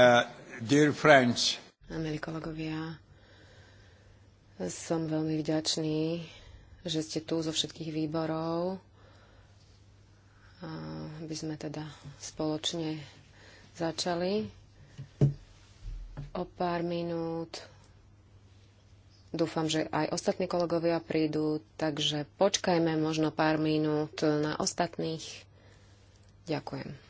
Uh, dear friends. Milí kolegovia, som veľmi vďačný, že ste tu zo všetkých výborov, eh, aby sme teda spoločne začali. O pár minút Dúfam, že aj ostatní kolegovia prídu, takže počkajme možno pár minút na ostatných. Ďakujem.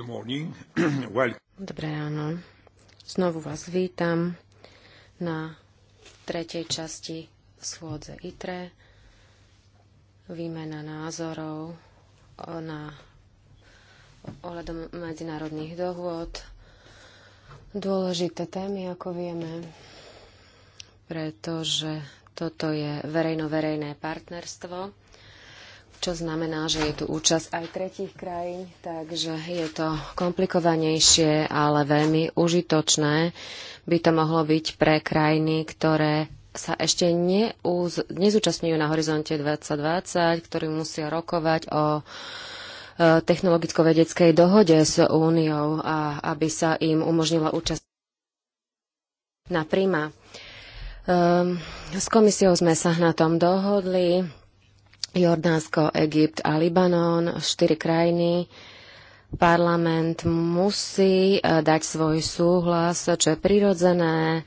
Dobré ráno. Znovu vás vítam na tretej časti schôdze ITRE. Výmena názorov na ohľadom medzinárodných dohôd. Dôležité témy, ako vieme, pretože toto je verejno-verejné partnerstvo čo znamená, že je tu účasť aj tretích krajín, takže je to komplikovanejšie, ale veľmi užitočné by to mohlo byť pre krajiny, ktoré sa ešte neúz, nezúčastňujú na horizonte 2020, ktorí musia rokovať o e, technologicko-vedeckej dohode s Úniou a aby sa im umožnila účasť na príma. Um, ehm, s komisiou sme sa na tom dohodli. Jordánsko, Egypt a Libanon, štyri krajiny. Parlament musí eh, dať svoj súhlas, čo je prirodzené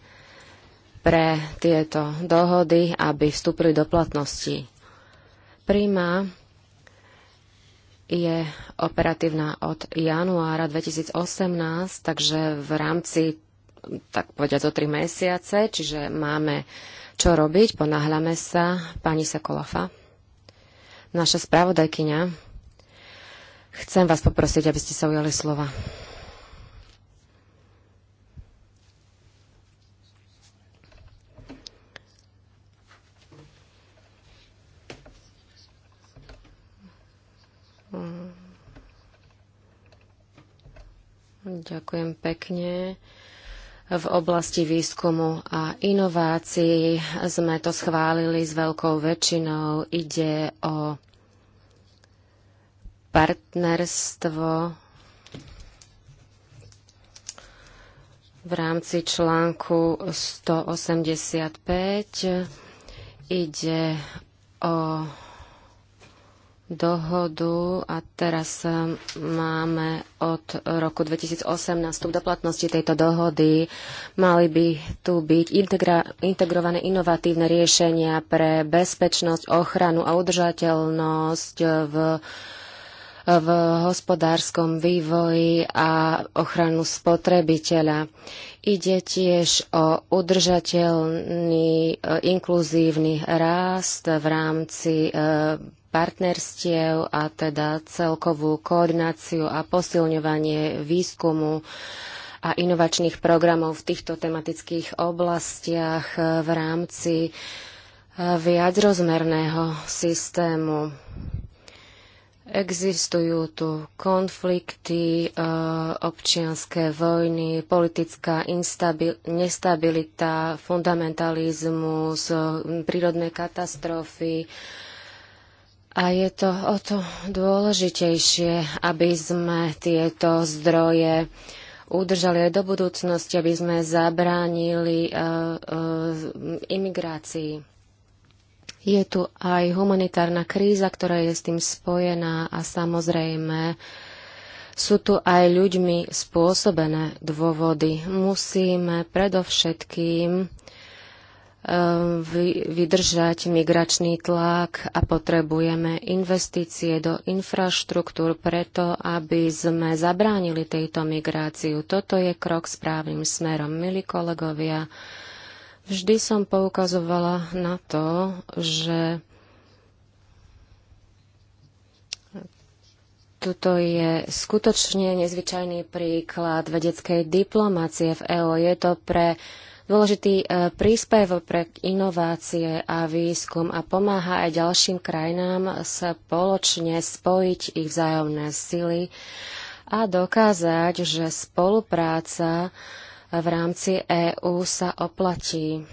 pre tieto dohody, aby vstúpili do platnosti. Príma je operatívna od januára 2018, takže v rámci, tak povedať, o tri mesiace, čiže máme čo robiť, ponáhľame sa. Pani Sekolafa naša spravodajkyňa. Chcem vás poprosiť, aby ste sa ujali slova. Hm. Ďakujem pekne v oblasti výskumu a inovácií. Sme to schválili s veľkou väčšinou. Ide o partnerstvo v rámci článku 185. Ide o dohodu a teraz eh, máme od roku 2018 vstup do platnosti tejto dohody. Mali by tu byť integra- integrované inovatívne riešenia pre bezpečnosť, ochranu a udržateľnosť v v hospodárskom vývoji a ochranu spotrebiteľa. Ide tiež o udržateľný eh, inkluzívny rast v rámci eh, partnerstiev a teda celkovú koordináciu a posilňovanie výskumu a inovačných programov v týchto tematických oblastiach v rámci eh, viacrozmerného systému. Existujú tu konflikty, eh, občianské vojny, politická nestabilita, fundamentalizmus, eh, prírodné katastrofy, a je to o to dôležitejšie, aby sme tieto zdroje udržali aj do budúcnosti, aby sme zabránili uh, uh, imigrácii. Je tu aj humanitárna kríza, ktorá je s tým spojená a samozrejme sú tu aj ľuďmi spôsobené dôvody. Musíme predovšetkým Eh, vydržať migračný tlak a potrebujeme investície do infraštruktúr preto, aby sme zabránili tejto migráciu. Toto je krok správnym smerom. Milí kolegovia, vždy som poukazovala na to, že Tuto je skutočne nezvyčajný príklad vedeckej diplomácie v EÚ. Je to pre uh, dôležitý e, príspevok pre inovácie a výskum a pomáha aj ďalším krajinám spoločne spojiť ich vzájomné sily a dokázať, že spolupráca v rámci EÚ sa oplatí.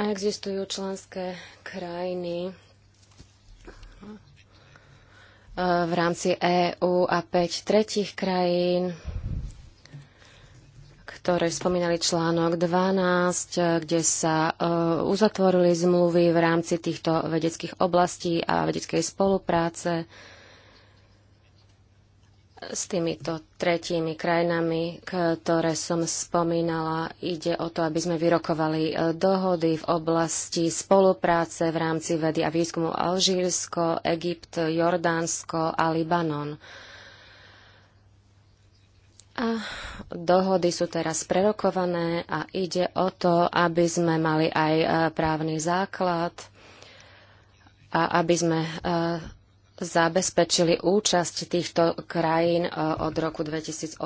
A existujú členské krajiny e, v rámci EÚ a 5 tretich krajín ktoré spomínali článok 12, eh, kde sa eh, uzatvorili zmluvy v rámci týchto vedeckých oblastí a vedeckej spolupráce s týmito tretími krajinami, ktoré som spomínala. Ide o to, aby sme vyrokovali eh, dohody v oblasti spolupráce v rámci vedy a výskumu Alžírsko, Egypt, Jordánsko a Libanon. A dohody sú teraz prerokované a ide o to, aby sme mali aj e, právny základ a aby sme e, zabezpečili účasť týchto krajín e, od roku 2018.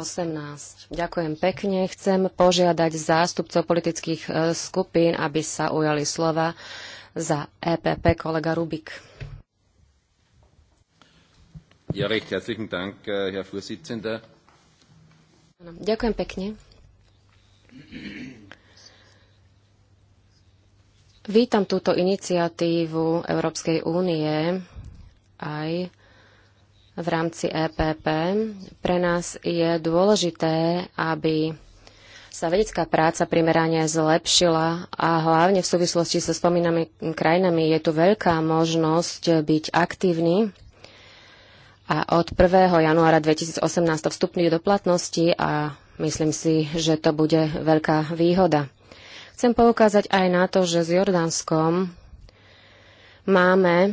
Ďakujem pekne. Chcem požiadať zástupcov politických skupín, aby sa ujali slova za EPP kolega Rubik. Ja recht herzlichen Dank, äh, Herr Vorsitzender. Ďakujem pekne. Vítam túto iniciatívu Európskej únie aj v rámci EPP. Pre nás je dôležité, aby sa vedecká práca primerane zlepšila a hlavne v súvislosti so spomínanými krajinami je tu veľká možnosť byť aktívny a od 1. januára 2018 to vstupne do platnosti a myslím si, že to bude veľká výhoda. Chcem poukázať aj na to, že s Jordánskom máme e,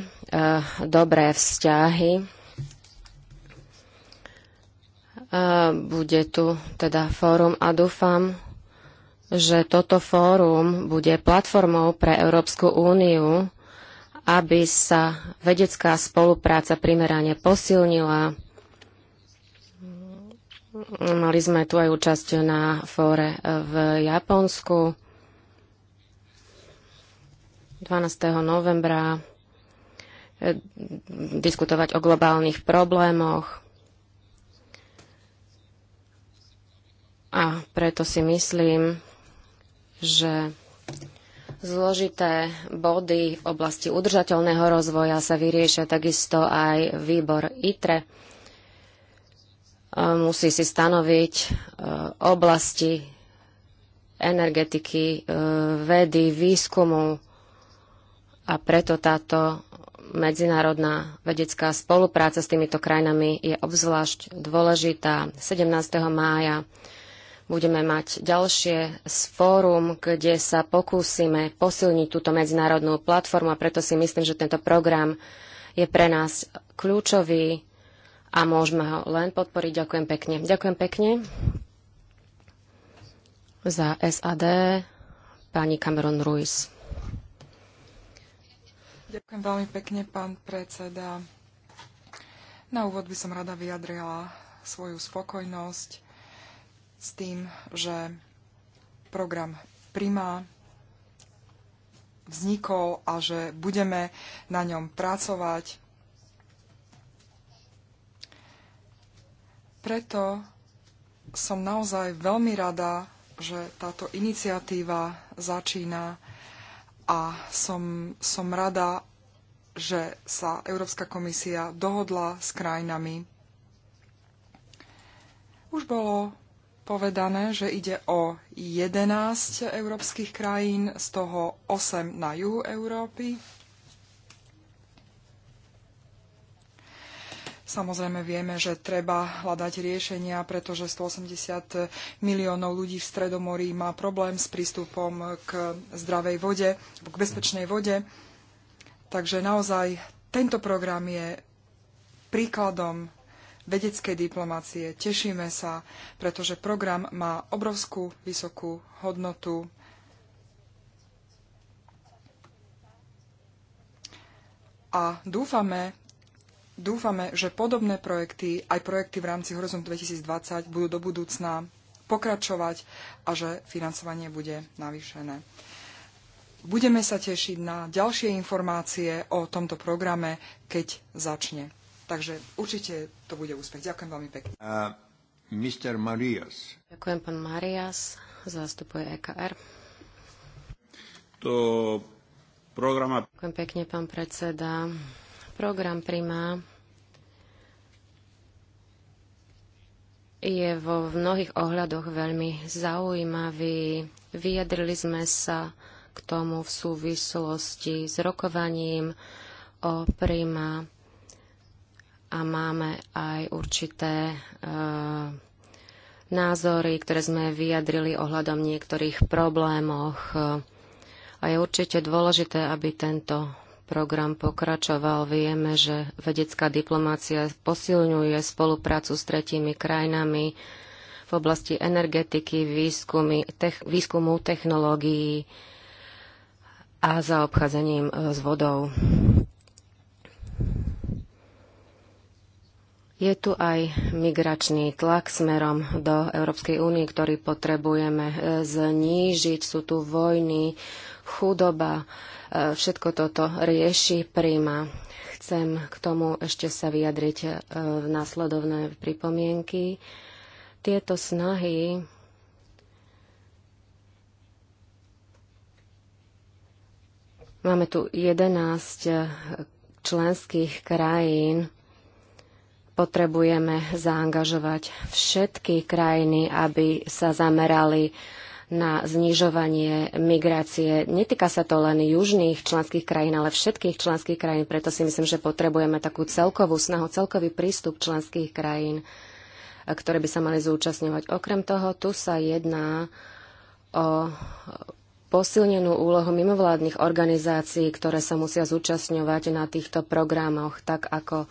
dobré vzťahy eh, bude tu teda fórum a dúfam, že toto fórum bude platformou pre Európsku úniu, aby sa vedecká spolupráca primerane posilnila. Mali sme tu aj účasť na fóre v Japonsku 12. novembra eh, diskutovať o globálnych problémoch. A preto si myslím, že Zložité body v oblasti udržateľného rozvoja sa vyriešia takisto aj výbor ITRE. Musí si stanoviť e, oblasti energetiky, e, vedy, výskumu a preto táto medzinárodná vedecká spolupráca s týmito krajinami je obzvlášť dôležitá. 17. mája budeme mať ďalšie fórum, kde sa pokúsime posilniť túto medzinárodnú platformu a preto si myslím, že tento program je pre nás kľúčový a môžeme ho len podporiť. Ďakujem pekne. Ďakujem pekne za SAD pani Cameron Ruiz. Ďakujem veľmi pekne, pán predseda. Na úvod by som rada vyjadrila svoju spokojnosť s tým, že program Prima vznikol a že budeme na ňom pracovať. Preto som naozaj veľmi rada, že táto iniciatíva začína a som, som rada, že sa Európska komisia dohodla s krajinami. Už bolo povedané, že ide o 11 európskych krajín, z toho 8 na juhu Európy. Samozrejme vieme, že treba hľadať riešenia, pretože 180 miliónov ľudí v Stredomorí má problém s prístupom k zdravej vode, k bezpečnej vode. Takže naozaj tento program je príkladom vedeckej diplomácie. Tešíme sa, pretože program má obrovskú vysokú hodnotu. A dúfame, dúfame, že podobné projekty, aj projekty v rámci Horizont 2020, budú do budúcna pokračovať a že financovanie bude navýšené. Budeme sa tešiť na ďalšie informácie o tomto programe, keď začne. Takže určite to bude úspech. Ďakujem veľmi pekne. Uh, Mr. Marias. Ďakujem, pán Marias. Zástupuje EKR. To programa... Ďakujem pekne, pán predseda. Program Prima je vo mnohých ohľadoch veľmi zaujímavý. Vyjadrili sme sa k tomu v súvislosti s rokovaním o Prima a máme aj určité e, názory, ktoré sme vyjadrili ohľadom niektorých problémoch. A je určite dôležité, aby tento program pokračoval. Vieme, že vedecká diplomácia posilňuje spoluprácu s tretími krajinami v oblasti energetiky, výskumy, tech, výskumu technológií a zaobchádzaním eh, s vodou. Je tu aj migračný tlak smerom do Európskej únie, ktorý potrebujeme e, znížiť. Sú tu vojny, chudoba. E, všetko toto rieši príjma. Chcem k tomu ešte sa vyjadriť e, v následovné pripomienky. Tieto snahy Máme tu 11 členských krajín, potrebujeme zaangažovať všetky krajiny, aby sa zamerali na znižovanie migrácie. Netýka sa to len južných členských krajín, ale všetkých členských krajín. Preto si myslím, že potrebujeme takú celkovú snahu, celkový prístup členských krajín, ktoré by sa mali zúčastňovať. Okrem toho, tu sa jedná o posilnenú úlohu mimovládnych organizácií, ktoré sa musia zúčastňovať na týchto programoch, tak ako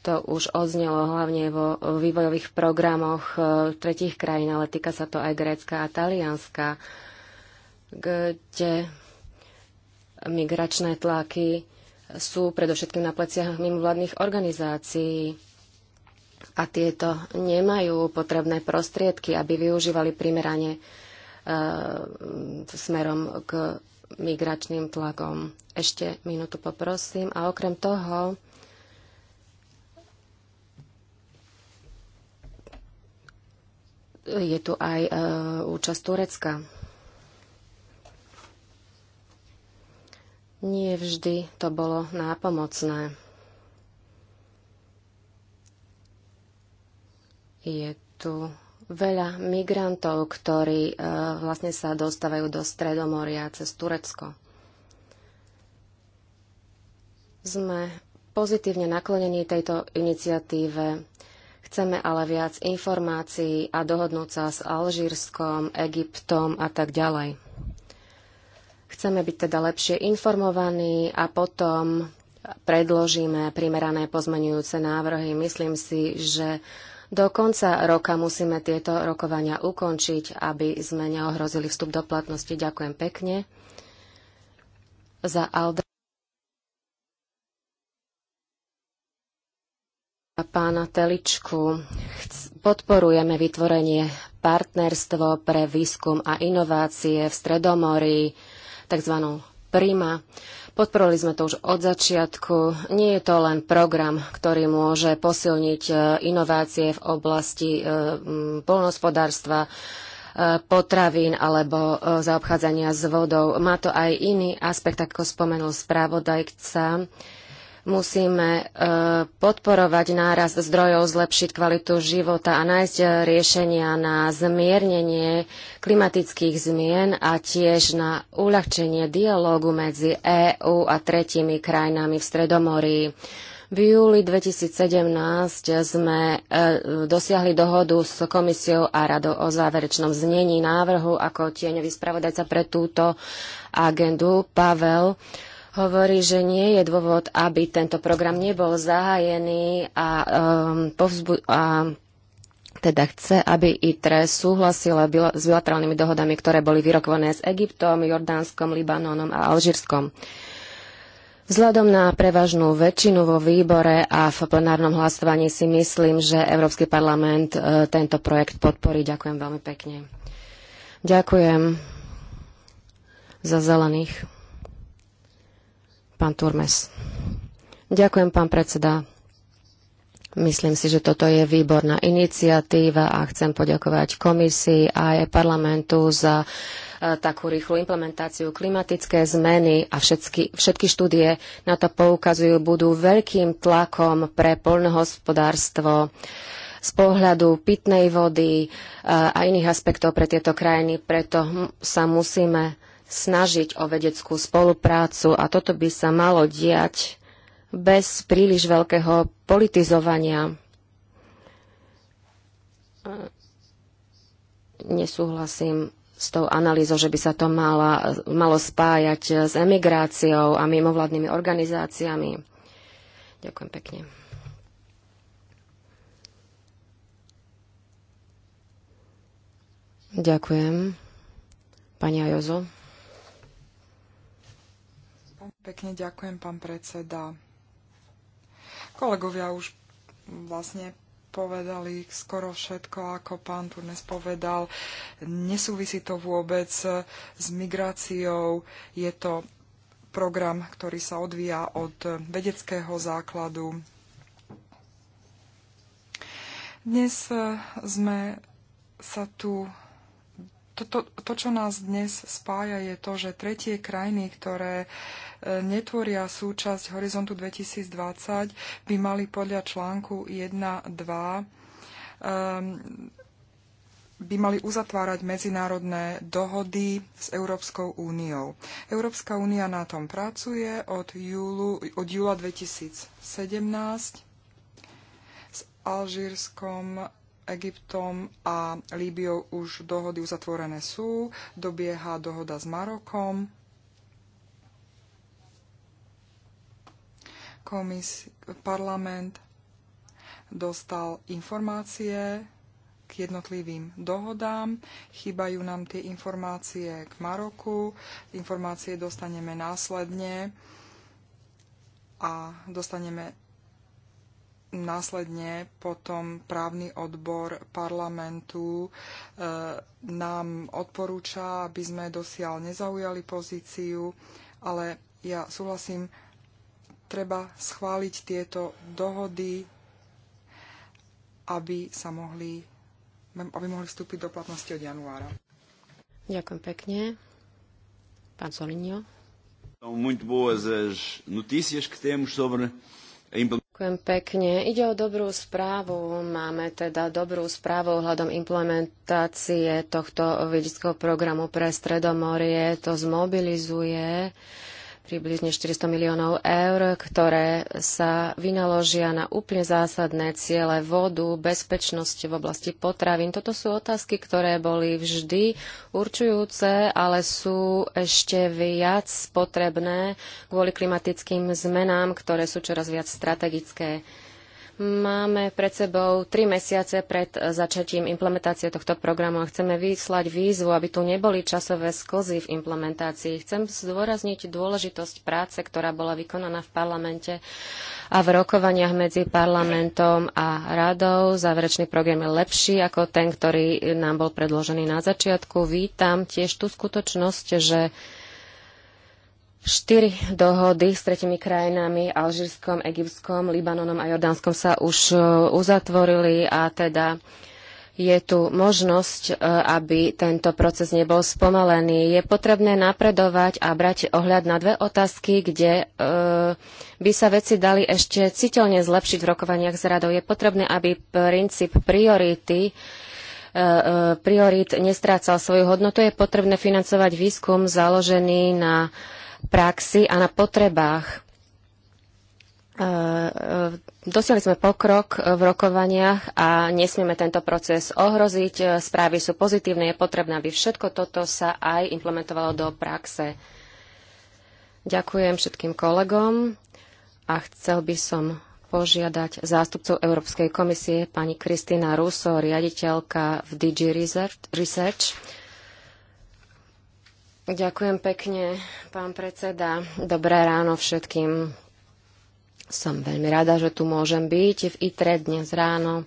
to už odznelo hlavne vo vývojových programoch e, tretich krajín, ale týka sa to aj Grécka a Talianska, kde migračné tlaky sú predovšetkým na pleciach mimovládnych organizácií a tieto nemajú potrebné prostriedky, aby využívali primerane e, smerom k migračným tlakom. Ešte minútu poprosím. A okrem toho, je tu aj e, účasť Turecka. Nie vždy to bolo nápomocné. Je tu veľa migrantov, ktorí e, vlastne sa dostávajú do Stredomoria cez Turecko. Sme pozitívne naklonení tejto iniciatíve Chceme ale viac informácií a dohodnúť sa s Alžírskom, Egyptom a tak ďalej. Chceme byť teda lepšie informovaní a potom predložíme primerané pozmenujúce návrhy. Myslím si, že do konca roka musíme tieto rokovania ukončiť, aby sme neohrozili vstup do platnosti. Ďakujem pekne za Aldra. pána Teličku. Podporujeme vytvorenie partnerstvo pre výskum a inovácie v Stredomorí, tzv. Prima. Podporili sme to už od začiatku. Nie je to len program, ktorý môže posilniť e, inovácie v oblasti e, polnospodárstva, e, potravín alebo zaobchádzania s vodou. Má to aj iný aspekt, ako spomenul správodajca musíme e, podporovať nárast zdrojov, zlepšiť kvalitu života a nájsť e, riešenia na zmiernenie klimatických zmien a tiež na uľahčenie dialógu medzi EÚ a tretími krajinami v Stredomorí. V júli 2017 sme e, dosiahli dohodu s komisiou a radou o záverečnom znení návrhu ako tieňový spravodajca pre túto agendu. Pavel hovorí, že nie je dôvod, aby tento program nebol zahájený a, um, povzbu- a teda chce, aby ITRE súhlasila bil- s bilaterálnymi dohodami, ktoré boli vyrokované s Egyptom, Jordánskom, Libanonom a Alžírskom. Vzhľadom na prevažnú väčšinu vo výbore a v plenárnom hlasovaní si myslím, že Európsky parlament e, tento projekt podporí. Ďakujem veľmi pekne. Ďakujem za zelených. Pán Turmes. Ďakujem, pán predseda. Myslím si, že toto je výborná iniciatíva a chcem poďakovať komisii a aj parlamentu za e, takú rýchlu implementáciu. Klimatické zmeny a všetky, všetky štúdie na to poukazujú, budú veľkým tlakom pre poľnohospodárstvo z pohľadu pitnej vody e, a iných aspektov pre tieto krajiny. Preto sa musíme snažiť o vedeckú spoluprácu a toto by sa malo diať bez príliš veľkého politizovania. E, nesúhlasím s tou analýzou, že by sa to mala, malo spájať s emigráciou a mimovládnymi organizáciami. Ďakujem pekne. Ďakujem. Pani Ajozo. Pekne ďakujem, pán predseda. Kolegovia už vlastne povedali skoro všetko, ako pán Turnes povedal. Nesúvisí to vôbec s migráciou. Je to program, ktorý sa odvíja od vedeckého základu. Dnes sme sa tu to, to, to, čo nás dnes spája, je to, že tretie krajiny, ktoré e, netvoria súčasť Horizontu 2020, by mali podľa článku 1.2 um, ehm, by mali uzatvárať medzinárodné dohody s Európskou úniou. Európska únia na tom pracuje od, júlu, od júla 2017 s Alžírskom Egyptom a Líbiou už dohody uzatvorené sú, dobieha dohoda s Marokom. Komis, parlament dostal informácie k jednotlivým dohodám. Chýbajú nám tie informácie k Maroku. Informácie dostaneme následne a dostaneme následne potom právny odbor parlamentu e, nám odporúča, aby sme dosiaľ nezaujali pozíciu, ale ja súhlasím, treba schváliť tieto dohody, aby sa mohli, aby mohli vstúpiť do platnosti od januára. Ďakujem pekne. Pán Solinio. muito boas as notícias que temos sobre a Ďakujem pekne. Ide o dobrú správu. Máme teda dobrú správu ohľadom implementácie tohto vedeckého programu pre Stredomorie. To zmobilizuje uh, približne 400 miliónov eur, ktoré sa vynaložia na úplne zásadné ciele vodu, bezpečnosť v oblasti potravín. Toto sú otázky, ktoré boli vždy určujúce, ale sú ešte viac potrebné kvôli klimatickým zmenám, ktoré sú čoraz viac strategické. Máme pred sebou tri mesiace pred eh, začatím implementácie tohto programu a chceme vyslať výzvu, aby tu neboli časové sklzy v implementácii. Chcem zdôrazniť dôležitosť práce, ktorá bola vykonaná v parlamente a v rokovaniach medzi parlamentom a radou. Záverečný program je lepší ako ten, ktorý nám bol predložený na začiatku. Vítam tiež tú skutočnosť, že Štyri dohody s tretimi krajinami, Alžírskom, Egyptskom, Libanonom a Jordánskom sa už e, uzatvorili a teda je tu možnosť, e, aby tento proces nebol spomalený. Je potrebné napredovať a brať ohľad na dve otázky, kde e, by sa veci dali ešte citeľne zlepšiť v rokovaniach s radou. Je potrebné, aby princíp priority priorit nestrácal svoju hodnotu. Je potrebné financovať výskum založený na praxi a na potrebách. E, e, dosiahli sme pokrok v rokovaniach a nesmieme tento proces ohroziť. E, správy sú pozitívne, je potrebné, aby všetko toto sa aj implementovalo do praxe. Ďakujem všetkým kolegom a chcel by som požiadať zástupcov Európskej komisie pani Kristina Ruso, riaditeľka v DG Research Ďakujem pekne, pán predseda. Dobré ráno všetkým. Som veľmi rada, že tu môžem byť v ITRE dnes ráno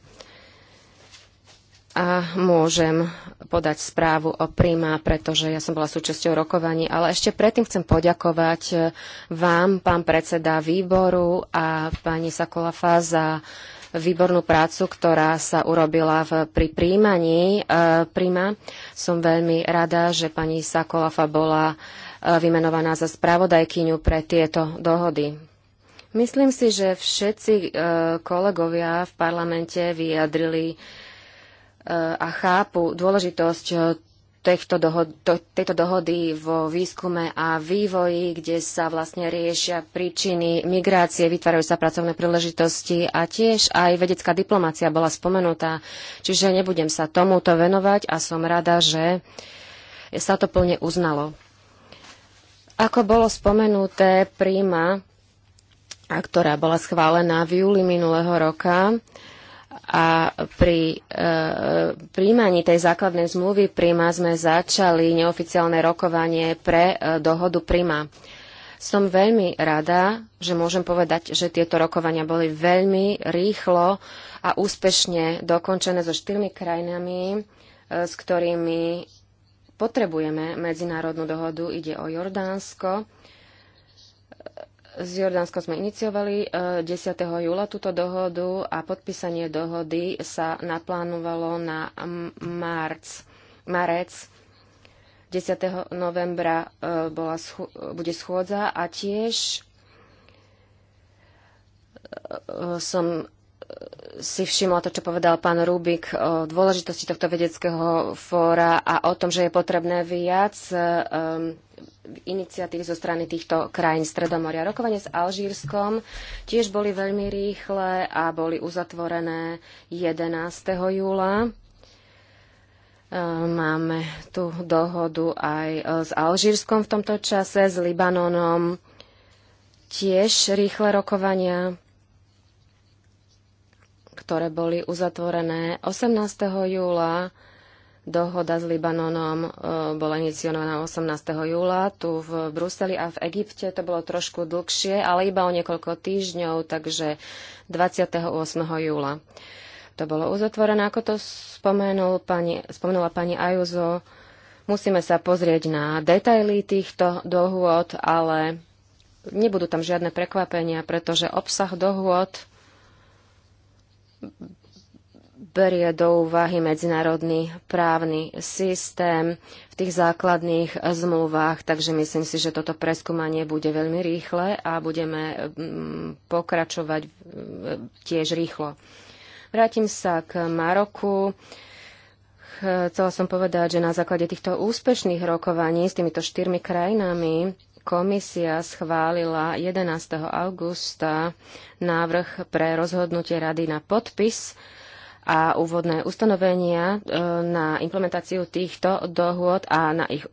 a môžem podať správu o príjma, pretože ja som bola súčasťou rokovaní. Ale ešte predtým chcem poďakovať vám, pán predseda výboru a pani Sakolafa za výbornú prácu, ktorá sa urobila v, pri príjmaní e, prima. Som veľmi rada, že pani Sakolafa bola e, vymenovaná za spravodajkyňu pre tieto dohody. Myslím si, že všetci e, kolegovia v parlamente vyjadrili e, a chápu dôležitosť tejto, dohod- to, tejto dohody vo výskume a vývoji, kde sa vlastne riešia príčiny migrácie, vytvárajú sa pracovné príležitosti a tiež aj vedecká diplomácia bola spomenutá. Čiže nebudem sa tomuto venovať a som rada, že sa to plne uznalo. Ako bolo spomenuté, príjma, ktorá bola schválená v júli minulého roka, a pri e, príjmaní tej základnej zmluvy Prima sme začali neoficiálne rokovanie pre e, dohodu Prima. Som veľmi rada, že môžem povedať, že tieto rokovania boli veľmi rýchlo a úspešne dokončené so štyrmi krajinami, e, s ktorými potrebujeme medzinárodnú dohodu. Ide o Jordánsko, s Jordánskom sme iniciovali 10. E, júla túto dohodu a podpísanie dohody sa naplánovalo na marc, marec. 10. novembra e, bola bude schôdza a tiež e, som si všimla to, čo povedal pán Rubik o dôležitosti tohto vedeckého fóra a o tom, že je potrebné viac um, iniciatív zo strany týchto krajín Stredomoria. Rokovanie s Alžírskom tiež boli veľmi rýchle a boli uzatvorené 11. júla. Ehm, máme tu dohodu aj e, s Alžírskom v tomto čase, s Libanonom tiež rýchle rokovania ktoré boli uzatvorené 18. júla. Dohoda s Libanonom e, bola iniciovaná 18. júla tu v Bruseli a v Egypte. To bolo trošku dlhšie, ale iba o niekoľko týždňov, takže 28. júla. To bolo uzatvorené, ako to spomenul pani, spomenula pani Ajuzo. Musíme sa pozrieť na detaily týchto dohôd, ale nebudú tam žiadne prekvapenia, pretože obsah dohôd berie do úvahy medzinárodný právny systém v tých základných zmluvách, takže myslím si, že toto preskúmanie bude veľmi rýchle a budeme mm, pokračovať mm, tiež rýchlo. Vrátim sa k Maroku. Chcela som povedať, že na základe týchto úspešných rokovaní s týmito štyrmi krajinami komisia schválila 11. augusta návrh pre rozhodnutie rady na podpis a úvodné ustanovenia e, na implementáciu týchto dohôd a na ich e,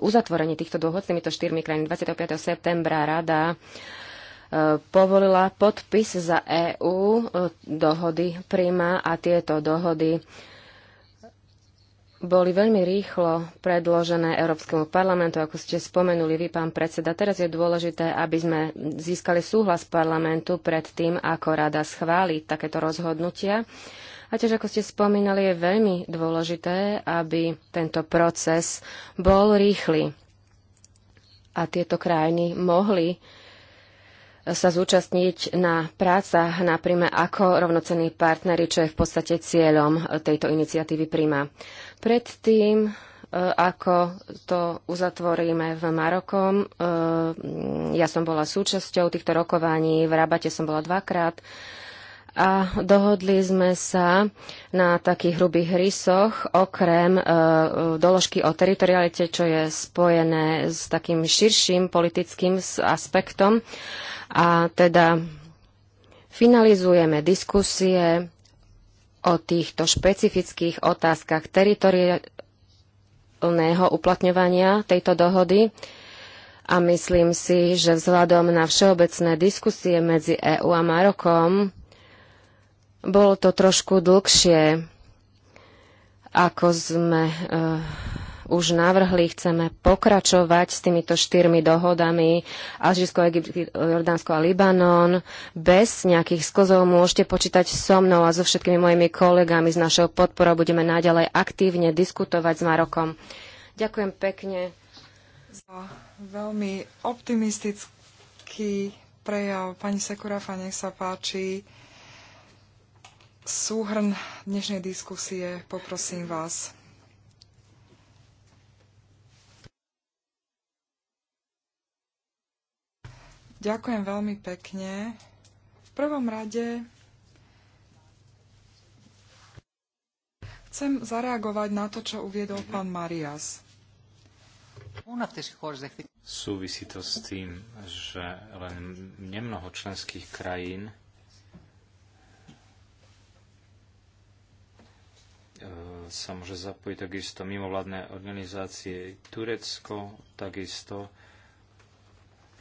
uzatvorenie týchto dohôd s týmito štyrmi krajinami 25. septembra rada e, povolila podpis za EÚ dohody Prima a tieto dohody boli veľmi rýchlo predložené Európskemu parlamentu, ako ste spomenuli vy, pán predseda. Teraz je dôležité, aby sme získali súhlas parlamentu pred tým, ako rada schváli takéto rozhodnutia. A tiež, ako ste spomínali, je veľmi dôležité, aby tento proces bol rýchly a tieto krajiny mohli sa zúčastniť na prácach na príjme ako rovnocenní partneri, čo je v podstate cieľom tejto iniciatívy Prima. Predtým, e, ako to uzatvoríme v Marokom, e, ja som bola súčasťou týchto rokovaní, v Rabate som bola dvakrát a dohodli sme sa na takých hrubých rysoch, okrem e, doložky o teritorialite, čo je spojené s takým širším politickým aspektom. A teda finalizujeme diskusie o týchto špecifických otázkach teritoriálneho uplatňovania tejto dohody a myslím si, že vzhľadom na všeobecné diskusie medzi EÚ a Marokom bolo to trošku dlhšie, ako sme uh, už navrhli, chceme pokračovať s týmito štyrmi dohodami Alžírsko, Egypt, Jordánsko a Libanon. Bez nejakých skozov môžete počítať so mnou a so všetkými mojimi kolegami z našou podporou. Budeme naďalej aktívne diskutovať s Marokom. Ďakujem pekne za veľmi optimistický prejav. Pani Sekurafa, nech sa páči. Súhrn dnešnej diskusie, poprosím vás. Ďakujem veľmi pekne. V prvom rade chcem zareagovať na to, čo uviedol pán Marias. Súvisí to s tým, že len nemnoho členských krajín e, sa môže zapojiť takisto mimovládne organizácie Turecko, takisto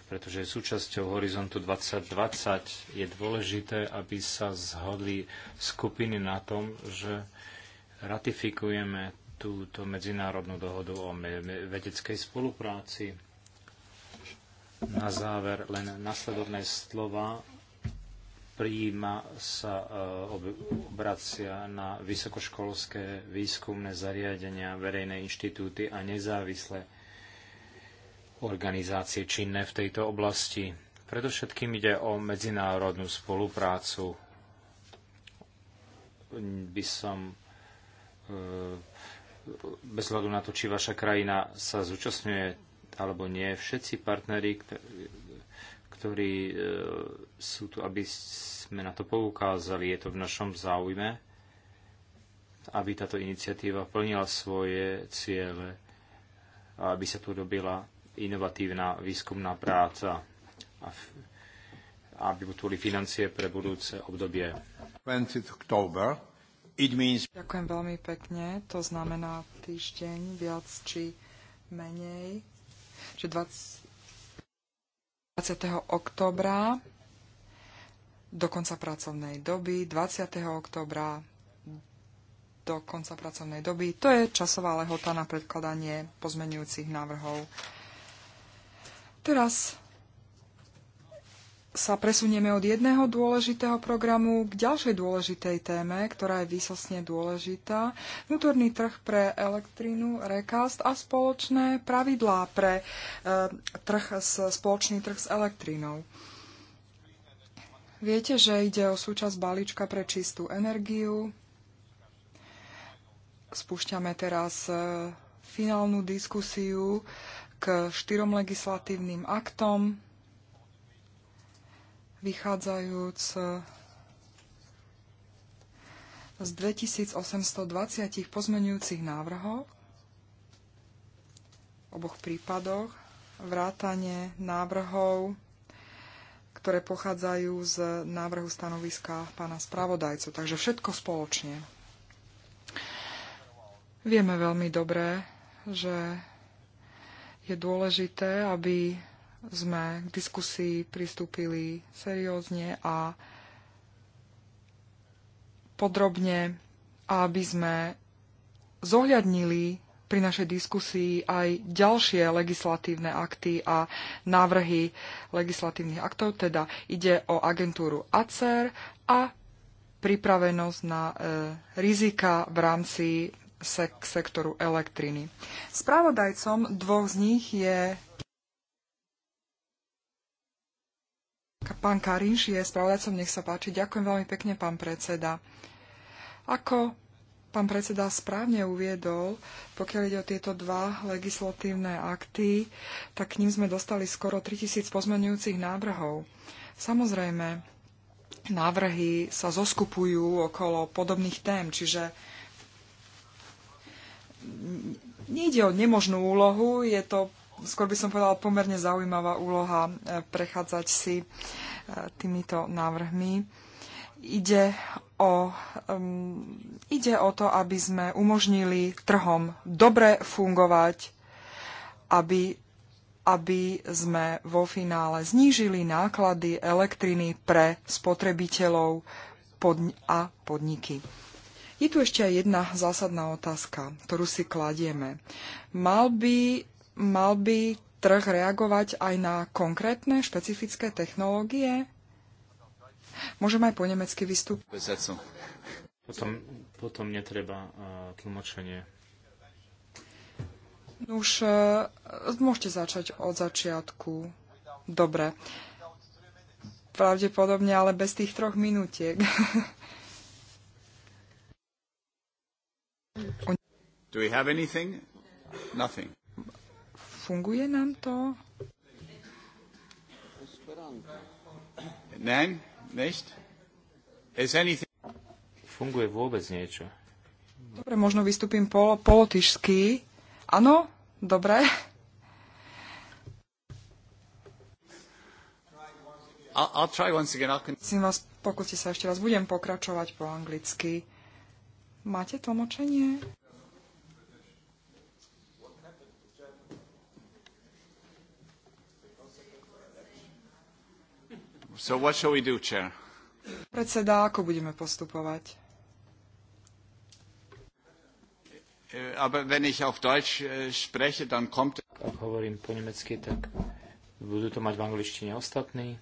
pretože súčasťou Horizontu 2020 je dôležité, aby sa zhodli skupiny na tom, že ratifikujeme túto medzinárodnú dohodu o vedeckej spolupráci. Na záver len nasledovné slova príjima sa eh, obracia na vysokoškolské výskumné zariadenia, verejné inštitúty a nezávislé organizácie činné v tejto oblasti. Predovšetkým ide o medzinárodnú spoluprácu. By som e, bez hľadu na to, či vaša krajina sa zúčastňuje alebo nie, všetci partneri, ktorí e, sú tu, aby sme na to poukázali, je to v našom záujme, aby táto iniciatíva plnila svoje ciele a aby sa tu dobila inovatívna výskumná práca a aby boli financie pre budúce obdobie. Means... Ďakujem veľmi pekne. To znamená týždeň viac či menej. Čiže 20... 20. oktobra do konca pracovnej doby, 20. oktobra do konca pracovnej doby. To je časová lehota na predkladanie pozmenujúcich návrhov Teraz sa presunieme od jedného dôležitého programu k ďalšej dôležitej téme, ktorá je výsostne dôležitá. Vnútorný trh pre elektrínu, rekast a spoločné pravidlá pre e, trh s, spoločný trh s elektrínou. Viete, že ide o súčasť balíčka pre čistú energiu. Spúšťame teraz e, finálnu diskusiu e, k štyrom legislatívnym aktom, vychádzajúc e, z 2820 pozmenujúcich návrhov v oboch prípadoch, vrátane návrhov, ktoré pochádzajú z návrhu stanoviska pána spravodajcu. Takže všetko spoločne. Vieme veľmi dobre, že je dôležité, aby sme k diskusii pristúpili seriózne a podrobne aby sme zohľadnili pri našej diskusii aj ďalšie legislatívne akty a návrhy legislatívnych aktov, teda ide o agentúru ACER a pripravenosť na e, rizika v rámci k sektoru elektriny. Spravodajcom dvoch z nich je pán Karinš je spravodajcom, nech sa páči. Ďakujem veľmi pekne, pán predseda. Ako pán predseda správne uviedol, pokiaľ ide o tieto dva legislatívne akty, tak k ním sme dostali skoro 3000 pozmenujúcich návrhov. Samozrejme, návrhy sa zoskupujú okolo podobných tém, čiže nejde o nemožnú úlohu, je to, skôr by som povedala, pomerne zaujímavá úloha e, prechádzať si e, týmito návrhmi. Ide o, um, ide o to, aby sme umožnili trhom dobre fungovať, aby, aby sme vo finále znížili náklady elektriny pre spotrebiteľov a podniky. Je tu ešte aj jedna zásadná otázka, ktorú si kladieme. Mal by, mal by trh reagovať aj na konkrétne špecifické technológie? Môžem aj po nemecky vystúpiť. Potom, potom netreba uh, tlmočenie. No už uh, môžete začať od začiatku. Dobre. Pravdepodobne, ale bez tých troch minútiek. Do we have anything? Nothing. Funguje nám to? Nein, nicht? Is anything... Funguje vôbec niečo? Dobre, možno vystúpim pol, polotyšsky. Áno, dobre. I'll, I'll try once again. I'll... Vás, pokúste sa ešte raz. Budem pokračovať po anglicky. Máte tlmočenie? So what shall we do, chair? Predseda, ako budeme postupovať? Eh, aber wenn ich auf Deutsch eh, spreche, dann kommt... Ak hovorím po nemecky, tak budú to mať v angličtine ostatní.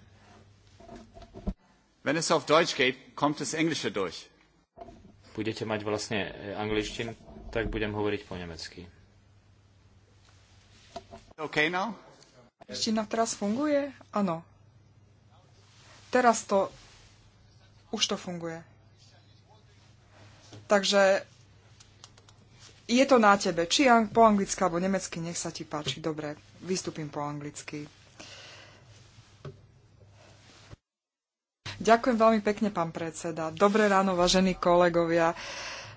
Wenn es auf Deutsch geht, kommt es Englische durch budete mať vlastne e, angličtinu, tak budem hovoriť po nemecky. OK now? Angličtina teraz funguje? Áno. Teraz to... Už to funguje. Takže je to na tebe. Či po anglicky alebo nemecky, nech sa ti páči. Dobre, vystúpim po anglicky. Ďakujem veľmi pekne, pán predseda. Dobré ráno, vážení kolegovia.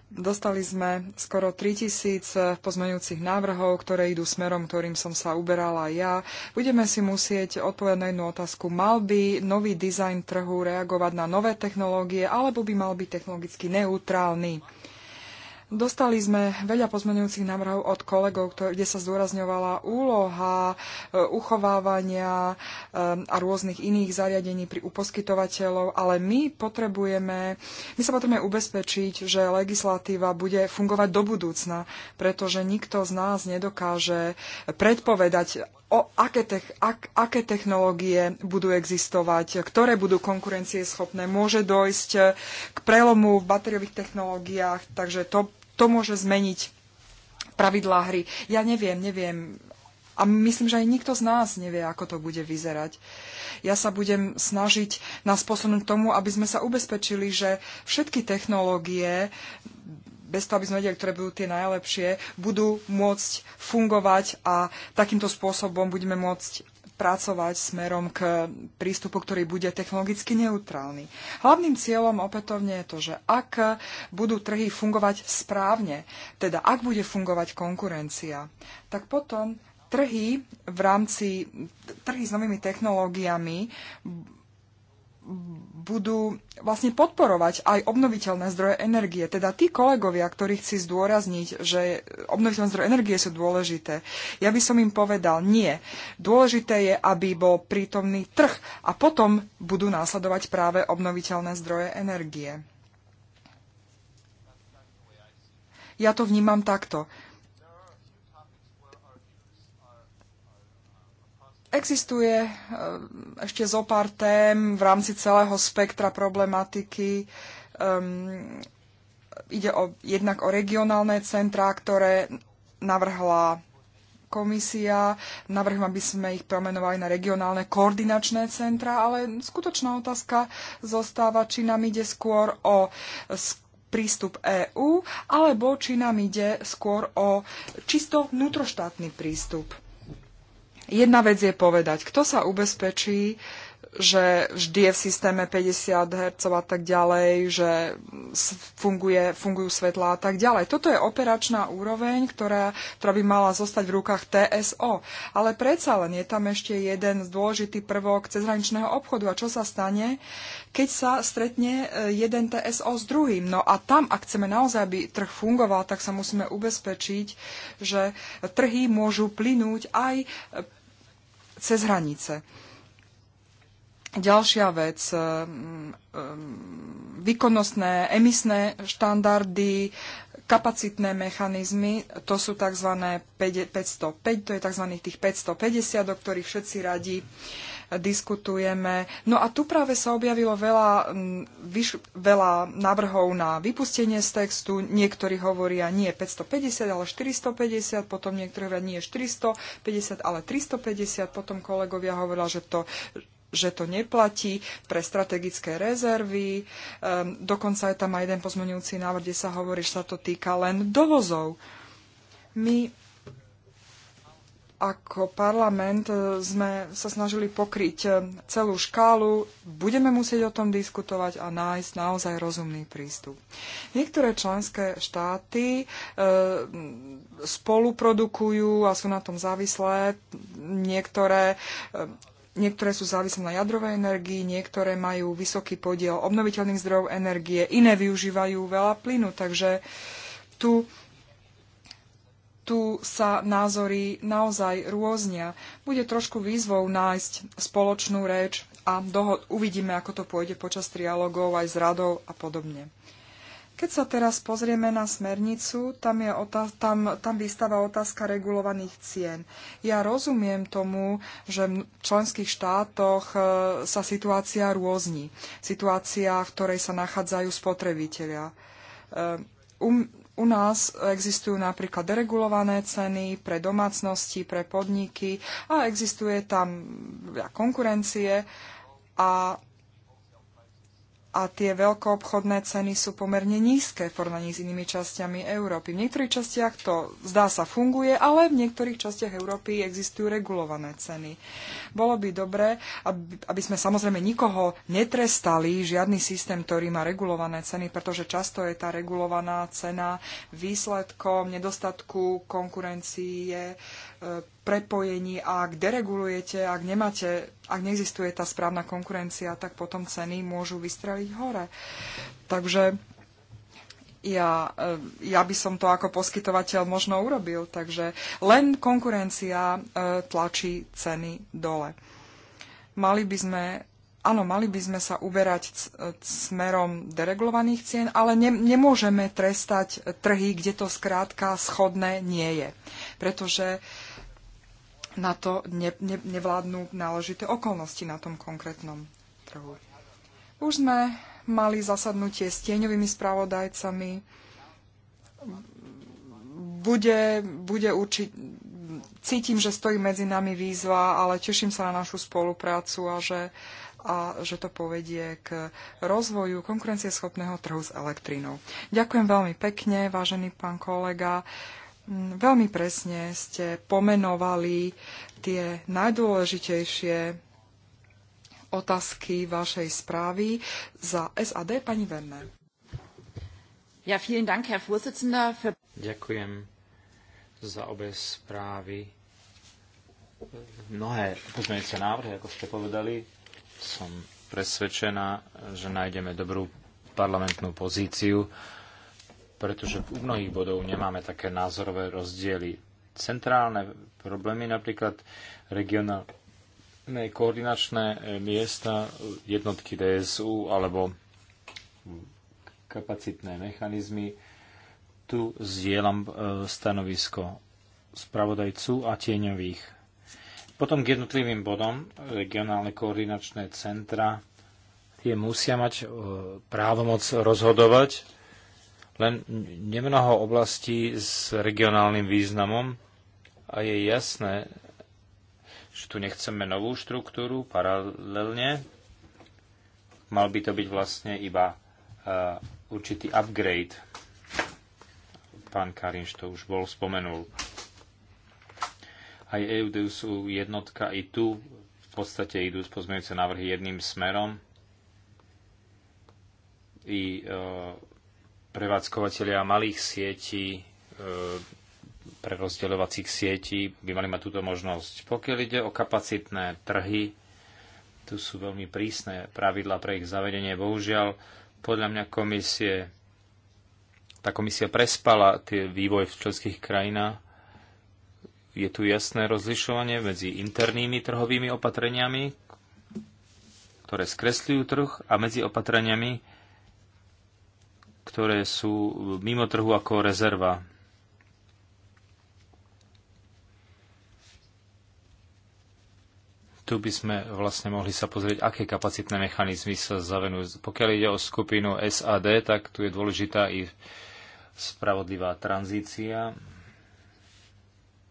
Dostali sme skoro 3000 pozmeňujúcich návrhov, ktoré idú smerom, ktorým som sa uberala ja. Budeme si musieť odpovedať na jednu otázku. Mal by nový dizajn trhu reagovať na nové technológie, alebo by mal byť technologicky neutrálny? Dostali sme veľa pozmenujúcich návrhov od kolegov, kde sa zdôrazňovala úloha e, uchovávania e, a rôznych iných zariadení pri uposkytovateľov, ale my potrebujeme, my sa potrebujeme ubezpečiť, že legislatíva bude fungovať do budúcna, pretože nikto z nás nedokáže predpovedať, o aké, te- ak, aké technológie budú existovať, ktoré budú konkurencieschopné. Môže dojsť k prelomu v batériových technológiách, takže to to môže zmeniť pravidlá hry. Ja neviem, neviem. A myslím, že aj nikto z nás nevie, ako to bude vyzerať. Ja sa budem snažiť nás posunúť tomu, aby sme sa ubezpečili, že všetky technológie, bez toho, aby sme vedeli, ktoré budú tie najlepšie, budú môcť fungovať a takýmto spôsobom budeme môcť pracovať smerom k prístupu, ktorý bude technologicky neutrálny. Hlavným cieľom opätovne je to, že ak budú trhy fungovať správne, teda ak bude fungovať konkurencia, tak potom trhy v rámci trhy s novými technológiami budú vlastne podporovať aj obnoviteľné zdroje energie. Teda tí kolegovia, ktorí chci zdôrazniť, že obnoviteľné zdroje energie sú dôležité, ja by som im povedal, nie. Dôležité je, aby bol prítomný trh a potom budú následovať práve obnoviteľné zdroje energie. Ja to vnímam takto. Existuje eh, ešte zo pár tém v rámci celého spektra problematiky. Um, ide o, jednak o regionálne centrá, ktoré navrhla komisia. Navrhujem, aby sme ich promenovali na regionálne koordinačné centra, ale skutočná otázka zostáva, či nám ide skôr o prístup EÚ, alebo či nám ide skôr o čisto vnútroštátny prístup. Jedna vec je povedať, kto sa ubezpečí, že vždy je v systéme 50 Hz a tak ďalej, že funguje, fungujú svetlá a tak ďalej. Toto je operačná úroveň, ktorá, ktorá by mala zostať v rukách TSO. Ale predsa len je tam ešte jeden dôležitý prvok cezhraničného obchodu. A čo sa stane, keď sa stretne e, jeden TSO s druhým? No a tam, ak chceme naozaj, aby trh fungoval, tak sa musíme ubezpečiť, že trhy môžu plynúť aj cez hranice. Ďalšia vec, eh, mm, výkonnostné emisné štandardy, kapacitné mechanizmy, to sú tzv. 505, to je tzv. tých 550, o ktorých všetci radi uh, diskutujeme. No a tu práve sa objavilo veľa, mm, vyš, veľa návrhov na vypustenie z textu. Niektorí hovoria nie 550, ale 450, potom niektorí hovoria nie 450, ale 350, potom kolegovia hovorila, že to že to neplatí pre strategické rezervy. Um, dokonca je tam aj jeden pozmenujúci návrh, kde sa hovorí, že sa to týka len dovozov. My ako parlament e, sme sa snažili pokryť e, celú škálu. Budeme musieť o tom diskutovať a nájsť naozaj rozumný prístup. Niektoré členské štáty e, spoluprodukujú a sú na tom závislé. Niektoré Niektoré sú závislé na jadrovej energii, niektoré majú vysoký podiel obnoviteľných zdrojov energie, iné využívajú veľa plynu, takže tu tu sa názory naozaj rôznia. Bude trošku výzvou nájsť spoločnú reč a dohod uvidíme, ako to pôjde počas trialogov aj s radou a podobne. Keď sa teraz pozrieme na smernicu, tam, je otá- tam, tam vystáva otázka regulovaných cien. Ja rozumiem tomu, že v členských štátoch e, sa situácia rôzni. Situácia, v ktorej sa nachádzajú spotrebitelia. E, um, u nás existujú napríklad deregulované ceny pre domácnosti, pre podniky a existuje tam konkurencie a a tie veľkoobchodné ceny sú pomerne nízke v porovnaní s inými častiami Európy. V niektorých častiach to zdá sa funguje, ale v niektorých častiach Európy existujú regulované ceny. Bolo by dobré, aby, aby sme samozrejme nikoho netrestali, žiadny systém, ktorý má regulované ceny, pretože často je tá regulovaná cena výsledkom nedostatku konkurencie, prepojení a ak deregulujete, ak nemáte, ak neexistuje tá správna konkurencia, tak potom ceny môžu vystreliť hore. Takže ja, eh, ja by som to ako poskytovateľ možno urobil. Takže len konkurencia eh, tlačí ceny dole. Mali by sme áno, mali by sme sa uberať eh, smerom deregulovaných cien, ale ne, nemôžeme trestať trhy, kde to skrátka schodné nie je. Pretože uh, na to ne, ne, nevládnu náležité okolnosti na tom konkrétnom trhu. Už sme mali zasadnutie s tieňovými spravodajcami. Bude, bude určite, cítim, že stojí medzi nami výzva, ale teším sa na našu spoluprácu a že, a že to povedie k rozvoju konkurencieschopného trhu s elektrínou. Ďakujem veľmi pekne, vážený pán kolega. Mm, veľmi presne ste pomenovali tie najdôležitejšie otázky vašej správy za SAD, pani Werner. Ja, vielen Dank, Herr Vorsitzender. Für... Ďakujem za obe správy. Mnohé pozmeňujúce návrhy, ako ste povedali, som presvedčená, že nájdeme dobrú parlamentnú pozíciu pretože v mnohých bodov nemáme také názorové rozdiely. Centrálne problémy, napríklad regionálne koordinačné e, miesta, jednotky DSU alebo kapacitné mechanizmy, tu zdieľam e, stanovisko spravodajcu a tieňových. Potom k jednotlivým bodom regionálne koordinačné centra tie musia mať e, právomoc rozhodovať len nemnoho oblastí s regionálnym významom a je jasné, že tu nechceme novú štruktúru paralelne. Mal by to byť vlastne iba uh, určitý upgrade. Pán Karinš to už bol spomenul. Aj EUDUSu jednotka i tu v podstate idú pozmeňujúce návrhy jedným smerom. I uh, prevádzkovateľia malých sietí, e, prerozdeľovacích sietí by mali mať túto možnosť. Pokiaľ ide o kapacitné trhy, tu sú veľmi prísne pravidla pre ich zavedenie. Bohužiaľ, podľa mňa komisie, tá komisia prespala tie vývoj v členských krajinách. Je tu jasné rozlišovanie medzi internými trhovými opatreniami, ktoré skresľujú trh, a medzi opatreniami, ktoré sú mimo trhu ako rezerva. Tu by sme vlastne mohli sa pozrieť, aké kapacitné mechanizmy sa zavenujú. Pokiaľ ide o skupinu SAD, tak tu je dôležitá i spravodlivá tranzícia.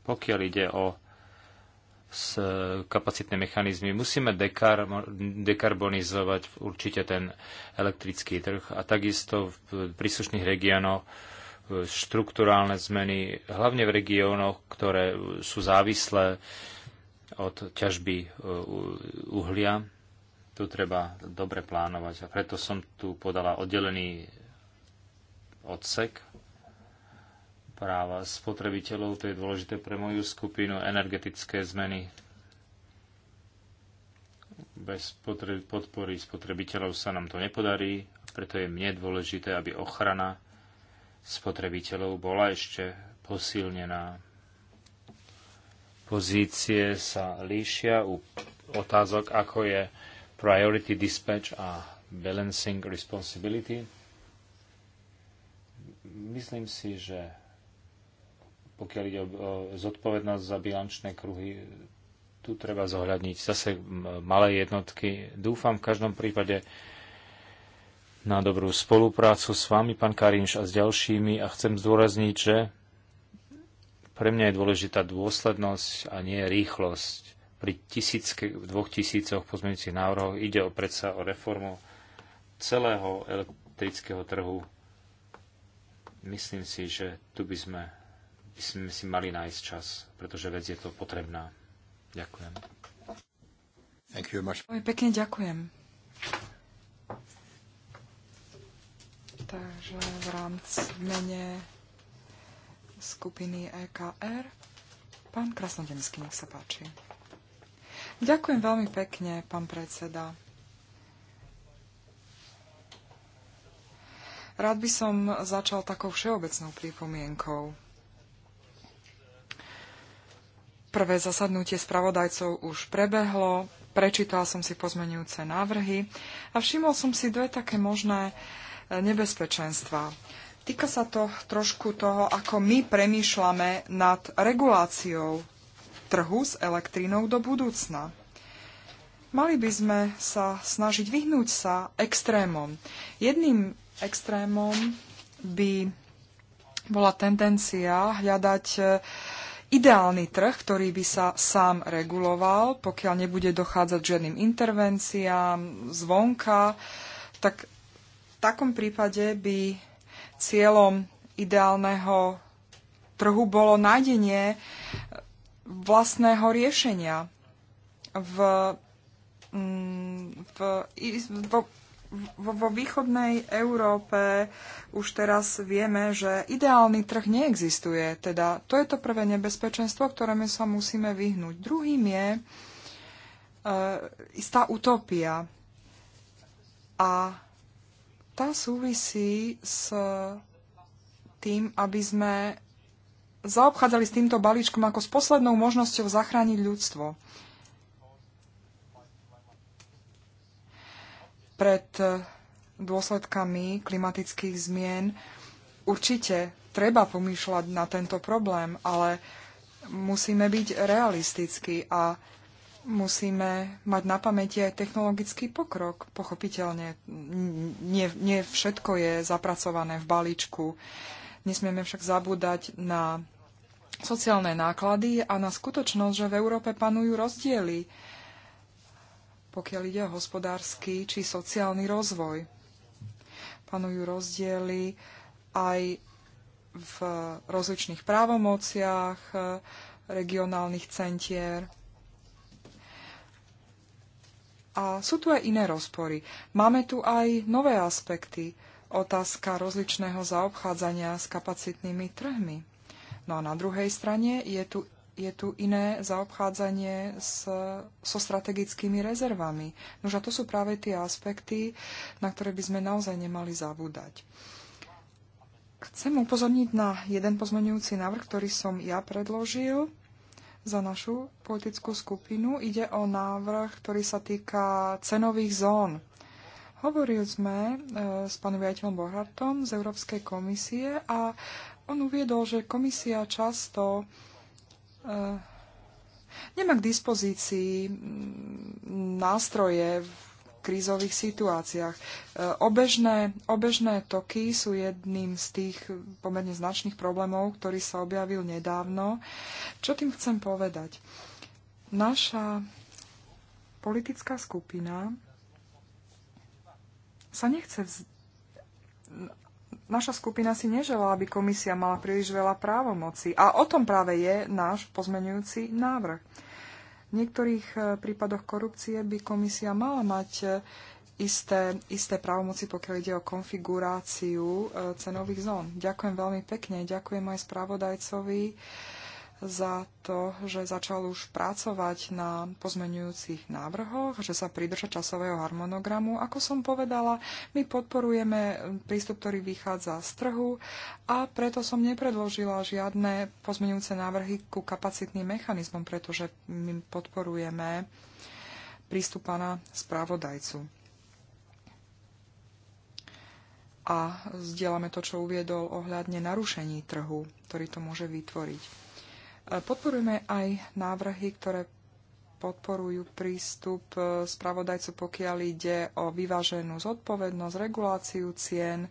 Pokiaľ ide o s e, kapacitné mechanizmy. Musíme dekar- dekarbonizovať určite ten elektrický trh a takisto v príslušných regiónoch e, štruktúrálne zmeny, hlavne v regiónoch, ktoré sú závislé od ťažby e, uhlia. Tu treba dobre plánovať a preto som tu podala oddelený odsek práva spotrebiteľov, to je dôležité pre moju skupinu, energetické zmeny. Bez podpory spotrebiteľov sa nám to nepodarí, preto je mne dôležité, aby ochrana spotrebiteľov bola ešte posilnená. Pozície sa líšia u otázok, ako je priority dispatch a balancing responsibility. Myslím si, že pokiaľ ide o zodpovednosť za bilančné kruhy, tu treba zohľadniť zase malé jednotky. Dúfam v každom prípade na dobrú spoluprácu s vami, pán Karinš, a s ďalšími a chcem zdôrazniť, že pre mňa je dôležitá dôslednosť a nie rýchlosť. Pri tisícke, dvoch tisícoch pozmeňujúcich návrhoch ide o predsa o reformu celého elektrického trhu. Myslím si, že tu by sme sme si mali nájsť čas, pretože vec je to potrebná. Ďakujem. Thank you much. Oj, pekne ďakujem. Takže v rámci mene skupiny EKR pán Krasnodenský, nech sa páči. Ďakujem veľmi pekne, pán predseda. Rád by som začal takou všeobecnou pripomienkou. Prvé zasadnutie spravodajcov už prebehlo, prečítal som si pozmenujúce návrhy a všimol som si dve také možné e, nebezpečenstva. Týka sa to trošku toho, ako my premýšľame nad reguláciou trhu s elektrínou do budúcna. Mali by sme sa snažiť vyhnúť sa extrémom. Jedným extrémom by bola tendencia hľadať e, ideálny trh, ktorý by sa sám reguloval, pokiaľ nebude dochádzať žiadnym intervenciám zvonka, tak v takom prípade by cieľom ideálneho trhu bolo nájdenie vlastného riešenia. V, mm, v, v, v vo východnej Európe už teraz vieme, že ideálny trh neexistuje. Teda to je to prvé nebezpečenstvo, ktorému sa musíme vyhnúť. Druhým je e, istá utopia. A tá súvisí s tým, aby sme zaobchádzali s týmto balíčkom ako s poslednou možnosťou zachrániť ľudstvo. pred e, dôsledkami klimatických zmien. Určite treba pomýšľať na tento problém, ale musíme byť realistickí a musíme mať na pamäti aj technologický pokrok. Pochopiteľne, nie, nie všetko je zapracované v balíčku. Nesmieme však zabúdať na sociálne náklady a na skutočnosť, že v Európe panujú rozdiely pokiaľ ide o hospodársky či sociálny rozvoj. Panujú rozdiely aj v rozličných právomociach regionálnych centier. A sú tu aj iné rozpory. Máme tu aj nové aspekty. Otázka rozličného zaobchádzania s kapacitnými trhmi. No a na druhej strane je tu je tu iné zaobchádzanie s, so strategickými rezervami. Nož a to sú práve tie aspekty, na ktoré by sme naozaj nemali zabúdať. Chcem upozorniť na jeden pozmenujúci návrh, ktorý som ja predložil za našu politickú skupinu. Ide o návrh, ktorý sa týka cenových zón. Hovorili sme e, s pánom viateľom Bohartom z Európskej komisie a on uviedol, že komisia často Eh, nemá k dispozícii mm, nástroje v krízových situáciách. Eh, obežné, obežné toky sú jedným z tých pomerne značných problémov, ktorý sa objavil nedávno. Čo tým chcem povedať? Naša politická skupina sa nechce vz naša skupina si neželá, aby komisia mala príliš veľa právomoci A o tom práve je náš pozmenujúci návrh. V niektorých e, prípadoch korupcie by komisia mala mať e, isté, isté právomoci, pokiaľ ide o konfiguráciu e, cenových zón. Ďakujem veľmi pekne, ďakujem aj spravodajcovi za to, že začal už pracovať na pozmenujúcich návrhoch, že sa pridrža časového harmonogramu. Ako som povedala, my podporujeme prístup, ktorý vychádza z trhu a preto som nepredložila žiadne pozmenujúce návrhy ku kapacitným mechanizmom, pretože my podporujeme prístup pána správodajcu. A zdieľame to, čo uviedol ohľadne narušení trhu, ktorý to môže vytvoriť. Podporujeme aj návrhy, ktoré podporujú prístup e, spravodajcu, pokiaľ ide o vyváženú zodpovednosť, reguláciu cien. E,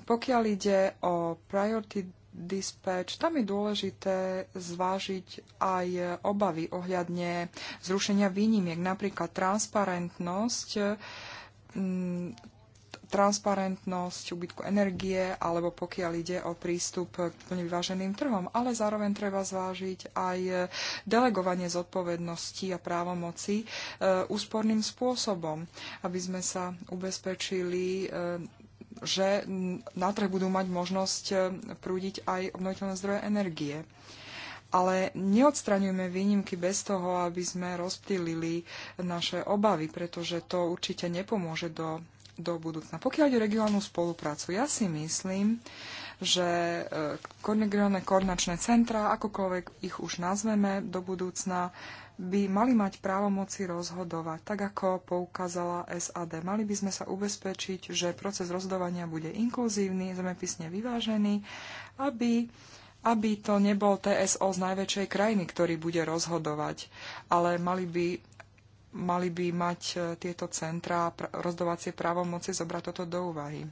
pokiaľ ide o priority dispatch, tam je dôležité zvážiť aj obavy ohľadne zrušenia výnimiek, napríklad transparentnosť mm, transparentnosť úbytku energie alebo pokiaľ ide o prístup k plne vyváženým trhom. Ale zároveň treba zvážiť aj delegovanie zodpovednosti a právomoci e, úsporným spôsobom, aby sme sa ubezpečili e, že na trh budú mať možnosť e, prúdiť aj obnoviteľné zdroje energie. Ale neodstraňujme výnimky bez toho, aby sme rozptýlili naše obavy, pretože to určite nepomôže do do budúcna. Pokiaľ ide regionálnu spoluprácu, ja si myslím, že regionálne koordinačné centra, akokoľvek ich už nazveme do budúcna, by mali mať právomoci rozhodovať, tak ako poukázala SAD. Mali by sme sa ubezpečiť, že proces rozhodovania bude inkluzívny, zemepisne vyvážený, aby aby to nebol TSO z najväčšej krajiny, ktorý bude rozhodovať, ale mali by mali by mať e, tieto centrá rozhodovacie právomoci zobrať toto do úvahy. E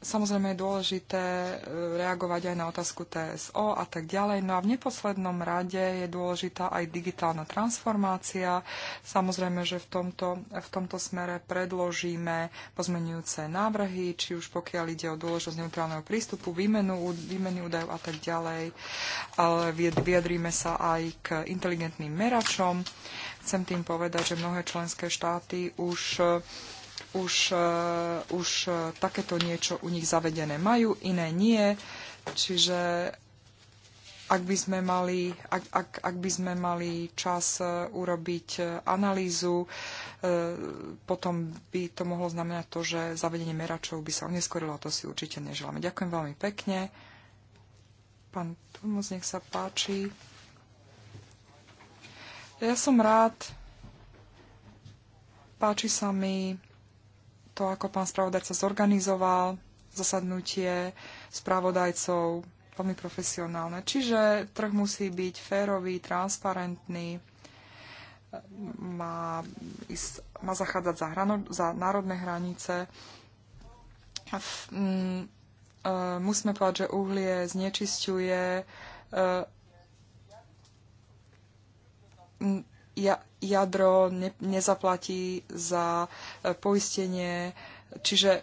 Samozrejme je dôležité e, reagovať aj na otázku TSO a tak ďalej. No a v neposlednom rade je dôležitá aj digitálna transformácia. Samozrejme, že v tomto, v tomto smere predložíme pozmenujúce návrhy, či už pokiaľ ide o dôležitosť neutrálneho prístupu, výmenu, výmeny údajov a tak ďalej. Ale vyjadríme sa aj k inteligentným meračom. Chcem tým povedať, že mnohé členské štáty už už, eh, už eh, takéto niečo u nich zavedené majú, iné nie. Čiže ak by sme mali, ak, ak, ak by sme mali čas eh, urobiť analýzu, potom by to mohlo znamenať to, že zavedenie meračov by sa oneskorilo a to si určite neželáme. Ďakujem veľmi pekne. Pán Tomus, nech sa páči. Ja som rád, páči sa mi to, ako pán spravodajca zorganizoval zasadnutie spravodajcov, veľmi profesionálne. Čiže trh musí byť férový, transparentný, má, ísť, má zachádzať za, hrano, za národné hranice. V, m, mm, e, musíme povedať, že uhlie znečisťuje. E, jadro ne, nezaplatí za e, poistenie. Čiže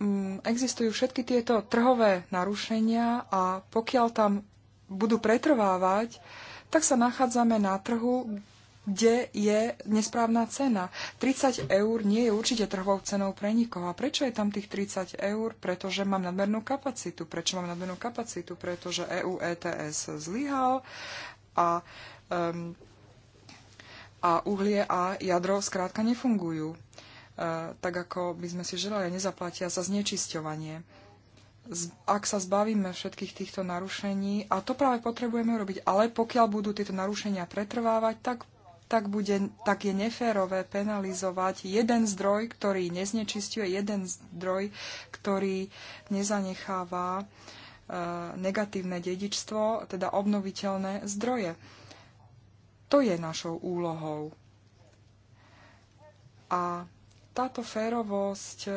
m, mm, existujú všetky tieto trhové narušenia a pokiaľ tam budú pretrvávať, tak sa nachádzame na trhu, kde je nesprávna cena. 30 eur nie je určite trhovou cenou pre nikoho. A prečo je tam tých 30 eur? Pretože mám nadmernú kapacitu. Prečo mám nadmernú kapacitu? Pretože EU ETS zlyhal a um, a uhlie a jadro skrátka nefungujú e, tak, ako by sme si želali, nezaplatia za znečisťovanie. Ak sa zbavíme všetkých týchto narušení, a to práve potrebujeme robiť, ale pokiaľ budú tieto narušenia pretrvávať, tak, tak, bude, tak je neférové penalizovať jeden zdroj, ktorý neznečistuje, jeden zdroj, ktorý nezanecháva e, negatívne dedičstvo, teda obnoviteľné zdroje. To je našou úlohou. A táto férovosť e,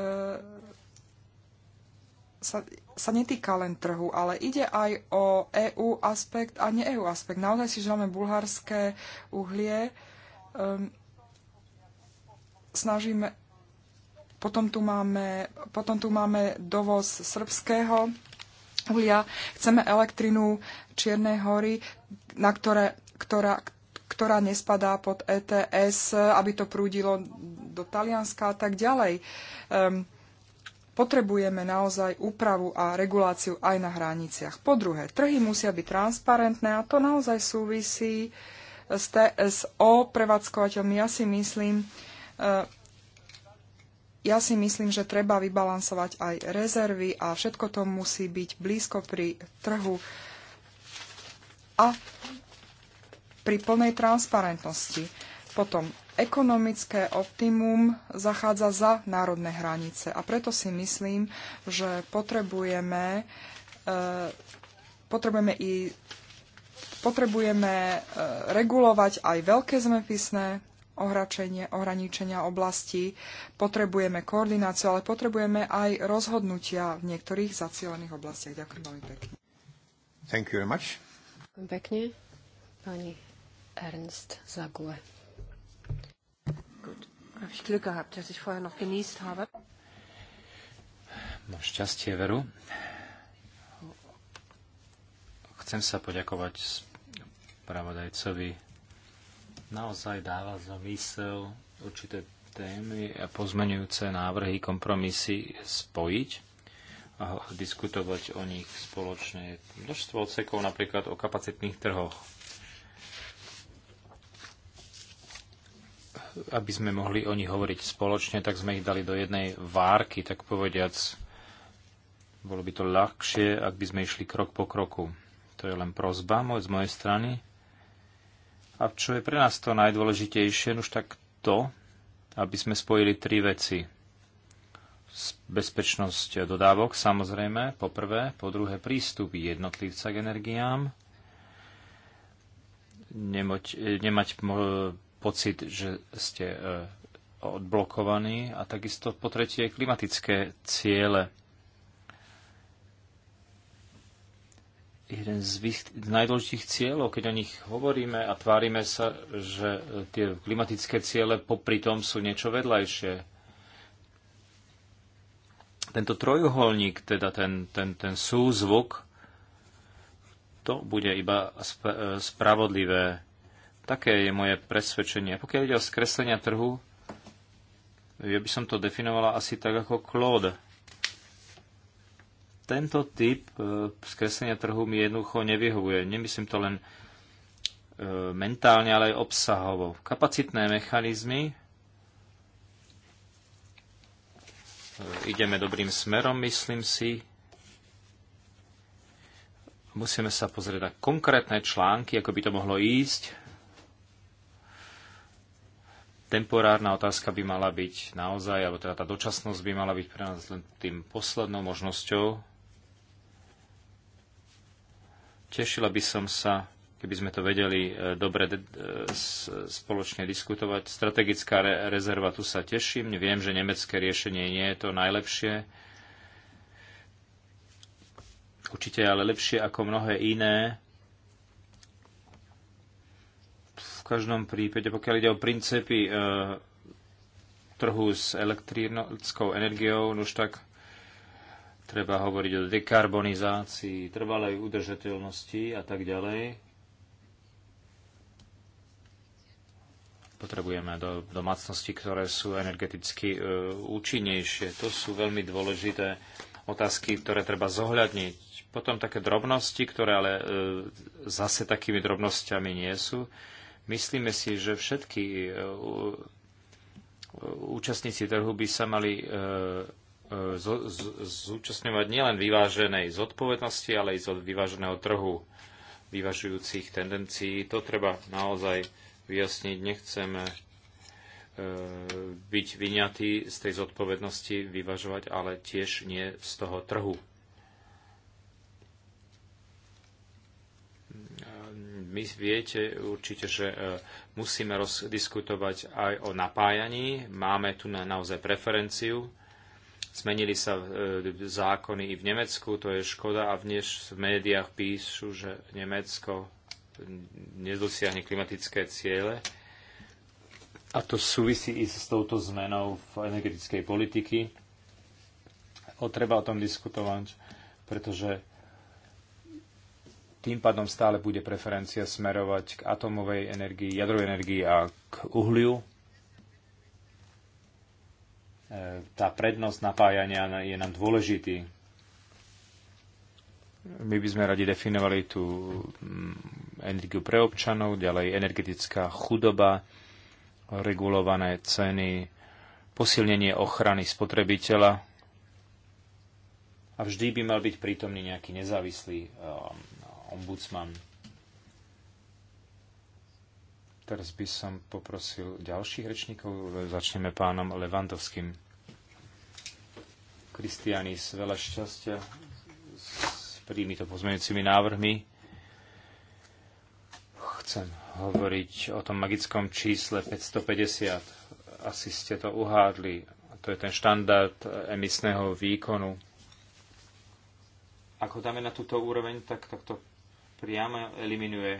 sa, sa netýka len trhu, ale ide aj o EU aspekt a ne EU aspekt. Naozaj si želáme bulharské uhlie. Um, snažíme, potom tu máme, potom tu máme dovoz srbského uhlia. Chceme elektrinu Čiernej hory, na ktoré, ktorá, ktorá nespadá pod ETS, aby to prúdilo do Talianska a tak ďalej. Um, Potrebujeme naozaj úpravu a reguláciu aj na hraniciach. Po druhé, trhy musia byť transparentné a to naozaj súvisí s TSO prevádzkovateľmi. Ja si myslím, eh, ja si myslím, že treba vybalansovať aj rezervy a všetko to musí byť blízko pri trhu. A pri plnej transparentnosti. Potom ekonomické optimum zachádza za národné hranice a preto si myslím, že potrebujeme, e, potrebujeme i potrebujeme e, regulovať aj veľké zemepisné ohraničenia oblasti, potrebujeme koordináciu, ale potrebujeme aj rozhodnutia v niektorých zacielených oblastiach. Ďakujem veľmi pekne. Thank you very much. Pekne. Pani Ernst Sague. Gut. Habe ich Glück gehabt, dass ich vorher noch genießt habe. Mám šťastie, Veru. Chcem sa poďakovať spravodajcovi. Naozaj dáva zmysel určité témy a pozmenujúce návrhy, kompromisy spojiť a diskutovať o nich spoločne. Množstvo odsekov napríklad o kapacitných trhoch aby sme mohli o nich hovoriť spoločne, tak sme ich dali do jednej várky, tak povediac. Bolo by to ľahšie, ak by sme išli krok po kroku. To je len prozba z mojej strany. A čo je pre nás to najdôležitejšie, no už tak to, aby sme spojili tri veci. Bezpečnosť dodávok, samozrejme, po prvé, po druhé prístup jednotlivca k energiám, nemať, nemať pocit, že ste e, odblokovaní a takisto po tretie klimatické ciele. Jeden z, vých, z najdôležitých cieľov, keď o nich hovoríme a tvárime sa, že e, tie klimatické ciele popri tom sú niečo vedľajšie. Tento trojuholník, teda ten, ten, ten súzvuk, to bude iba e, spravodlivé Také je moje presvedčenie. Pokiaľ ide o skreslenia trhu, ja by som to definovala asi tak ako Claude. Tento typ e, skreslenia trhu mi jednoducho nevyhovuje. Nemyslím to len e, mentálne, ale aj obsahovo. Kapacitné mechanizmy, e, ideme dobrým smerom, myslím si. Musíme sa pozrieť na konkrétne články, ako by to mohlo ísť temporárna otázka by mala byť naozaj, alebo teda tá dočasnosť by mala byť pre nás len tým poslednou možnosťou. Tešila by som sa, keby sme to vedeli e, dobre e, spoločne diskutovať. Strategická re- rezerva, tu sa teším. Viem, že nemecké riešenie nie je to najlepšie. Určite ale lepšie ako mnohé iné V každom prípade, pokiaľ ide o princípy e, trhu s elektrickou energiou, no už tak treba hovoriť o dekarbonizácii, trvalej udržateľnosti a tak ďalej. Potrebujeme do domácnosti, ktoré sú energeticky e, účinnejšie. To sú veľmi dôležité otázky, ktoré treba zohľadniť. Potom také drobnosti, ktoré ale e, zase takými drobnosťami nie sú. Myslíme si, že všetky e, e, účastníci trhu by sa mali e, zúčastňovať nielen vyváženej zodpovednosti, ale aj z vyváženého trhu vyvažujúcich tendencií. To treba naozaj vyjasniť. Nechceme byť vyňatí z tej zodpovednosti vyvažovať, ale tiež nie z toho trhu. my viete určite, že e, musíme rozdiskutovať aj o napájaní. Máme tu na, naozaj preferenciu. Zmenili sa e, zákony i v Nemecku, to je škoda a dnes v médiách píšu, že Nemecko nedosiahne klimatické ciele. A to súvisí i s touto zmenou v energetickej politiky. O, treba o tom diskutovať, pretože tým pádom stále bude preferencia smerovať k atomovej energii, jadrovej energii a k uhliu. E, tá prednosť napájania je nám dôležitý. My by sme radi definovali tú mm, energiu pre občanov, ďalej energetická chudoba, regulované ceny, posilnenie ochrany spotrebiteľa a vždy by mal byť prítomný nejaký nezávislý um, ombudsman. Teraz by som poprosil ďalších rečníkov. Začneme pánom Levandovským. Kristianis, veľa šťastia s týmito pozmeňujúcimi návrhmi. Chcem hovoriť o tom magickom čísle 550. Asi ste to uhádli. To je ten štandard emisného výkonu. Ako dáme na túto úroveň, tak, tak to priamo eliminuje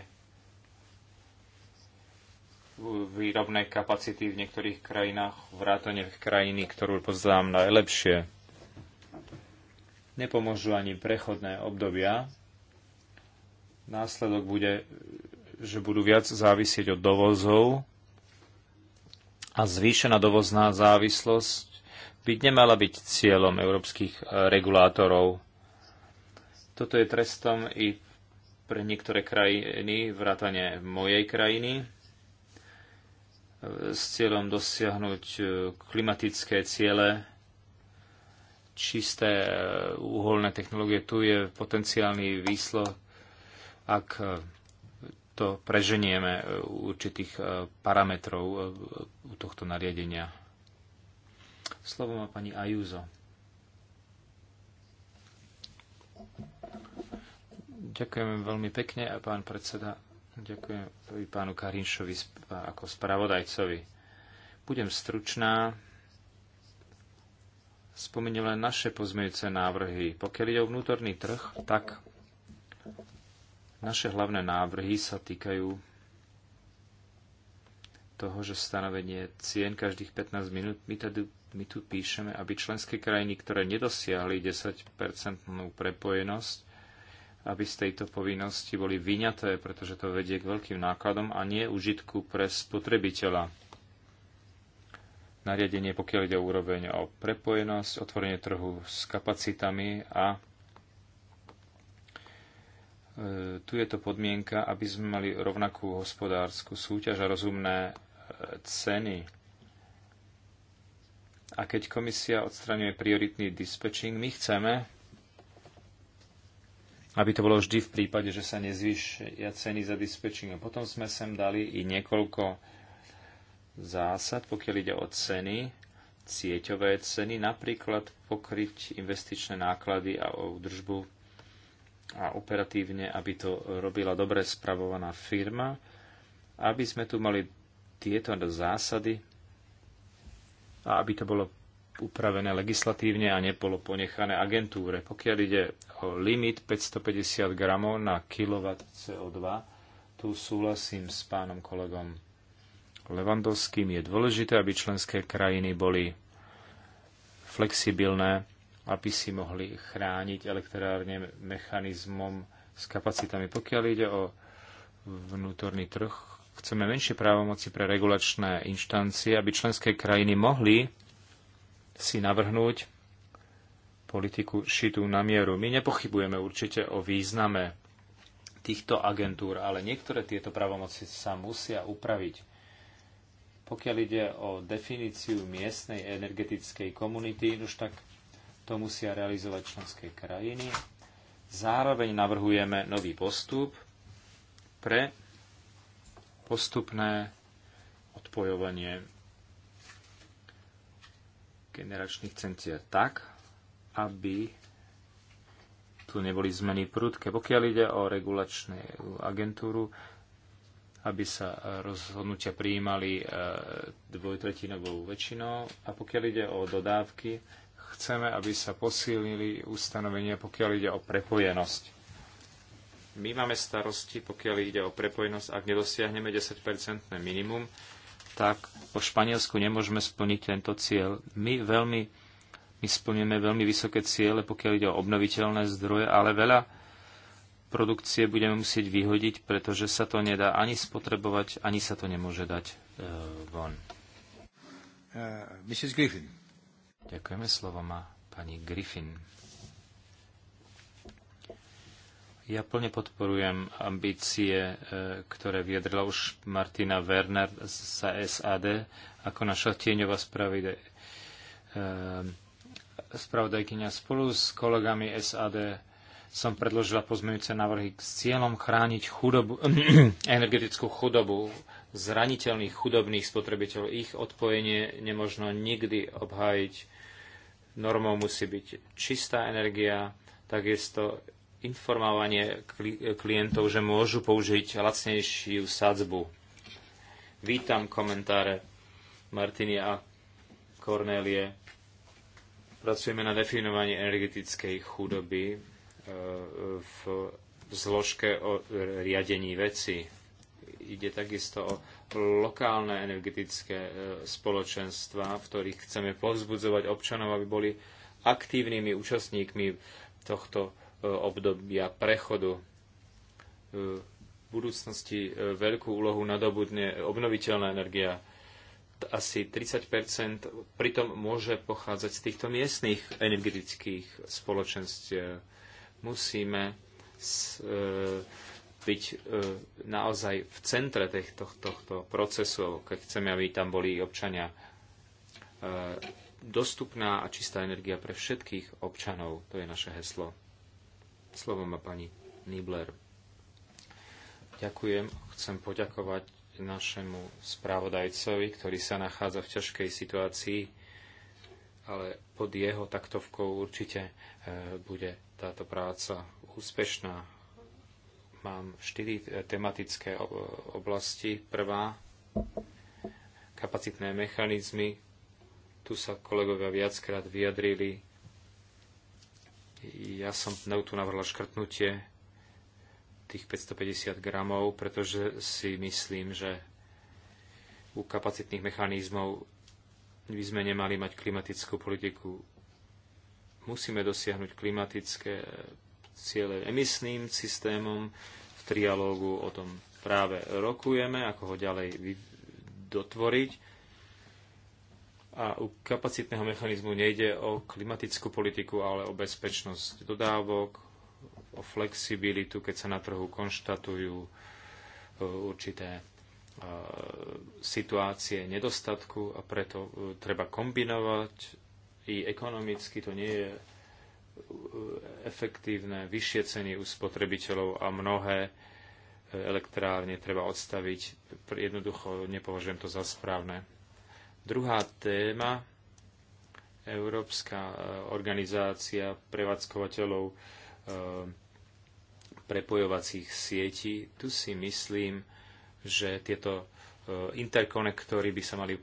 výrobné kapacity v niektorých krajinách, vrátane krajiny, ktorú poznám najlepšie. Nepomôžu ani prechodné obdobia. Následok bude, že budú viac závisieť od dovozov a zvýšená dovozná závislosť by nemala byť cieľom európskych eh, regulátorov. Toto je trestom i pre niektoré krajiny, vrátane mojej krajiny, s cieľom dosiahnuť e, klimatické ciele, čisté e, uholné technológie. Tu je potenciálny výslo, ak e, to preženieme určitých parametrov u tohto nariadenia. Slovo má pani Ajúzo. Ďakujem veľmi pekne a pán predseda, ďakujem pánu Karinšovi ako spravodajcovi. Budem stručná. Spomeniem len naše pozmejúce návrhy. Pokiaľ ide o vnútorný trh, tak naše hlavné návrhy sa týkajú toho, že stanovenie cien každých 15 minút, my, tady, my tu píšeme, aby členské krajiny, ktoré nedosiahli 10-percentnú prepojenosť, aby z tejto povinnosti boli vyňaté, pretože to vedie k veľkým nákladom a nie užitku pre spotrebiteľa. Nariadenie, pokiaľ ide o úroveň o prepojenosť, otvorenie trhu s kapacitami a e, tu je to podmienka, aby sme mali rovnakú hospodárskú súťaž a rozumné e, ceny. A keď komisia odstraňuje prioritný dispečing, my chceme, aby to bolo vždy v prípade, že sa nezvýšia ceny za dispečing. A potom sme sem dali i niekoľko zásad, pokiaľ ide o ceny, sieťové ceny, napríklad pokryť investičné náklady a údržbu a operatívne, aby to robila dobre spravovaná firma, aby sme tu mali tieto zásady a aby to bolo upravené legislatívne a nebolo ponechané agentúre. Pokiaľ ide limit 550 gramov na kW CO2. Tu súhlasím s pánom kolegom Levandovským. Je dôležité, aby členské krajiny boli flexibilné, aby si mohli chrániť elektrárne mechanizmom s kapacitami. Pokiaľ ide o vnútorný trh, chceme menšie právomoci pre regulačné inštancie, aby členské krajiny mohli si navrhnúť politiku šitú na mieru. My nepochybujeme určite o význame týchto agentúr, ale niektoré tieto pravomoci sa musia upraviť. Pokiaľ ide o definíciu miestnej energetickej komunity, už tak to musia realizovať členské krajiny. Zároveň navrhujeme nový postup pre postupné odpojovanie generačných centier tak, aby tu neboli zmeny prudké. Pokiaľ ide o regulačnú agentúru, aby sa rozhodnutia prijímali e, dvojtretinovou väčšinou a pokiaľ ide o dodávky, chceme, aby sa posilnili ustanovenia, pokiaľ ide o prepojenosť. My máme starosti, pokiaľ ide o prepojenosť, ak nedosiahneme 10-percentné minimum, tak po Španielsku nemôžeme splniť tento cieľ. My veľmi my splníme veľmi vysoké ciele, pokiaľ ide o obnoviteľné zdroje, ale veľa produkcie budeme musieť vyhodiť, pretože sa to nedá ani spotrebovať, ani sa to nemôže dať uh, von. Uh, e, Mrs. Griffin. Ďakujeme, slovo má pani Griffin. Ja plne podporujem ambície, e, ktoré vyjadrila už Martina Werner z SAD ako naša tieňová spravidla spravodajkyňa spolu s kolegami SAD som predložila pozmeňujúce návrhy s cieľom chrániť chudobu, energetickú chudobu zraniteľných chudobných spotrebiteľov. Ich odpojenie nemožno nikdy obhájiť. Normou musí byť čistá energia, takisto informovanie klientov, že môžu použiť lacnejšiu sadzbu. Vítam komentáre Martiny a Kornélie Pracujeme na definovaní energetickej chudoby e, v zložke o riadení veci. Ide takisto o lokálne energetické e, spoločenstva, v ktorých chceme povzbudzovať občanov, aby boli aktívnymi účastníkmi tohto e, obdobia prechodu. V budúcnosti veľkú úlohu nadobudne obnoviteľná energia, asi 30 pritom môže pochádzať z týchto miestnych energetických spoločenstiev. Musíme s, e, byť e, naozaj v centre tohto, tohto procesu, keď chceme, aby tam boli občania. E, dostupná a čistá energia pre všetkých občanov, to je naše heslo. Slovo má pani Nibler. Ďakujem, chcem poďakovať našemu správodajcovi, ktorý sa nachádza v ťažkej situácii, ale pod jeho taktovkou určite e, bude táto práca úspešná. Mám štyri e, tematické oblasti. Prvá, kapacitné mechanizmy. Tu sa kolegovia viackrát vyjadrili. Ja som tu navrhla škrtnutie tých 550 gramov, pretože si myslím, že u kapacitných mechanizmov by sme nemali mať klimatickú politiku. Musíme dosiahnuť klimatické ciele emisným systémom. V trialógu o tom práve rokujeme, ako ho ďalej dotvoriť. A u kapacitného mechanizmu nejde o klimatickú politiku, ale o bezpečnosť dodávok, o flexibilitu, keď sa na trhu konštatujú e, určité e, situácie nedostatku a preto e, treba kombinovať i ekonomicky to nie je efektívne, vyššie ceny u spotrebiteľov a mnohé elektrárne treba odstaviť. Jednoducho nepovažujem to za správne. Druhá téma, Európska organizácia prevádzkovateľov prepojovacích sietí. Tu si myslím, že tieto e, interkonektory by sa mali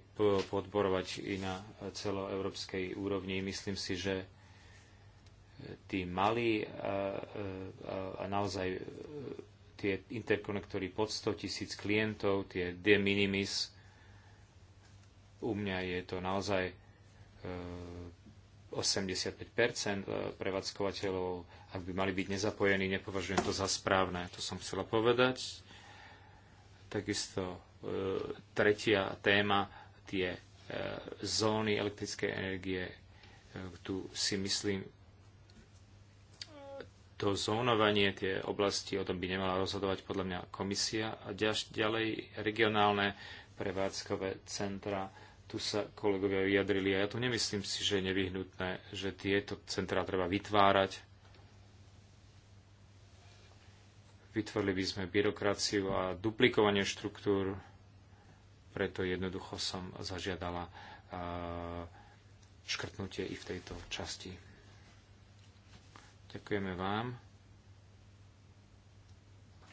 podporovať i na celoeurópskej úrovni. Myslím si, že tí malí a, e, a, a naozaj e, tie interkonektory pod 100 tisíc klientov, tie de minimis, u mňa je to naozaj 85 e, prevádzkovateľov, ak by mali byť nezapojení, nepovažujem to za správne. To som chcela povedať. Takisto e, tretia téma, tie e, zóny elektrickej energie. Tu si myslím, to zónovanie, tie oblasti, o tom by nemala rozhodovať podľa mňa komisia. A ďalej regionálne prevádzkové centra tu sa kolegovia vyjadrili a ja tu nemyslím si, že je nevyhnutné, že tieto centrá treba vytvárať. Vytvorili by sme byrokraciu a duplikovanie štruktúr, preto jednoducho som zažiadala škrtnutie i v tejto časti. Ďakujeme vám.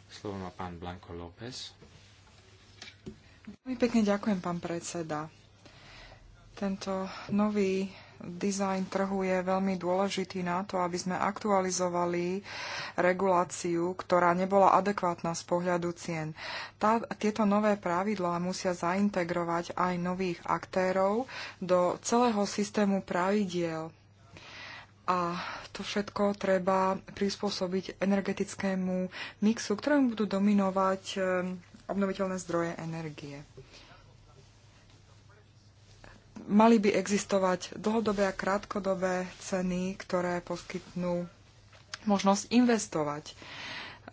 Slovo má pán Blanko López. Veľmi pekne ďakujem, pán predseda. Tento nový dizajn trhu je veľmi dôležitý na to, aby sme aktualizovali reguláciu, ktorá nebola adekvátna z pohľadu cien. Tá, tieto nové pravidlá musia zaintegrovať aj nových aktérov do celého systému pravidiel. A to všetko treba prispôsobiť energetickému mixu, ktorému budú dominovať eh, obnoviteľné zdroje energie mali by existovať dlhodobé a krátkodobé ceny, ktoré poskytnú možnosť investovať.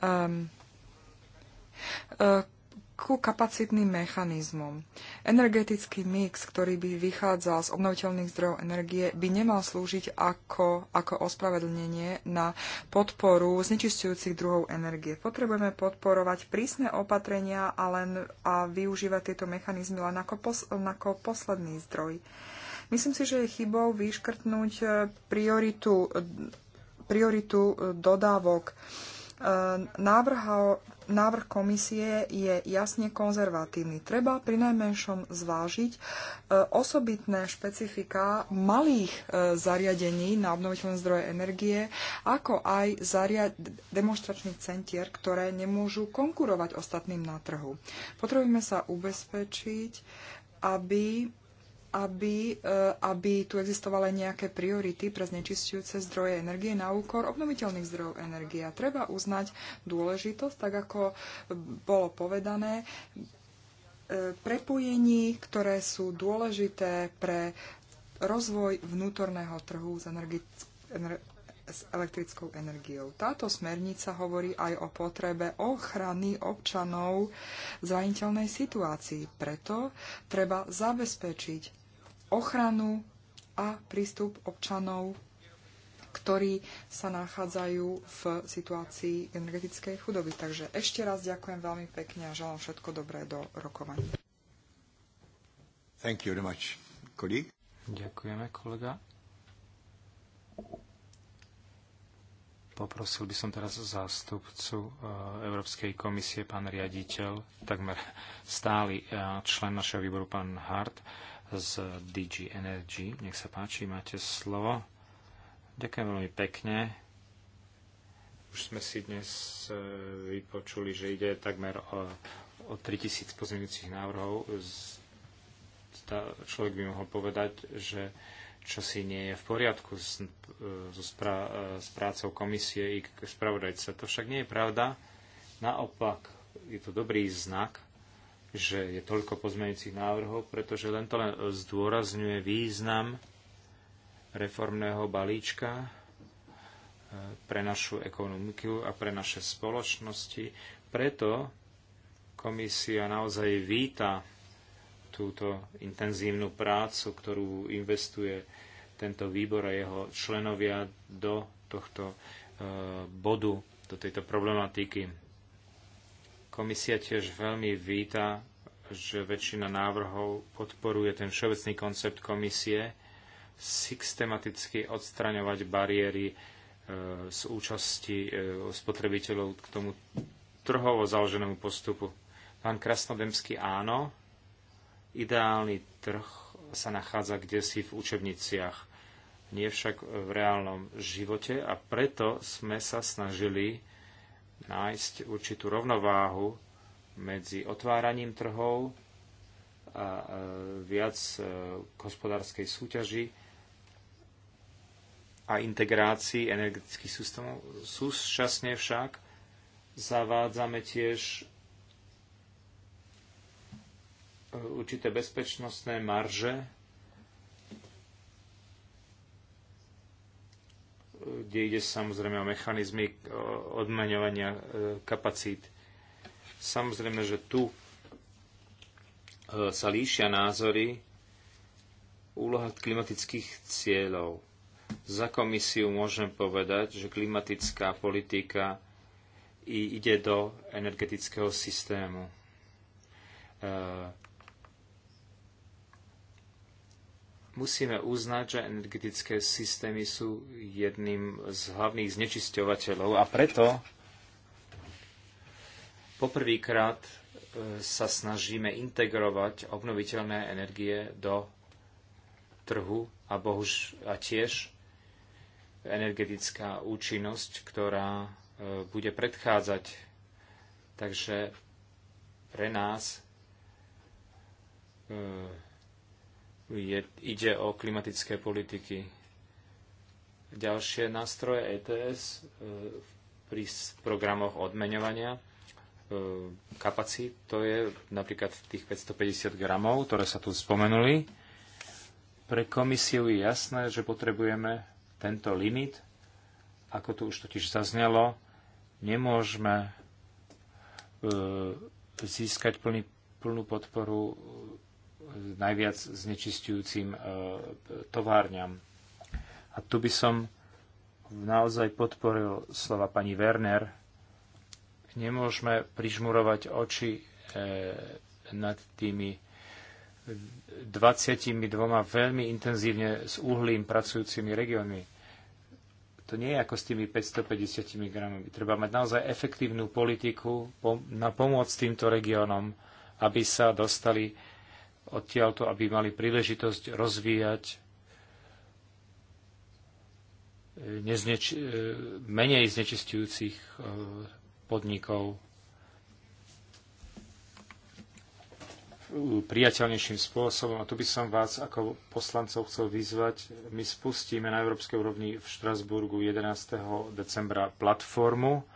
Um, ku kapacitným mechanizmom. Energetický mix, ktorý by vychádzal z obnoviteľných zdrojov energie, by nemal slúžiť ako, ako ospravedlnenie na podporu znečistujúcich druhov energie. Potrebujeme podporovať prísne opatrenia a, len, a využívať tieto mechanizmy len ako, pos, ako posledný zdroj. Myslím si, že je chybou vyškrtnúť e, prioritu, e, prioritu e, dodávok Návrh, návrh komisie je jasne konzervatívny. Treba pri najmenšom zvážiť e, osobitné špecifika malých e, zariadení na obnoviteľné zdroje energie, ako aj zariad- demonstračných centier, ktoré nemôžu konkurovať ostatným na trhu. Potrebujeme sa ubezpečiť, aby aby, eh, aby tu existovali nejaké priority pre znečistujúce zdroje energie na úkor obnoviteľných zdrojov energie. A treba uznať dôležitosť, tak ako bolo povedané, eh, prepojení, ktoré sú dôležité pre rozvoj vnútorného trhu s, s elektrickou energiou. Táto smernica hovorí aj o potrebe ochrany občanov v zraniteľnej situácii. Preto treba zabezpečiť ochranu a prístup občanov, ktorí sa nachádzajú v situácii energetickej chudoby. Takže ešte raz ďakujem veľmi pekne a želám všetko dobré do rokovania. Thank you very much, colleague. Ďakujeme, kolega. Poprosil by som teraz zástupcu eh, Európskej komisie, pán riaditeľ, takmer stály eh, člen našeho výboru, pán Hart, z DG Energy. Nech sa páči, máte slovo. Ďakujem veľmi pekne. Už sme si dnes e, vypočuli, že ide takmer o, o 3000 pozmeňujúcich návrhov. Človek by mohol povedať, že čo si nie je v poriadku s, e, so spra, e, s prácou komisie i spravodajca. To však nie je pravda. Naopak, je to dobrý znak, že je toľko pozmeňujúcich návrhov, pretože len to len e, zdôrazňuje význam reformného balíčka e, pre našu ekonomiku a pre naše spoločnosti. Preto komisia naozaj víta túto intenzívnu prácu, ktorú investuje tento výbor a jeho členovia do tohto e, bodu, do tejto problematiky. Komisia tiež veľmi víta, že väčšina návrhov podporuje ten všeobecný koncept komisie systematicky odstraňovať bariéry e, z účasti e, spotrebiteľov k tomu trhovo založenému postupu. Pán Krasnodemský áno, ideálny trh sa nachádza kde si v učebniciach, nie však v reálnom živote a preto sme sa snažili nájsť určitú rovnováhu medzi otváraním trhov a viac k e, hospodárskej súťaži a integrácii energetických systémov. Súčasne však zavádzame tiež e, určité bezpečnostné marže kde ide samozrejme o mechanizmy e, odmaňovania e, kapacít. Samozrejme, že tu e, sa líšia názory úloha klimatických cieľov. Za komisiu môžem povedať, že klimatická politika ide do energetického systému. Musíme uznať, že energetické systémy sú jedným z hlavných znečisťovateľov a preto poprvýkrát e, sa snažíme integrovať obnoviteľné energie do trhu a, bohuž, a tiež energetická účinnosť, ktorá e, bude predchádzať. Takže pre nás e, je, ide o klimatické politiky. Ďalšie nástroje ETS e, pri programoch odmeňovania e, kapacít, to je napríklad tých 550 gramov, ktoré sa tu spomenuli. Pre komisiu je jasné, že potrebujeme tento limit. Ako tu už totiž zaznelo, nemôžeme e, získať plný, plnú podporu najviac znečistujúcim e, továrňam. A tu by som naozaj podporil slova pani Werner. Nemôžeme prižmurovať oči e, nad tými 22 veľmi intenzívne s uhlím pracujúcimi regiónmi. To nie je ako s tými 550 gramami. Treba mať naozaj efektívnu politiku na pomoc týmto regiónom, aby sa dostali odtiaľto, aby mali príležitosť rozvíjať e, nezneč- e, menej znečistujúcich e, podnikov priateľnejším spôsobom. A tu by som vás ako poslancov chcel vyzvať. My spustíme na európskej úrovni v Štrasburgu 11. decembra platformu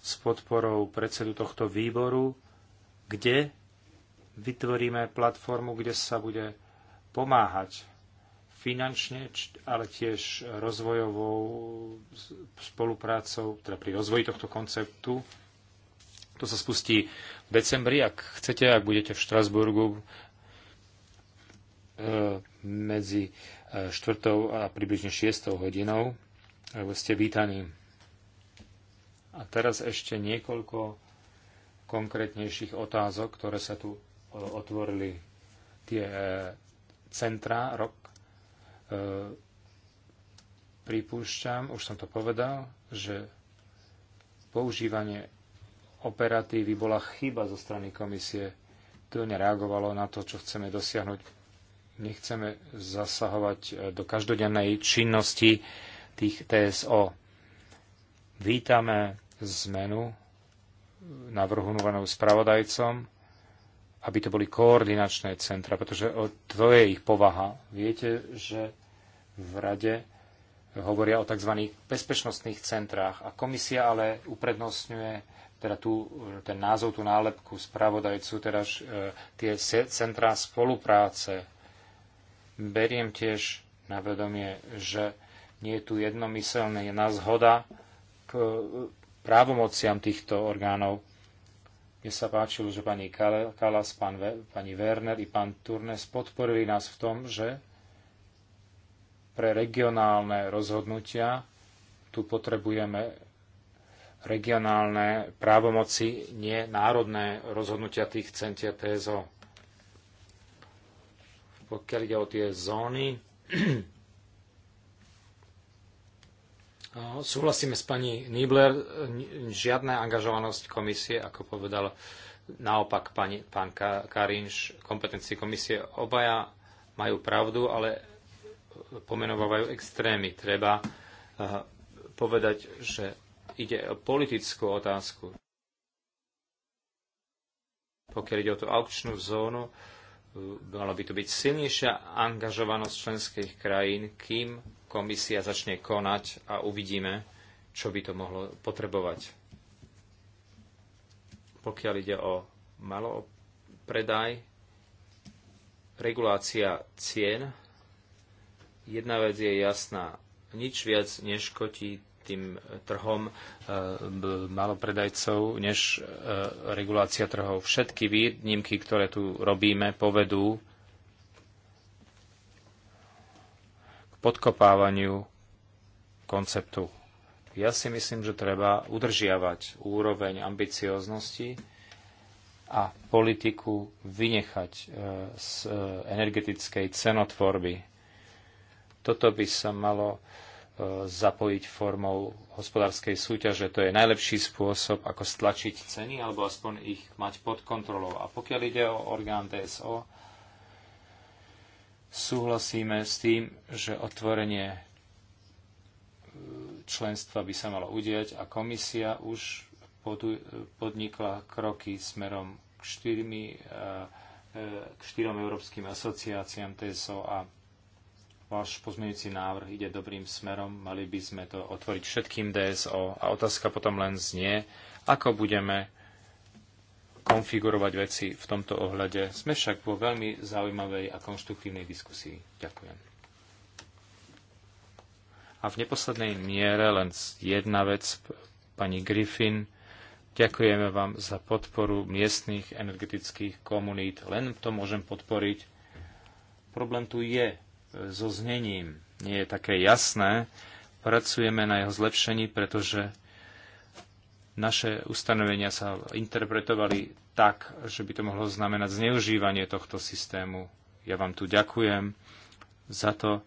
s podporou predsedu tohto výboru, kde vytvoríme platformu, kde sa bude pomáhať finančne, ale tiež rozvojovou spoluprácou, teda pri rozvoji tohto konceptu. To sa spustí v decembri, ak chcete, ak budete v Štrasburgu e, medzi 4. E, a približne 6. hodinou, lebo ste vítaní. A teraz ešte niekoľko konkrétnejších otázok, ktoré sa tu otvorili tie e, centra rok. E, pripúšťam, už som to povedal, že používanie operatívy bola chyba zo strany komisie. To nereagovalo na to, čo chceme dosiahnuť. Nechceme zasahovať e, do každodennej činnosti tých TSO. Vítame zmenu navrhovanú spravodajcom aby to boli koordinačné centra, pretože to je ich povaha. Viete, že v rade hovoria o tzv. bezpečnostných centrách a komisia ale uprednostňuje teda tú, ten názov, tú nálepku spravodajcu, teda e, tie centrá spolupráce. Beriem tiež na vedomie, že nie je tu jednomyselná zhoda k e, právomociam týchto orgánov mne sa páčilo, že pani Kalas, pán, pani Werner i pán Turnes podporili nás v tom, že pre regionálne rozhodnutia tu potrebujeme regionálne právomoci, nie národné rozhodnutia tých centier TSO. Pokiaľ ide o tie zóny, No, súhlasíme s pani Nibler, žiadna angažovanosť komisie, ako povedal naopak pani, pán Karinš, kompetencie komisie. Obaja majú pravdu, ale pomenovávajú extrémy. Treba eh, povedať, že ide o politickú otázku. Pokiaľ ide o tú aukčnú zónu, eh, mala by to byť silnejšia angažovanosť členských krajín, kým komisia začne konať a uvidíme, čo by to mohlo potrebovať. Pokiaľ ide o malo predaj, regulácia cien, jedna vec je jasná. Nič viac neškotí tým e, trhom e, malopredajcov než e, regulácia trhov. Všetky výnimky, ktoré tu robíme, povedú podkopávaniu konceptu. Ja si myslím, že treba udržiavať úroveň ambicioznosti a politiku vynechať e, z e, energetickej cenotvorby. Toto by sa malo e, zapojiť formou hospodárskej súťaže. To je najlepší spôsob, ako stlačiť ceny, alebo aspoň ich mať pod kontrolou. A pokiaľ ide o orgán DSO, Súhlasíme s tým, že otvorenie e, členstva by sa malo udiať a komisia už podnikla kroky smerom k, štyrmi, e, e, k štyrom európskym asociáciám TSO a váš pozmeňujúci návrh ide dobrým smerom. Mali by sme to otvoriť všetkým DSO a otázka potom len znie, ako budeme konfigurovať veci v tomto ohľade. Sme však vo veľmi zaujímavej a konštruktívnej diskusii. Ďakujem. A v neposlednej miere len jedna vec, pani Griffin. Ďakujeme vám za podporu miestných energetických komunít. Len to môžem podporiť. Problém tu je e, so znením. Nie je také jasné. Pracujeme na jeho zlepšení, pretože naše ustanovenia sa interpretovali tak, že by to mohlo znamenať zneužívanie tohto systému. Ja vám tu ďakujem za to,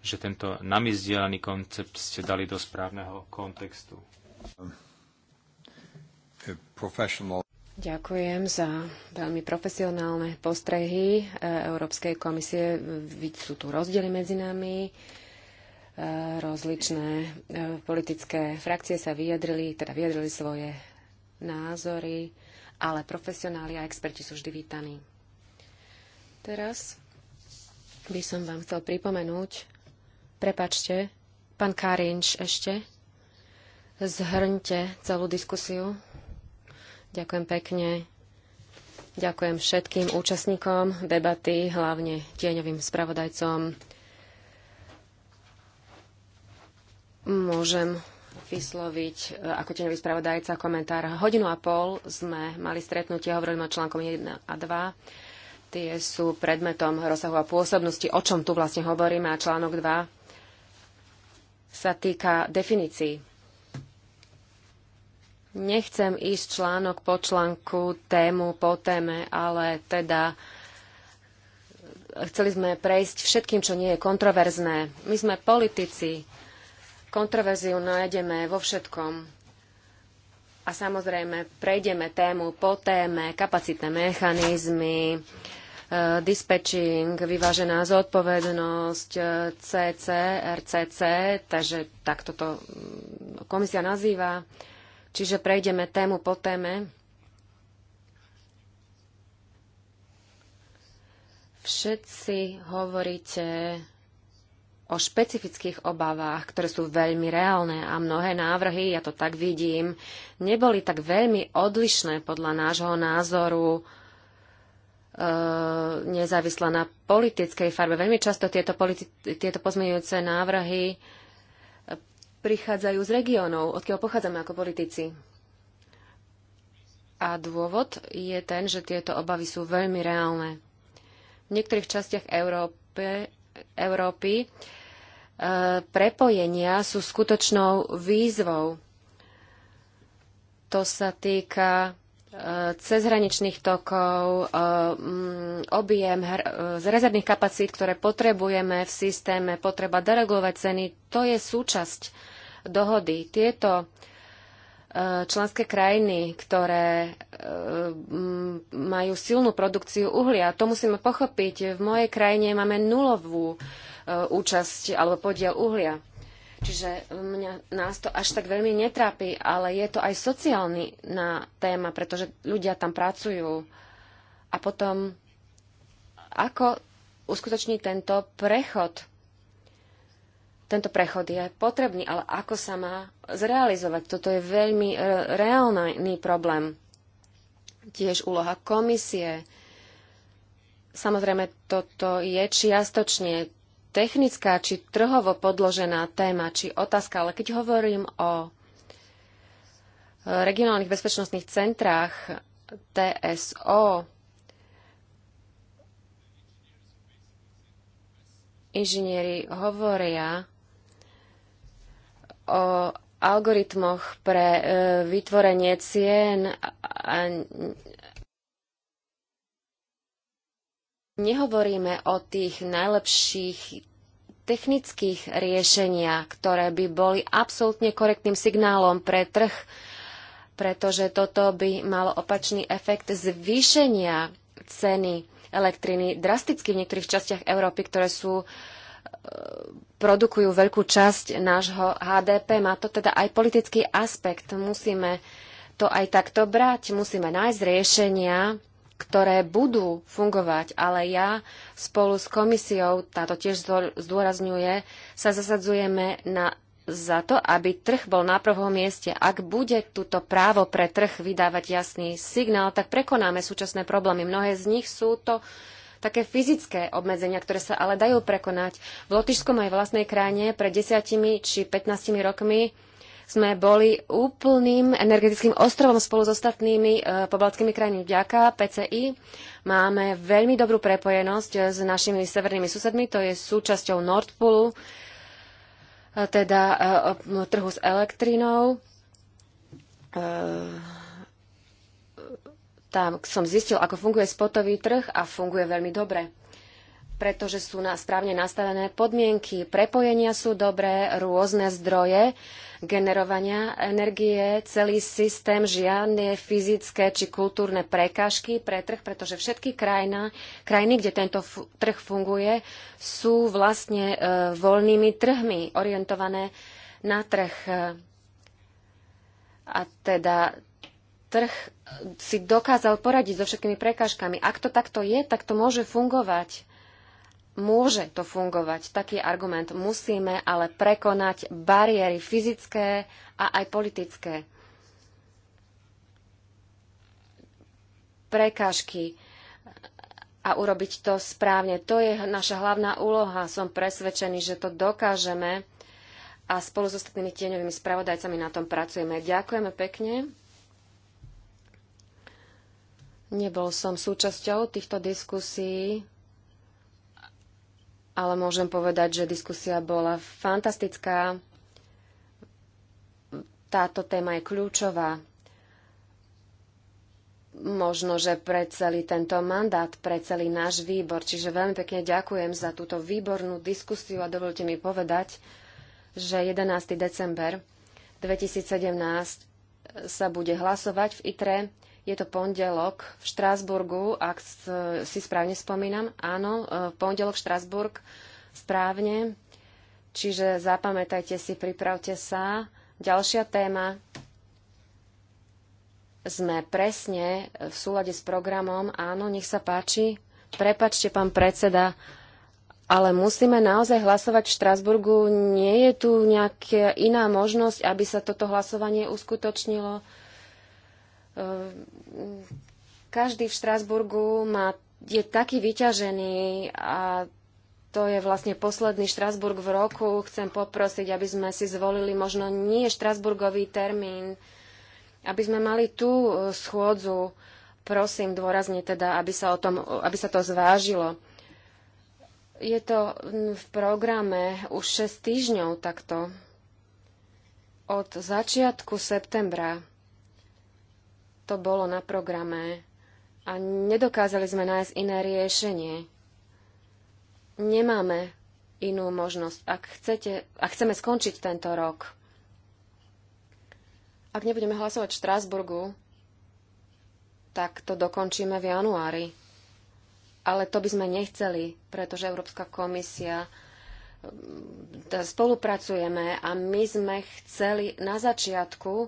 že tento nami zdieľaný koncept ste dali do správneho kontextu. Ďakujem za veľmi profesionálne postrehy e, Európskej komisie. Sú tu rozdiely medzi nami. Rozličné e, politické frakcie sa vyjadrili, teda vyjadrili svoje názory, ale profesionáli a experti sú vždy vítaní. Teraz by som vám chcel pripomenúť, prepačte, pán Karinč ešte, zhrňte celú diskusiu. Ďakujem pekne. Ďakujem všetkým účastníkom debaty, hlavne tieňovým spravodajcom. môžem vysloviť e, ako tenový spravodajca komentár. Hodinu a pol sme mali stretnutie, hovorili o článkom 1 a 2. Tie sú predmetom rozsahu a pôsobnosti, o čom tu vlastne hovoríme. A článok 2 sa týka definícií. Nechcem ísť článok po článku, tému po téme, ale teda chceli sme prejsť všetkým, čo nie je kontroverzné. My sme politici, Kontroverziu nájdeme vo všetkom. A samozrejme, prejdeme tému po téme, kapacitné mechanizmy, e, dispečing, vyvážená zodpovednosť, e, CC, RCC, takže takto to mm, komisia nazýva. Čiže prejdeme tému po téme. Všetci hovoríte o špecifických obavách, ktoré sú veľmi reálne a mnohé návrhy, ja to tak vidím, neboli tak veľmi odlišné podľa nášho názoru e, nezávisle na politickej farbe. Veľmi často tieto, politi- tieto pozmeňujúce návrhy prichádzajú z regiónov, odkiaľ pochádzame ako politici. A dôvod je ten, že tieto obavy sú veľmi reálne. V niektorých častiach Európy Európy, e, prepojenia sú skutočnou výzvou. To sa týka e, cezhraničných tokov, e, mm, objem z rezervných kapacít, ktoré potrebujeme v systéme, potreba deregulovať ceny, to je súčasť dohody. Tieto členské krajiny, ktoré e, majú silnú produkciu uhlia. To musíme pochopiť. V mojej krajine máme nulovú e, účasť alebo podiel uhlia. Čiže mňa, nás to až tak veľmi netrápi, ale je to aj sociálny na téma, pretože ľudia tam pracujú. A potom, ako uskutočniť tento prechod tento prechod je potrebný, ale ako sa má zrealizovať? Toto je veľmi e, reálny problém. Tiež úloha komisie. Samozrejme, toto je čiastočne technická či trhovo podložená téma či otázka, ale keď hovorím o regionálnych bezpečnostných centrách TSO, inžinieri hovoria, o algoritmoch pre e, vytvorenie cien a, a nehovoríme o tých najlepších technických riešeniach, ktoré by boli absolútne korektným signálom pre trh, pretože toto by malo opačný efekt zvýšenia ceny elektriny drasticky v niektorých častiach Európy, ktoré sú uh, produkujú veľkú časť nášho HDP. Má to teda aj politický aspekt. Musíme to aj takto brať, musíme nájsť riešenia, ktoré budú fungovať, ale ja spolu s komisiou, táto tiež zdôrazňuje, sa zasadzujeme na, za to, aby trh bol na prvom mieste. Ak bude túto právo pre trh vydávať jasný signál, tak prekonáme súčasné problémy. Mnohé z nich sú to také fyzické obmedzenia, ktoré sa ale dajú prekonať. V Lotyšskom aj vlastnej krajine pred 10 či 15 rokmi sme boli úplným energetickým ostrovom spolu s ostatnými e, pobaltskými krajinami vďaka PCI. Máme veľmi dobrú prepojenosť s našimi severnými susedmi, to je súčasťou Nordpoolu, e, teda e, trhu s elektrínou. E, tam som zistil, ako funguje spotový trh a funguje veľmi dobre pretože sú na správne nastavené podmienky. Prepojenia sú dobré, rôzne zdroje generovania energie, celý systém, žiadne fyzické či kultúrne prekážky pre trh, pretože všetky krajina, krajiny, kde tento trh funguje, sú vlastne e, voľnými trhmi orientované na trh. E, a teda trh si dokázal poradiť so všetkými prekážkami. Ak to takto je, tak to môže fungovať. Môže to fungovať. Taký argument musíme ale prekonať bariéry fyzické a aj politické. Prekážky a urobiť to správne. To je naša hlavná úloha. Som presvedčený, že to dokážeme a spolu s so ostatnými tieňovými spravodajcami na tom pracujeme. Ďakujeme pekne. Nebol som súčasťou týchto diskusí, ale môžem povedať, že diskusia bola fantastická. Táto téma je kľúčová. Možno, že pre celý tento mandát, pre celý náš výbor. Čiže veľmi pekne ďakujem za túto výbornú diskusiu a dovolte mi povedať, že 11. december 2017 sa bude hlasovať v ITRE je to pondelok v Štrásburgu, ak si správne spomínam. Áno, e, pondelok v Štrásburg, správne. Čiže zapamätajte si, pripravte sa. Ďalšia téma. Sme presne v súlade s programom. Áno, nech sa páči. Prepačte, pán predseda, ale musíme naozaj hlasovať v Štrasburgu. Nie je tu nejaká iná možnosť, aby sa toto hlasovanie uskutočnilo? Každý v Štrásburgu má, je taký vyťažený a to je vlastne posledný Štrasburg v roku. Chcem poprosiť, aby sme si zvolili možno nie Štrasburgový termín, aby sme mali tú e, schôdzu. Prosím dôrazne teda, aby sa, o tom, aby sa to zvážilo. Je to v programe už 6 týždňov takto. Od začiatku septembra to bolo na programe a nedokázali sme nájsť iné riešenie. Nemáme inú možnosť. Ak, chcete, ak chceme skončiť tento rok, ak nebudeme hlasovať v Štrásburgu, tak to dokončíme v januári. Ale to by sme nechceli, pretože Európska komisia mm, teda spolupracujeme a my sme chceli na začiatku,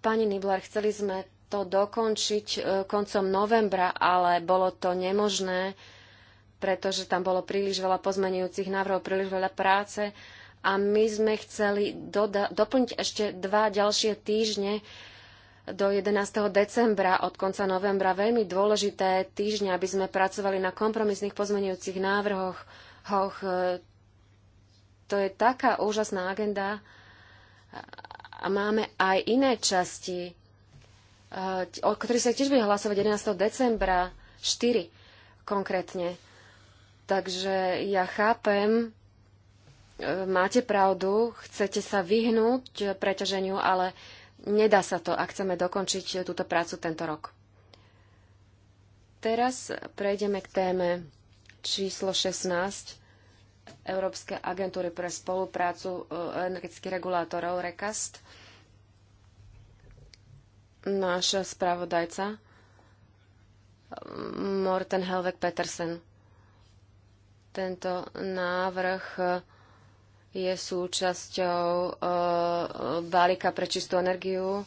pani Nibler, chceli sme to dokončiť e, koncom novembra, ale bolo to nemožné, pretože tam bolo príliš veľa pozmenujúcich návrhov, príliš veľa práce a my sme chceli doplniť ešte dva ďalšie týždne do 11. decembra od konca novembra veľmi dôležité týždne, aby sme pracovali na kompromisných pozmenujúcich návrhoch. Hoch, e, to je taká úžasná agenda a máme aj iné časti o ktorý sa tiež bude hlasovať 11. decembra 4 konkrétne. Takže ja chápem, e, máte pravdu, chcete sa vyhnúť preťaženiu, ale nedá sa to, ak chceme dokončiť túto prácu tento rok. Teraz prejdeme k téme číslo 16 Európskej agentúry pre spoluprácu e, energetických regulátorov RECAST náš spravodajca Morten Helvek Petersen. Tento návrh e, je súčasťou uh, balíka pre čistú energiu.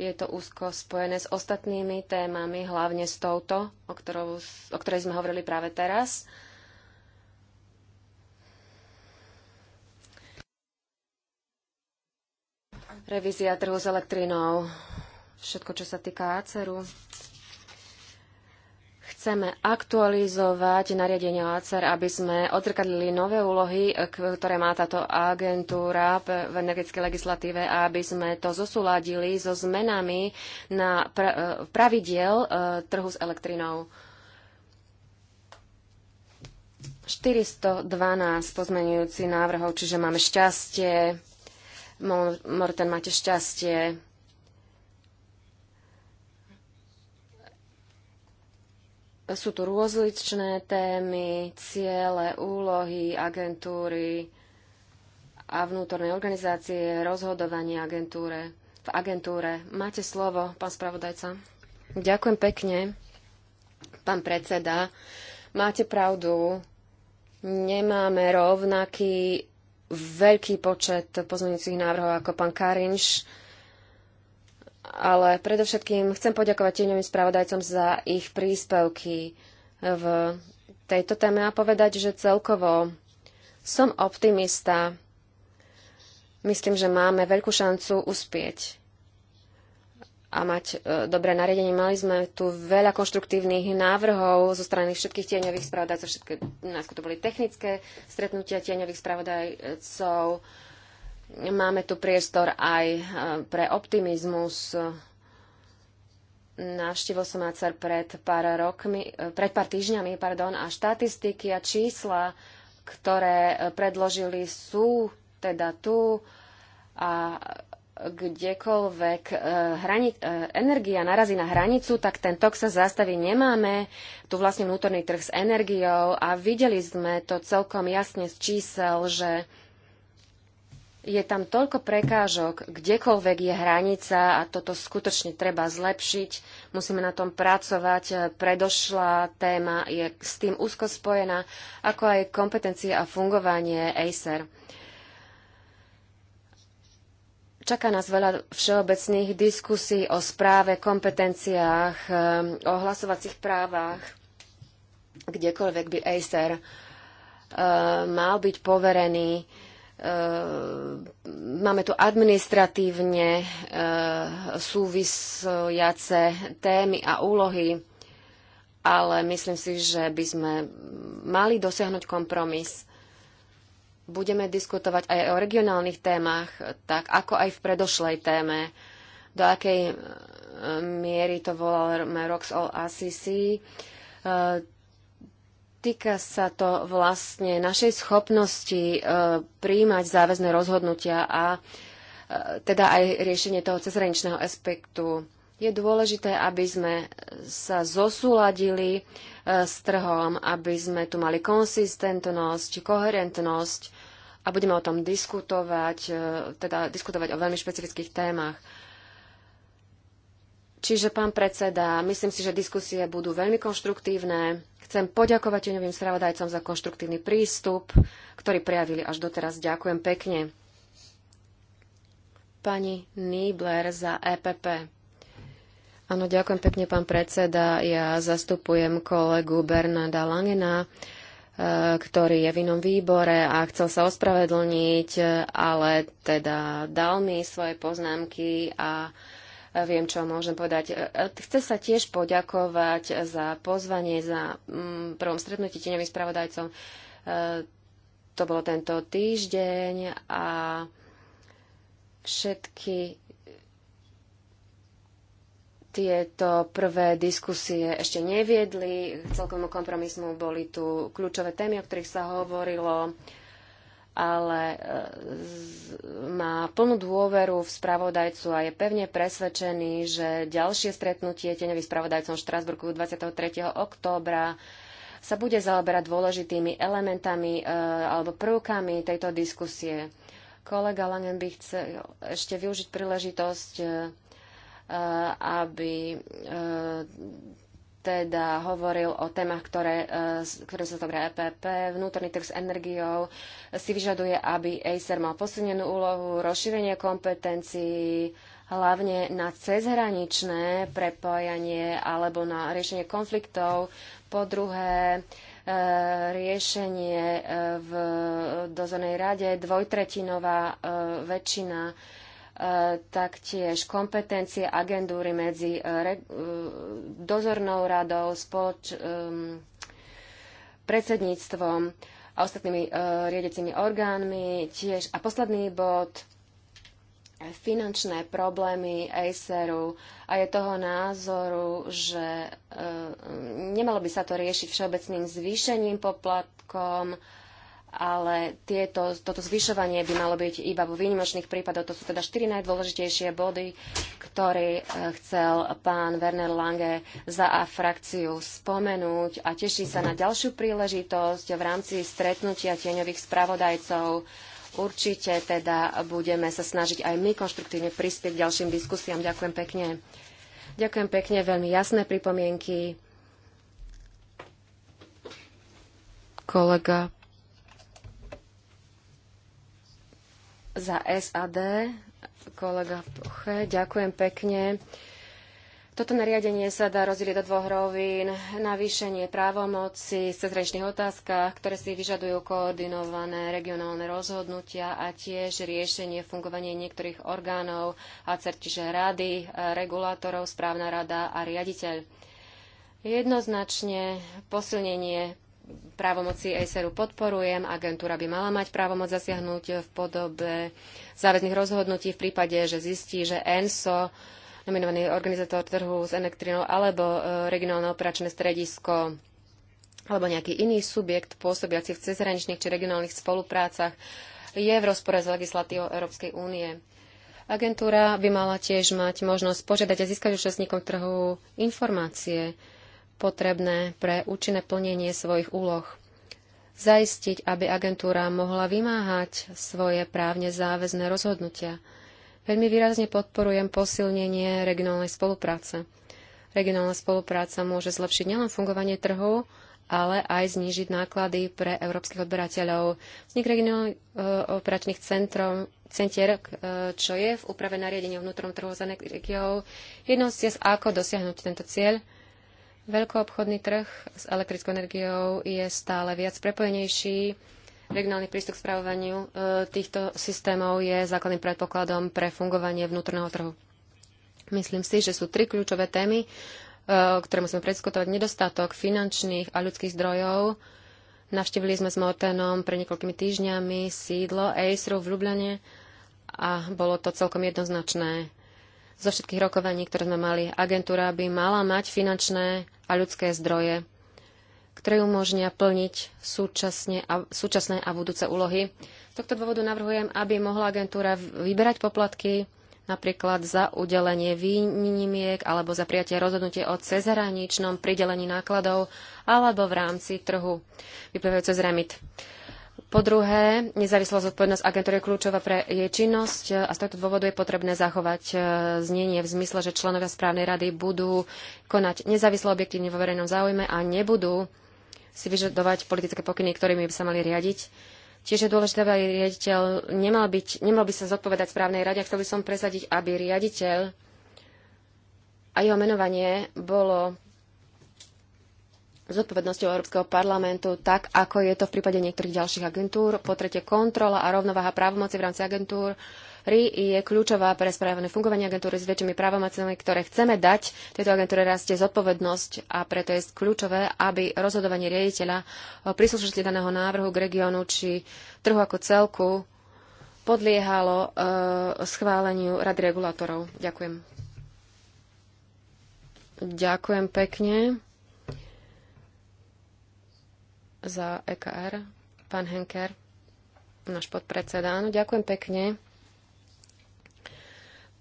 Je to úzko spojené s ostatnými témami, hlavne s touto, o, ktorou, o ktorej sme hovorili práve teraz. Revízia trhu s elektrínou všetko, čo sa týka ACERu. Chceme aktualizovať nariadenie ACER, aby sme odzrkadlili nové úlohy, ktoré má táto agentúra v energetickej legislatíve a aby sme to zosúladili so zmenami na e, pravidiel e, trhu s elektrinou. 412 pozmenujúci návrhov, čiže máme šťastie. Morten, máte šťastie. Sú tu rôzličné témy, ciele, úlohy agentúry a vnútornej organizácie, rozhodovanie agentúre. V agentúre. Máte slovo, pán spravodajca. Ďakujem pekne, pán predseda. Máte pravdu, nemáme rovnaký veľký počet pozmeňujúcich návrhov ako pán Karinš ale predovšetkým chcem poďakovať tieňovým spravodajcom za ich príspevky v tejto téme a povedať, že celkovo som optimista. Myslím, že máme veľkú šancu uspieť a mať e, dobré nariadenie. Mali sme tu veľa konštruktívnych návrhov zo strany všetkých tieňových spravodajcov. Všetky, nás to boli technické stretnutia tieňových spravodajcov. Máme tu priestor aj e, pre optimizmus. Navštívil som ACER pred pár, rokmi, e, pred pár týždňami pardon, a štatistiky a čísla, ktoré e, predložili, sú teda tu a kdekoľvek hrani, energia narazí na hranicu, tak ten tok sa zastaví. Nemáme tu vlastne vnútorný trh s energiou a videli sme to celkom jasne z čísel, že je tam toľko prekážok, kdekoľvek je hranica a toto skutočne treba zlepšiť. Musíme na tom pracovať. Predošlá téma je s tým úzko spojená, ako aj kompetencie a fungovanie ACER. Čaká nás veľa všeobecných diskusí o správe, kompetenciách, eh, o hlasovacích právach, kdekoľvek by ACER eh, mal byť poverený Ehm, máme tu administratívne ehm, súvisiace témy a úlohy, ale myslím si, že by sme mali dosiahnuť kompromis. Budeme diskutovať aj o regionálnych témach, tak ako aj v predošlej téme. Do akej ehm, miery to voláme Rocks All ACC, Týka sa to vlastne našej schopnosti e, príjmať záväzné rozhodnutia a e, teda aj riešenie toho cezhraničného aspektu. Je dôležité, aby sme sa zosúladili e, s trhom, aby sme tu mali konsistentnosť, koherentnosť a budeme o tom diskutovať, teda diskutovať o veľmi špecifických témach. Čiže, pán predseda, myslím si, že diskusie budú veľmi konštruktívne. Chcem poďakovať tieňovým spravodajcom za konštruktívny prístup, ktorý prejavili až doteraz. Ďakujem pekne. Pani Niebler za EPP. Áno, ďakujem pekne, pán predseda. Ja zastupujem kolegu Bernarda Langena, e, ktorý je v inom výbore a chcel sa ospravedlniť, e, ale teda dal mi svoje poznámky a viem, čo môžem povedať. E, e, chce sa tiež poďakovať za pozvanie, za mm, prvom stretnutí tieňovým spravodajcom. E, to bolo tento týždeň a všetky tieto prvé diskusie ešte neviedli. K celkovému boli tu kľúčové témy, o ktorých sa hovorilo. Uh, ale e, má plnú dôveru v spravodajcu a je pevne presvedčený, že ďalšie stretnutie teňových spravodajcom v Štrasburgu 23. októbra sa bude zaoberať dôležitými elementami e, alebo prvkami tejto diskusie. Kolega Langen by chcel ešte využiť príležitosť, e, aby e, teda hovoril o témach, ktoré, e, ktoré sa zobrá EPP. Vnútorný trh s energiou e, si vyžaduje, aby Acer mal posunenú úlohu, rozšírenie kompetencií, hlavne na cezhraničné prepojanie alebo na riešenie konfliktov. Po druhé, e, riešenie v dozornej rade, dvojtretinová väčšina taktiež kompetencie agentúry medzi e, e, dozornou radou, spoloč, e, predsedníctvom a ostatnými riedecimi orgánmi. Tiež. A posledný bod finančné problémy Aceru a je toho názoru, že e, nemalo by sa to riešiť všeobecným zvýšením poplatkom, ale tieto, toto zvyšovanie by malo byť iba vo výnimočných prípadoch. To sú teda štyri najdôležitejšie body, ktoré e, chcel pán Werner Lange za a frakciu spomenúť a teší sa na ďalšiu príležitosť v rámci stretnutia tieňových spravodajcov. Určite teda budeme sa snažiť aj my konštruktívne prispieť k ďalším diskusiám. Ďakujem pekne. Ďakujem pekne, veľmi jasné pripomienky. Kolega Za SAD, kolega Poche, ďakujem pekne. Toto nariadenie sa dá rozdeliť do dvoch rovín. Navýšenie právomoci v cezhraničných otázkach, ktoré si vyžadujú koordinované regionálne rozhodnutia a tiež riešenie fungovania niektorých orgánov a čiže rady, regulátorov, správna rada a riaditeľ. Jednoznačne posilnenie právomoci ACR-u podporujem. Agentúra by mala mať právomoc zasiahnuť v podobe záväzných rozhodnutí v prípade, že zistí, že ENSO, nominovaný organizátor trhu s elektrinou alebo e, regionálne operačné stredisko alebo nejaký iný subjekt pôsobiaci v cezhraničných či regionálnych spoluprácach je v rozpore s legislatívou Európskej únie. Agentúra by mala tiež mať možnosť požiadať a získať účastníkom trhu informácie potrebné pre účinné plnenie svojich úloh. Zaistiť, aby agentúra mohla vymáhať svoje právne záväzné rozhodnutia. Veľmi výrazne podporujem posilnenie regionálnej spolupráce. Regionálna spolupráca môže zlepšiť nielen fungovanie trhu, ale aj znížiť náklady pre európskych odberateľov. Vznik regionálnych e, operačných centrov, centier, e, čo je v úprave nariadenia vnútrom trhu za regiou, jednou z ciest, ako dosiahnuť tento cieľ, Veľkoobchodný trh s elektrickou energiou je stále viac prepojenejší. Regionálny prístup k spravovaniu e, týchto systémov je základným predpokladom pre fungovanie vnútorného trhu. Myslím si, že sú tri kľúčové témy, e, ktoré musíme prediskutovať. Nedostatok finančných a ľudských zdrojov. Navštívili sme s Mortenom pre niekoľkými týždňami sídlo Acer v Ljubljane a bolo to celkom jednoznačné zo všetkých rokovaní, ktoré sme mali. Agentúra by mala mať finančné a ľudské zdroje, ktoré umožnia plniť súčasne a, súčasné a budúce úlohy. Z tohto dôvodu navrhujem, aby mohla agentúra vyberať poplatky napríklad za udelenie výnimiek alebo za prijatie rozhodnutie o cezhraničnom pridelení nákladov alebo v rámci trhu vyplývajúce z remit. Po druhé, nezávislosť zodpovednosť agentúry je kľúčová pre jej činnosť a z tohto dôvodu je potrebné zachovať e, znenie v zmysle, že členovia správnej rady budú konať nezávislo objektívne vo verejnom záujme a nebudú si vyžadovať politické pokyny, ktorými by sa mali riadiť. Tiež je dôležité, aby riaditeľ nemal, byť, nemal by sa zodpovedať správnej rade a chcel by som presadiť, aby riaditeľ a jeho menovanie bolo zodpovednosťou Európskeho parlamentu, tak ako je to v prípade niektorých ďalších agentúr. Po tretie, kontrola a rovnováha právomoci v rámci agentúr je kľúčová pre správne fungovanie agentúry s väčšími právomocami, ktoré chceme dať. Tejto agentúre rastie zodpovednosť a preto je kľúčové, aby rozhodovanie riaditeľa o príslušnosti daného návrhu k regiónu či trhu ako celku podliehalo e, schváleniu rady regulátorov. Ďakujem. Ďakujem pekne za EKR, pán Henker, náš podpredseda. Áno, ďakujem pekne.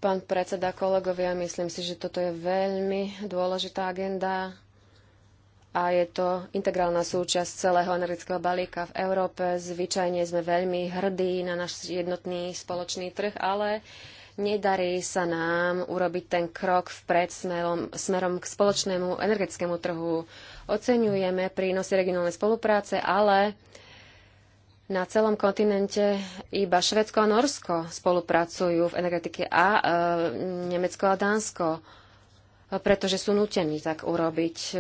Pán predseda, kolegovia, myslím si, že toto je veľmi dôležitá agenda a je to integrálna súčasť celého energetického balíka v Európe. Zvyčajne sme veľmi hrdí na náš jednotný spoločný trh, ale nedarí sa nám urobiť ten krok vpred smerom, smerom k spoločnému energetickému trhu. Oceňujeme prínosy regionálnej spolupráce, ale na celom kontinente iba Švedsko a Norsko spolupracujú v energetike a e, Nemecko a Dánsko, pretože sú nutení tak urobiť. E,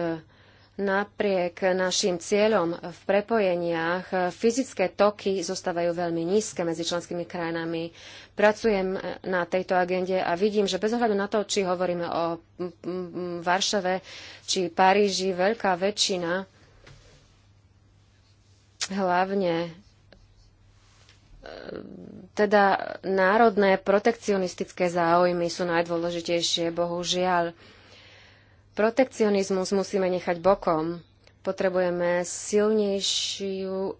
Napriek našim cieľom v prepojeniach eh, fyzické toky zostávajú veľmi nízke medzi členskými krajinami. Pracujem eh, na tejto agende a vidím, že bez ohľadu na to, či hovoríme o Varšave či Paríži, veľká väčšina, hlavne eh, teda národné protekcionistické záujmy sú najdôležitejšie, bohužiaľ. Protekcionizmus musíme nechať bokom. Potrebujeme silnejšiu e,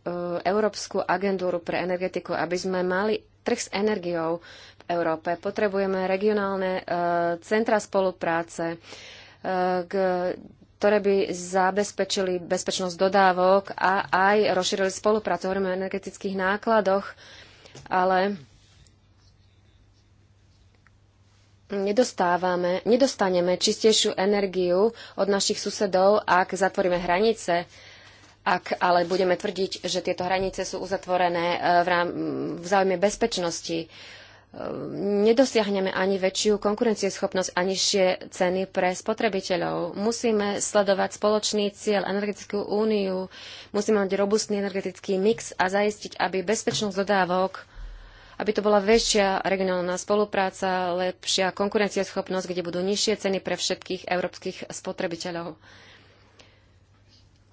európsku agentúru pre energetiku, aby sme mali trh s energiou v Európe. Potrebujeme regionálne e, centra spolupráce, e, ktoré by zabezpečili bezpečnosť dodávok a aj rozšírili spoluprácu. Hovoríme o energetických nákladoch, ale nedostávame, nedostaneme čistejšiu energiu od našich susedov, ak zatvoríme hranice, ak ale budeme tvrdiť, že tieto hranice sú uzatvorené eh, v, rám, v záujme bezpečnosti. Eh, nedosiahneme ani väčšiu konkurencieschopnosť a nižšie ceny pre spotrebiteľov. Musíme sledovať spoločný cieľ, energetickú úniu, musíme mať robustný energetický mix a zaistiť, aby bezpečnosť dodávok aby to bola väčšia regionálna spolupráca, lepšia konkurencieschopnosť, kde budú nižšie ceny pre všetkých európskych spotrebiteľov.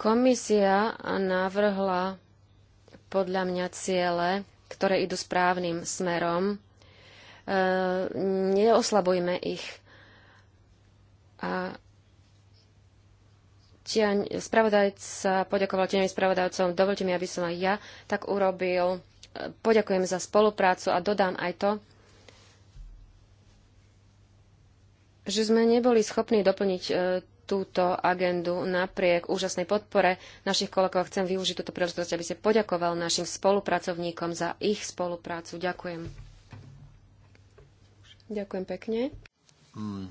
Komisia navrhla podľa mňa ciele, ktoré idú správnym smerom. E, neoslabujme ich. A spravodajca poďakoval tieňovým spravodajcom. Dovolte mi, aby som aj ja tak urobil poďakujem za spoluprácu a dodám aj to, že sme neboli schopní doplniť e, túto agendu napriek úžasnej podpore našich kolegov. Chcem využiť túto príležitosť, aby ste poďakoval našim spolupracovníkom za ich spoluprácu. Ďakujem. Ďakujem pekne. Mm.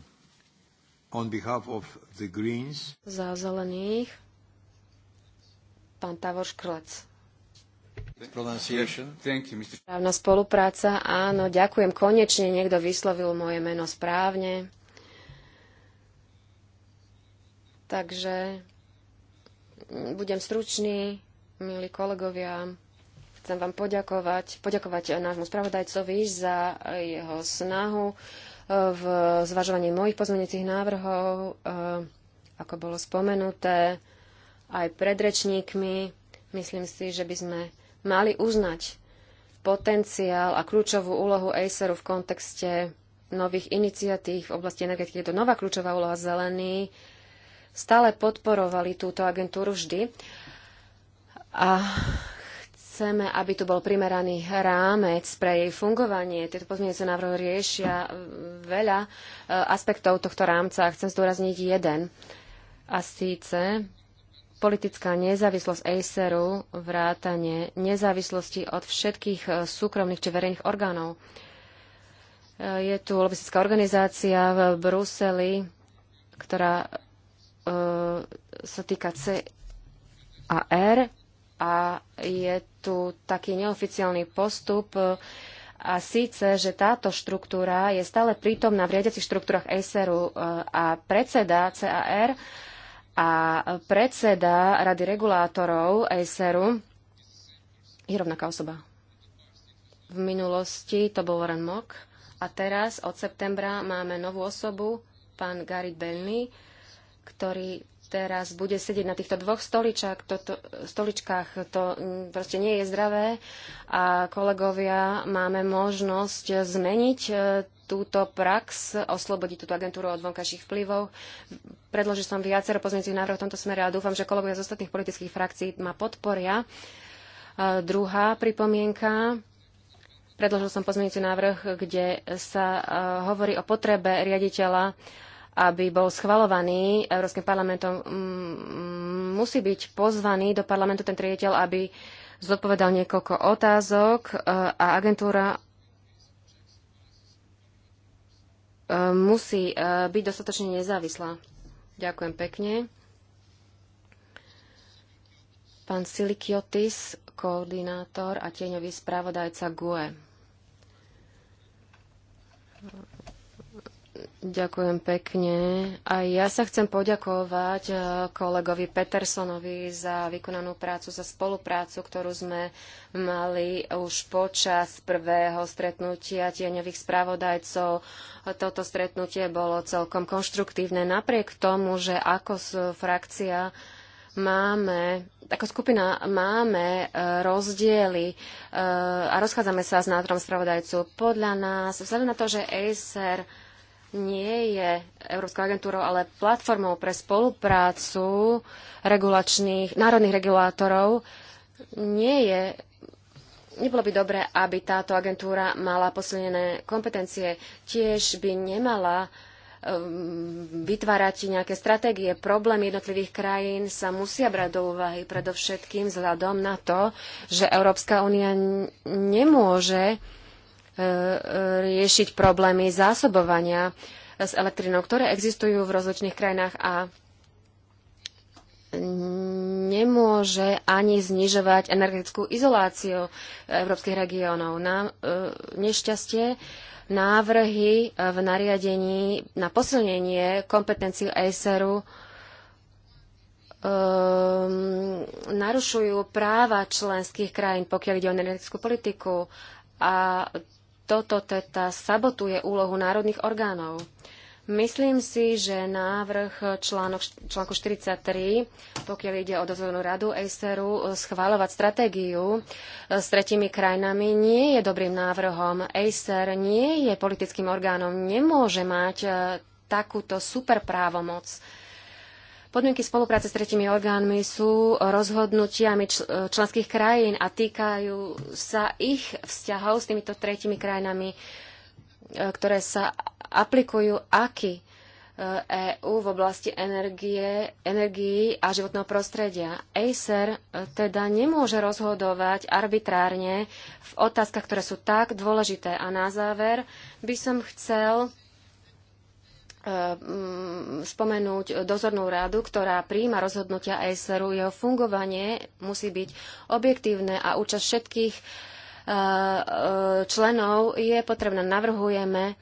On behalf of the Greens. Za zelených. Pán Tavor Škrlec. Správna spolupráca, áno, ďakujem. Konečne niekto vyslovil moje meno správne. Takže budem stručný, milí kolegovia. Chcem vám poďakovať, poďakovať nášmu spravodajcovi za jeho snahu e, v zvažovaní mojich pozmeňujúcich návrhov, e, ako bolo spomenuté aj pred rečníkmi. Myslím si, že by sme mali uznať potenciál a kľúčovú úlohu Aceru v kontexte nových iniciatív v oblasti energetiky. Je to nová kľúčová úloha zelený. Stále podporovali túto agentúru vždy. A chceme, aby tu bol primeraný rámec pre jej fungovanie. Tieto pozmienice návrhy riešia veľa e, aspektov tohto rámca. Chcem zdôrazniť jeden. A síce politická nezávislosť ACERu, vrátanie nezávislosti od všetkých e, súkromných či verejných orgánov. E, je tu lobistická organizácia v Bruseli, ktorá e, sa týka C a R a je tu taký neoficiálny postup a síce, že táto štruktúra je stále prítomná v riadiacich štruktúrach ACERu a predseda CAR a predseda Rady regulátorov ESERu je rovnaká osoba. V minulosti to bol Ren Mok a teraz od septembra máme novú osobu, pán Gary Belny, ktorý teraz bude sedieť na týchto dvoch stoličách, to, to, stoličkách, to mm, proste nie je zdravé. A kolegovia, máme možnosť zmeniť e, túto prax, oslobodiť túto agentúru od vonkajších vplyvov. Predložil som viacero pozmeňujúcich návrhov v tomto smere a dúfam, že kolegovia z ostatných politických frakcií ma podporia. A e, druhá pripomienka. Predložil som pozmeňujúci návrh, kde sa e, hovorí o potrebe riaditeľa aby bol schvalovaný Európskym parlamentom, musí byť pozvaný do parlamentu ten riaditeľ, aby zodpovedal niekoľko otázok e, a agentúra e, musí e, byť dostatočne nezávislá. Ďakujem pekne. Pán Silikiotis, koordinátor a tieňový správodajca GUE. Ďakujem pekne. A ja sa chcem poďakovať e, kolegovi Petersonovi za vykonanú prácu, za spoluprácu, ktorú sme mali už počas prvého stretnutia tieňových spravodajcov. Toto stretnutie bolo celkom konštruktívne, napriek tomu, že ako frakcia máme, ako skupina máme e, rozdiely e, a rozchádzame sa s nátrom spravodajcu. Podľa nás, vzhľadom na to, že Acer nie je Európskou agentúrou, ale platformou pre spoluprácu regulačných, národných regulátorov, nie je Nebolo by dobré, aby táto agentúra mala posilnené kompetencie. Tiež by nemala um, vytvárať nejaké stratégie. Problémy jednotlivých krajín sa musia brať do úvahy predovšetkým vzhľadom na to, že Európska únia nemôže E, e, riešiť problémy zásobovania s elektrinou, ktoré existujú v rozličných krajinách a nemôže ani znižovať energetickú izoláciu európskych regiónov. Na e, nešťastie návrhy v nariadení na posilnenie kompetencií ACERu um, ehm, narušujú práva členských krajín, pokiaľ ide o energetickú politiku. A toto teda sabotuje úlohu národných orgánov. Myslím si, že návrh článok, článku 43, pokiaľ ide o dozornú radu Aceru, schváľovať stratégiu e, s tretimi krajinami nie je dobrým návrhom. Acer nie je politickým orgánom, nemôže mať e, takúto superprávomoc. právomoc. Podmienky spolupráce s tretimi orgánmi sú rozhodnutiami čl členských krajín a týkajú sa ich vzťahov s týmito tretimi krajinami, e, ktoré sa aplikujú aký EÚ e v oblasti energie, energií a životného prostredia. Acer e, teda nemôže rozhodovať arbitrárne v otázkach, ktoré sú tak dôležité. A na záver by som chcel E, mm, spomenúť dozornú rádu, ktorá príjma rozhodnutia ESR-u. Jeho fungovanie musí byť objektívne a účasť všetkých e, e, členov je potrebná. Navrhujeme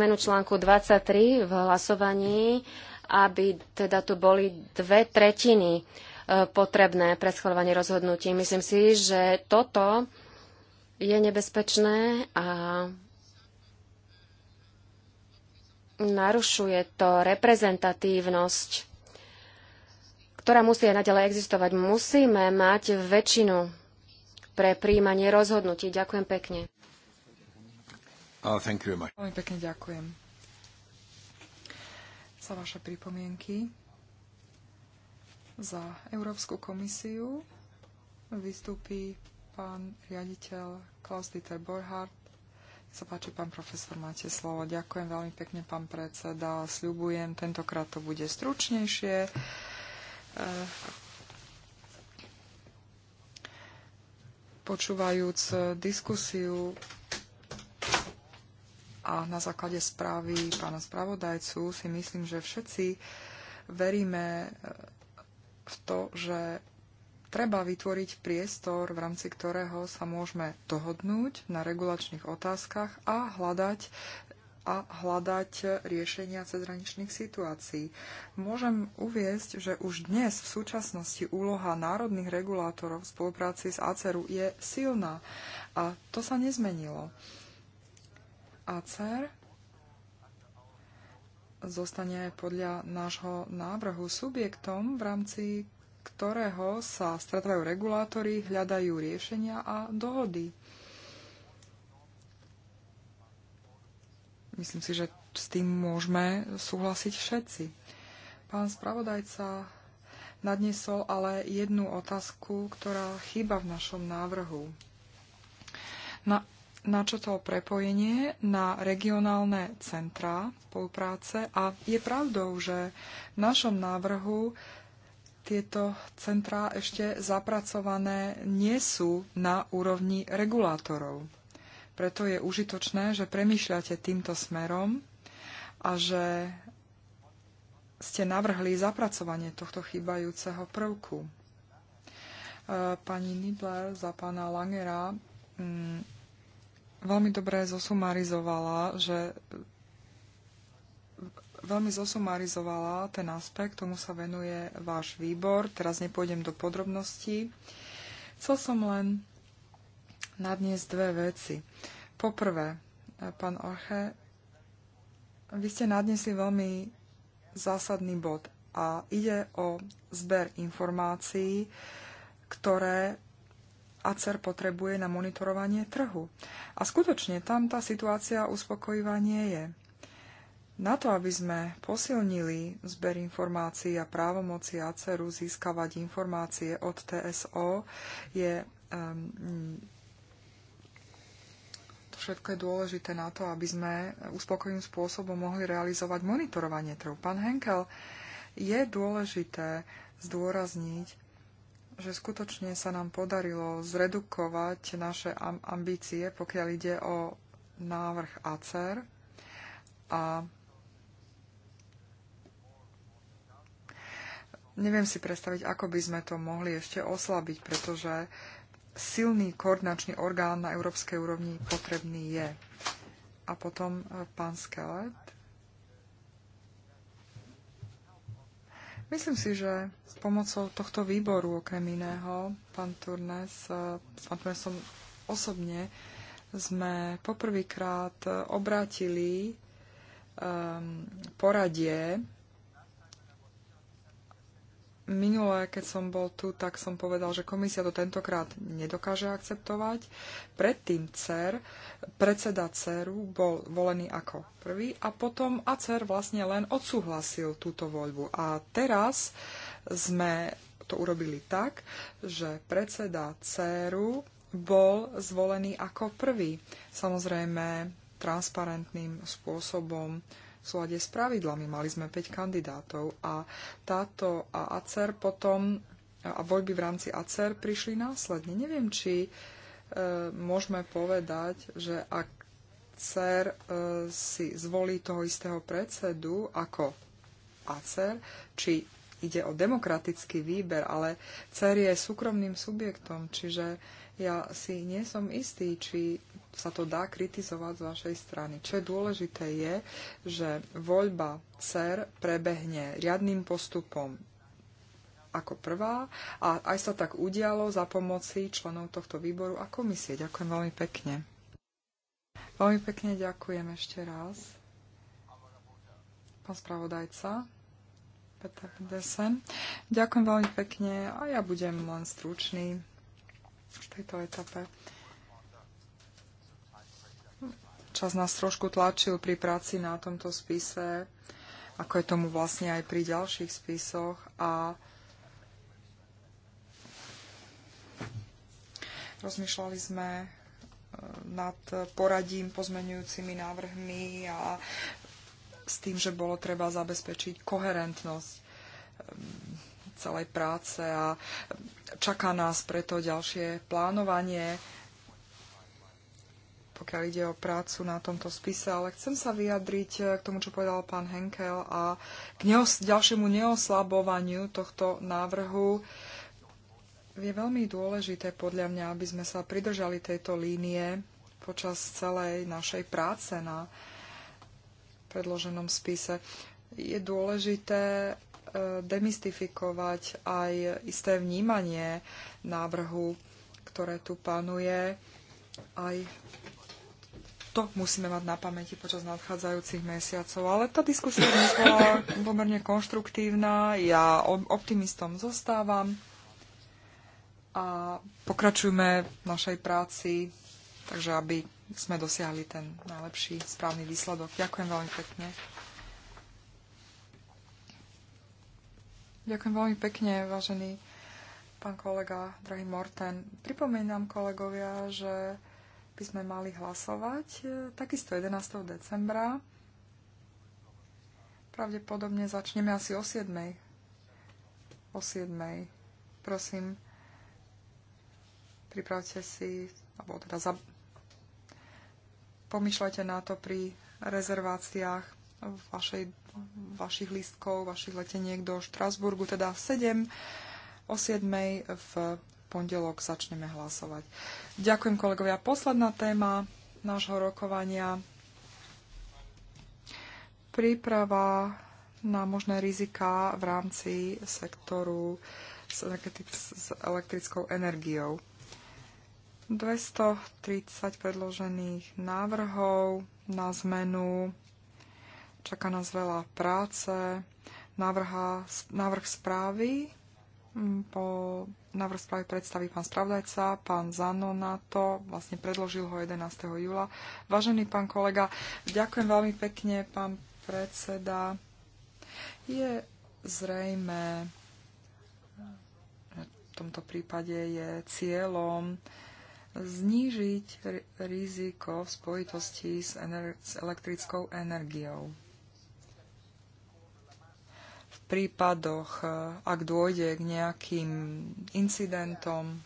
zmenu článku 23 v hlasovaní, aby teda tu boli dve tretiny potrebné pre schvalovanie rozhodnutí. Myslím si, že toto je nebezpečné a narušuje to reprezentatívnosť, ktorá musí aj naďalej existovať. Musíme mať väčšinu pre príjmanie rozhodnutí. Ďakujem pekne. Oh, Veľmi pekne ďakujem za vaše pripomienky. Za Európsku komisiu vystúpi pán riaditeľ Klaus-Dieter Borhardt sa páči, pán profesor, máte slovo. Ďakujem veľmi pekne, pán predseda. Sľubujem, tentokrát to bude stručnejšie. Eh, počúvajúc eh, diskusiu a na základe správy pána spravodajcu si myslím, že všetci veríme eh, v to, že treba vytvoriť priestor, v rámci ktorého sa môžeme dohodnúť na regulačných otázkach a hľadať a hľadať riešenia cezhraničných situácií. Môžem uviesť, že už dnes v súčasnosti úloha národných regulátorov v spolupráci s ACERu je silná a to sa nezmenilo. ACER zostane podľa nášho návrhu subjektom, v rámci ktorého sa stretávajú regulátori, hľadajú riešenia a dohody. Myslím si, že s tým môžeme súhlasiť všetci. Pán spravodajca nadnesol ale jednu otázku, ktorá chýba v našom návrhu. Na, na čo to prepojenie na regionálne centrá spolupráce a je pravdou, že v našom návrhu tieto centrá ešte zapracované nie sú na úrovni regulátorov. Preto je užitočné, že premýšľate týmto smerom a že ste navrhli zapracovanie tohto chýbajúceho prvku. E, pani Nidler za pána Langera mm, veľmi dobre zosumarizovala, že veľmi zosumarizovala ten aspekt, tomu sa venuje váš výbor. Teraz nepôjdem do podrobností. Chcel som len nadniesť dve veci. Poprvé, pán Orche, vy ste nadnesli veľmi zásadný bod a ide o zber informácií, ktoré ACER potrebuje na monitorovanie trhu. A skutočne tam tá situácia uspokojivá nie je. Na to, aby sme posilnili zber informácií a právomoci ACERu získavať informácie od TSO, je um, to všetko je dôležité na to, aby sme uspokojným spôsobom mohli realizovať monitorovanie trhu. Pán Henkel, je dôležité zdôrazniť, že skutočne sa nám podarilo zredukovať naše ambície, pokiaľ ide o návrh ACER a Neviem si predstaviť, ako by sme to mohli ešte oslabiť, pretože silný koordinačný orgán na európskej úrovni potrebný je. A potom e, pán Skelet. Myslím si, že s pomocou tohto výboru, okrem iného, pán Turnes, e, s pán Turnesom osobne sme poprvýkrát e, obrátili um, poradie Minulé, keď som bol tu, tak som povedal, že komisia to tentokrát nedokáže akceptovať. Predtým CER, predseda CERu bol volený ako prvý a potom ACER vlastne len odsúhlasil túto voľbu. A teraz sme to urobili tak, že predseda CERu bol zvolený ako prvý. Samozrejme, transparentným spôsobom v súlade s pravidlami. Mali sme 5 kandidátov a táto a ACER potom a voľby v rámci ACER prišli následne. Neviem, či e, môžeme povedať, že ak CER e, si zvolí toho istého predsedu ako ACER, či ide o demokratický výber, ale CER je súkromným subjektom, čiže ja si nie som istý, či sa to dá kritizovať z vašej strany. Čo je dôležité je, že voľba CER prebehne riadným postupom ako prvá a aj sa tak udialo za pomoci členov tohto výboru a komisie. Ďakujem veľmi pekne. Veľmi pekne ďakujem ešte raz. Pán spravodajca. Peter Desen. Ďakujem veľmi pekne a ja budem len stručný v tejto etape čas nás trošku tlačil pri práci na tomto spise, ako je tomu vlastne aj pri ďalších spisoch. A rozmýšľali sme e, nad poradím pozmenujúcimi návrhmi a s tým, že bolo treba zabezpečiť koherentnosť e, celej práce a čaká nás preto ďalšie plánovanie pokiaľ ide o prácu na tomto spise, ale chcem sa vyjadriť eh, k tomu, čo povedal pán Henkel a k neos- ďalšiemu neoslabovaniu tohto návrhu. Je veľmi dôležité podľa mňa, aby sme sa pridržali tejto línie počas celej našej práce na predloženom spise. Je dôležité eh, demystifikovať aj isté vnímanie návrhu, ktoré tu panuje, aj to musíme mať na pamäti počas nadchádzajúcich mesiacov. Ale tá diskusia dnes bola pomerne konštruktívna. Ja optimistom zostávam a pokračujme v našej práci, takže aby sme dosiahli ten najlepší správny výsledok. Ďakujem veľmi pekne. Ďakujem veľmi pekne, vážený pán kolega, drahý Morten. Pripomínam kolegovia, že by sme mali hlasovať e, takisto 11. decembra. Pravdepodobne začneme asi o 7. O 7. Prosím, pripravte si, alebo teda za, pomýšľajte na to pri rezerváciách vašej, vašich lístkov, vašich leteniek do Štrasburgu, teda 7 o 7 v pondelok začneme hlasovať. Ďakujem kolegovia. Posledná téma nášho rokovania. Príprava na možné rizika v rámci sektoru s, s elektrickou energiou. 230 predložených návrhov na zmenu. Čaká nás veľa práce. Návrha, návrh správy mm, po, návrh správy predstaví pán spravodajca, pán Zano na to, vlastne predložil ho 11. júla. Vážený pán kolega, ďakujem veľmi pekne, pán predseda. Je zrejme, že v tomto prípade je cieľom znížiť riziko v spojitosti s, ener- s elektrickou energiou prípadoch, e, ak dôjde k nejakým incidentom.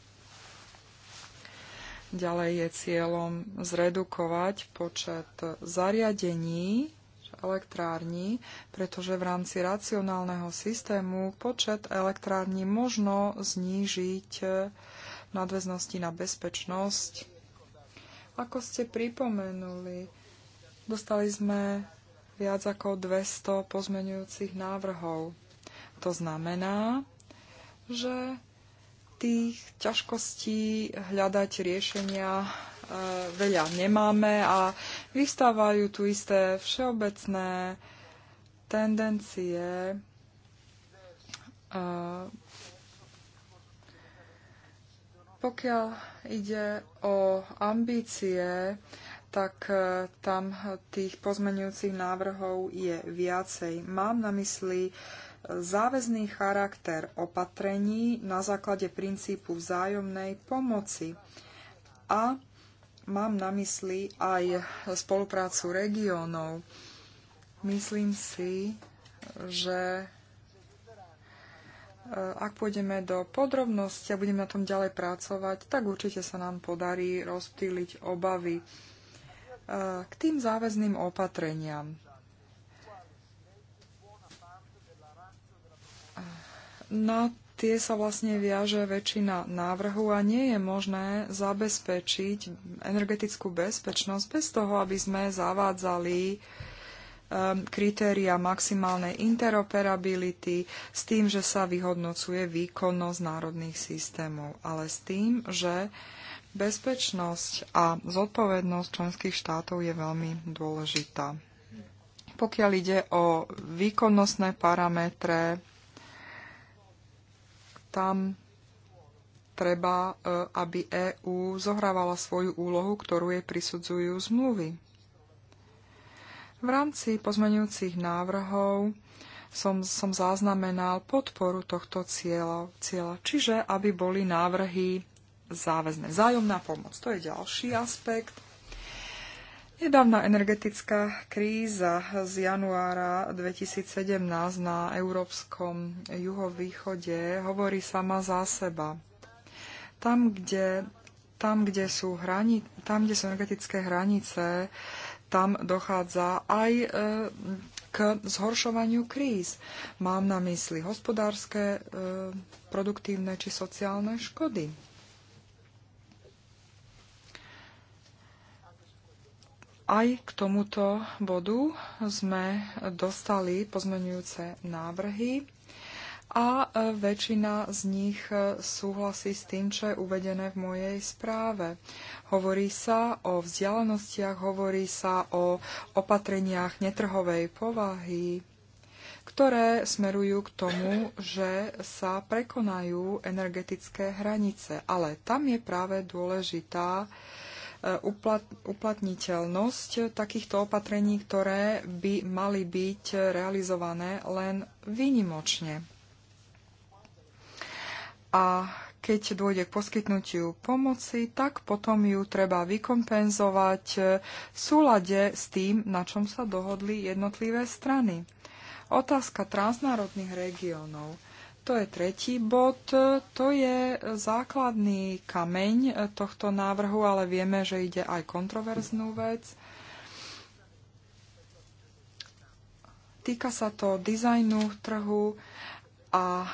Ďalej je cieľom zredukovať počet zariadení, elektrární, pretože v rámci racionálneho systému počet elektrární možno znížiť v e, nadväznosti na bezpečnosť. Ako ste pripomenuli, dostali sme viac ako 200 pozmenujúcich návrhov. To znamená, že tých ťažkostí hľadať riešenia e, veľa nemáme a vystávajú tu isté všeobecné tendencie e, pokiaľ ide o ambície, tak e, tam e, tých pozmenujúcich návrhov je viacej. Mám na mysli e, záväzný charakter opatrení na základe princípu vzájomnej pomoci a mám na mysli aj spoluprácu regiónov. Myslím si, že ak pôjdeme do podrobnosti a budeme na tom ďalej pracovať, tak určite sa nám podarí rozptýliť obavy k tým záväzným opatreniam. Na tie sa vlastne viaže väčšina návrhu a nie je možné zabezpečiť energetickú bezpečnosť bez toho, aby sme zavádzali ehm, kritéria maximálnej interoperability s tým, že sa vyhodnocuje výkonnosť národných systémov, ale s tým, že Bezpečnosť a zodpovednosť členských štátov je veľmi dôležitá. Pokiaľ ide o výkonnostné parametre, tam treba, e, aby EÚ zohrávala svoju úlohu, ktorú jej prisudzujú zmluvy. V rámci pozmenujúcich návrhov som, som zaznamenal podporu tohto cieľa, cieľa, čiže aby boli návrhy záväzne Vzájomná pomoc, to je ďalší aspekt. Nedávna energetická kríza z januára 2017 na európskom juhovýchode hovorí sama za seba. Tam, kde, tam, kde, sú, hrani, tam, kde sú energetické hranice, tam dochádza aj e, k zhoršovaniu kríz. Mám na mysli hospodárske, e, produktívne či sociálne škody Aj k tomuto bodu sme dostali pozmenujúce návrhy a e, väčšina z nich e, súhlasí s tým, čo je uvedené v mojej správe. Hovorí sa o vzdialenostiach, hovorí sa o opatreniach netrhovej povahy, ktoré smerujú k tomu, že sa prekonajú energetické hranice. Ale tam je práve dôležitá E, uplat, uplatniteľnosť takýchto opatrení, ktoré by mali byť realizované len výnimočne. A keď dôjde k poskytnutiu pomoci, tak potom ju treba vykompenzovať e, v súlade s tým, na čom sa dohodli jednotlivé strany. Otázka transnárodných regiónov. To je tretí bod. To je základný kameň tohto návrhu, ale vieme, že ide aj kontroverznú vec. Týka sa to dizajnu trhu a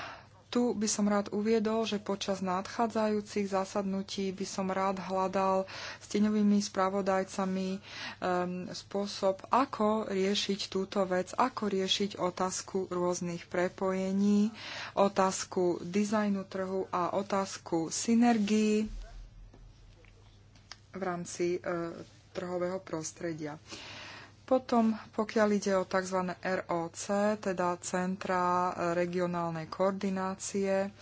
tu by som rád uviedol, že počas nadchádzajúcich zasadnutí by som rád hľadal s tieňovými spravodajcami um, spôsob, ako riešiť túto vec, ako riešiť otázku rôznych prepojení, otázku dizajnu trhu a otázku synergii v rámci uh, trhového prostredia. Uh, potom, pokiaľ ide o tzv. ROC, teda Centra regionálnej koordinácie,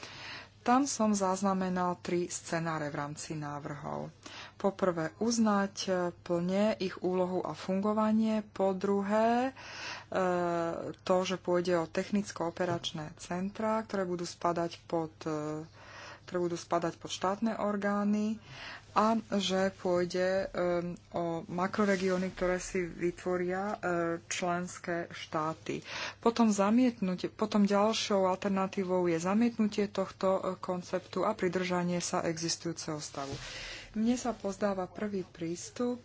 tam som zaznamenal tri scenáre v rámci návrhov. Po prvé, uznať e, plne ich úlohu a fungovanie. Po druhé, e, to, že pôjde o technicko-operačné centra, ktoré budú spadať pod e, ktoré budú spadať pod štátne orgány a že pôjde um, o makroregióny, ktoré si vytvoria uh, členské štáty. Potom, zamietnutie, potom ďalšou alternatívou je zamietnutie tohto uh, konceptu a pridržanie sa existujúceho stavu. Mne sa pozdáva prvý prístup,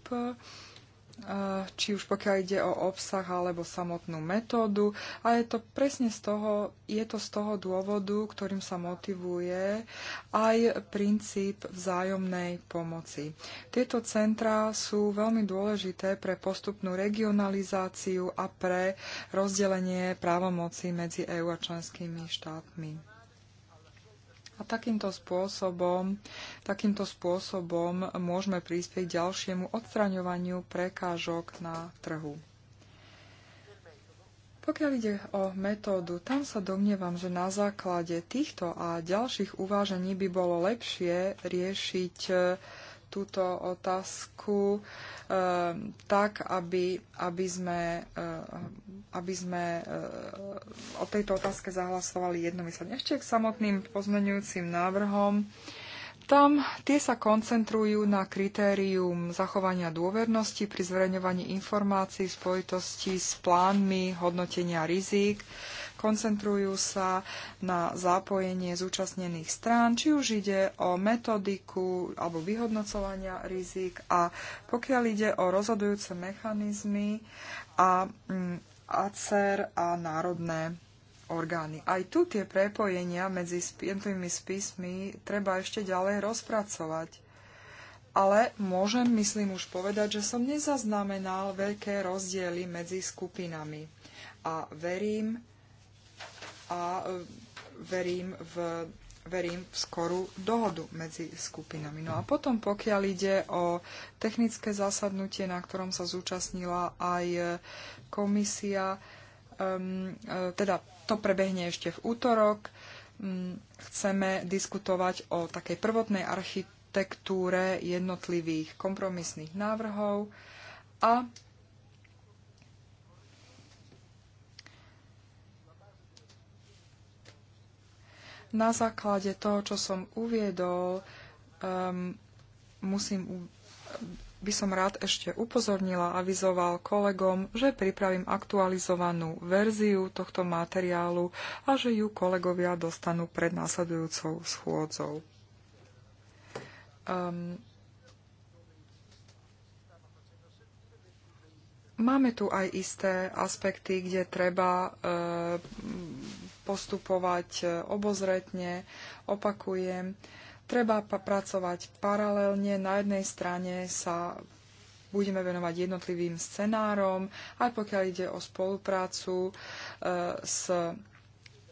Eh, či už pokiaľ ide o obsah alebo samotnú metódu. A je to presne z toho, je to z toho dôvodu, ktorým sa motivuje aj princíp vzájomnej pomoci. Tieto centrá sú veľmi dôležité pre postupnú regionalizáciu a pre rozdelenie právomoci medzi EÚ a členskými štátmi. A takýmto spôsobom, takýmto spôsobom môžeme prispieť k ďalšiemu odstraňovaniu prekážok na trhu. Pokiaľ ide o metódu, tam sa domnievam, že na základe týchto a ďalších uvážení by bolo lepšie riešiť túto otázku eh, tak, aby, aby sme, eh, aby sme eh, o tejto otázke zahlasovali jednomyslne. Ešte k samotným pozmenujúcim návrhom. Tam tie sa koncentrujú na kritérium zachovania dôvernosti pri zverejňovaní informácií v spojitosti s plánmi hodnotenia rizík koncentrujú sa na zapojenie zúčastnených strán, či už ide o metodiku alebo vyhodnocovania rizik a pokiaľ ide o rozhodujúce mechanizmy a mm, ACER a národné orgány. Aj tu tie prepojenia medzi jednotlivými spismi treba ešte ďalej rozpracovať ale môžem, myslím, už povedať, že som nezaznamenal veľké rozdiely medzi skupinami. A verím, a e, verím v, verím v skorú dohodu medzi skupinami. No a potom, pokiaľ ide o technické zasadnutie, na ktorom sa zúčastnila aj e, komisia, e, teda to prebehne ešte v útorok, mm, chceme diskutovať o takej prvotnej architektúre jednotlivých kompromisných návrhov a Na základe toho, čo som uviedol, um, musím, by som rád ešte upozornila, a avizoval kolegom, že pripravím aktualizovanú verziu tohto materiálu a že ju kolegovia dostanú pred následujúcou schôdzou. Um, máme tu aj isté aspekty, kde treba e, postupovať e, obozretne. Opakujem, treba pracovať paralelne. Na jednej strane sa budeme venovať jednotlivým scenárom, aj pokiaľ ide o spoluprácu e, s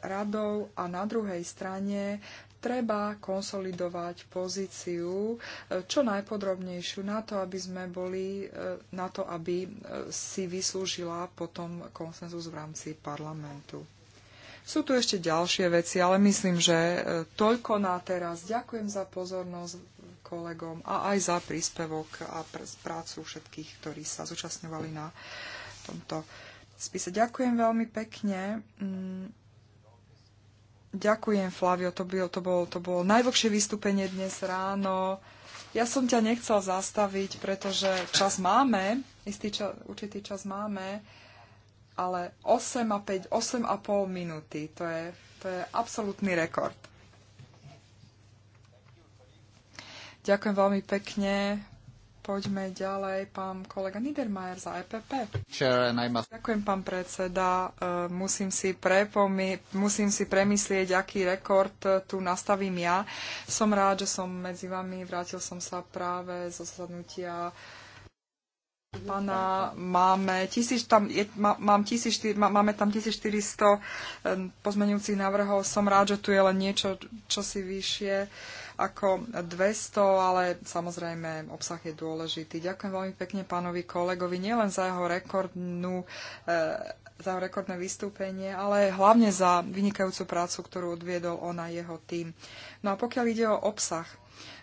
radou a na druhej strane treba konsolidovať pozíciu e, čo najpodrobnejšiu na to, aby sme boli, na to, aby si vyslúžila potom konsenzus v rámci parlamentu. Sú tu ešte ďalšie veci, ale myslím, že e, toľko na teraz. Ďakujem za pozornosť kolegom a aj za príspevok a pr- prácu všetkých, ktorí sa zúčastňovali na tomto spise. Ďakujem veľmi pekne. Mm, ďakujem, Flavio, to, bolo to, bolo, to bolo najdlhšie vystúpenie dnes ráno. Ja som ťa nechcel zastaviť, pretože čas máme, istý čas, určitý čas máme ale 8,5 minúty. To je, to je absolútny rekord. Ďakujem veľmi pekne. Poďme ďalej, pán kolega Niedermayer za EPP. Ďakujem, pán predseda. E, musím si, prepomi- musím si premyslieť, aký rekord tu nastavím ja. Som rád, že som medzi vami. Vrátil som sa práve zo zasadnutia pána máme, tisíc, tam je, má, mám tisíc, má, máme tam 1400 pozmenujúcich návrhov. Som rád, že tu je len niečo, čo si vyššie ako 200, ale samozrejme obsah je dôležitý. Ďakujem veľmi pekne pánovi kolegovi, nielen za jeho rekordnú e, za jeho rekordné vystúpenie, ale hlavne za vynikajúcu prácu, ktorú odviedol on a jeho tým. No a pokiaľ ide o obsah,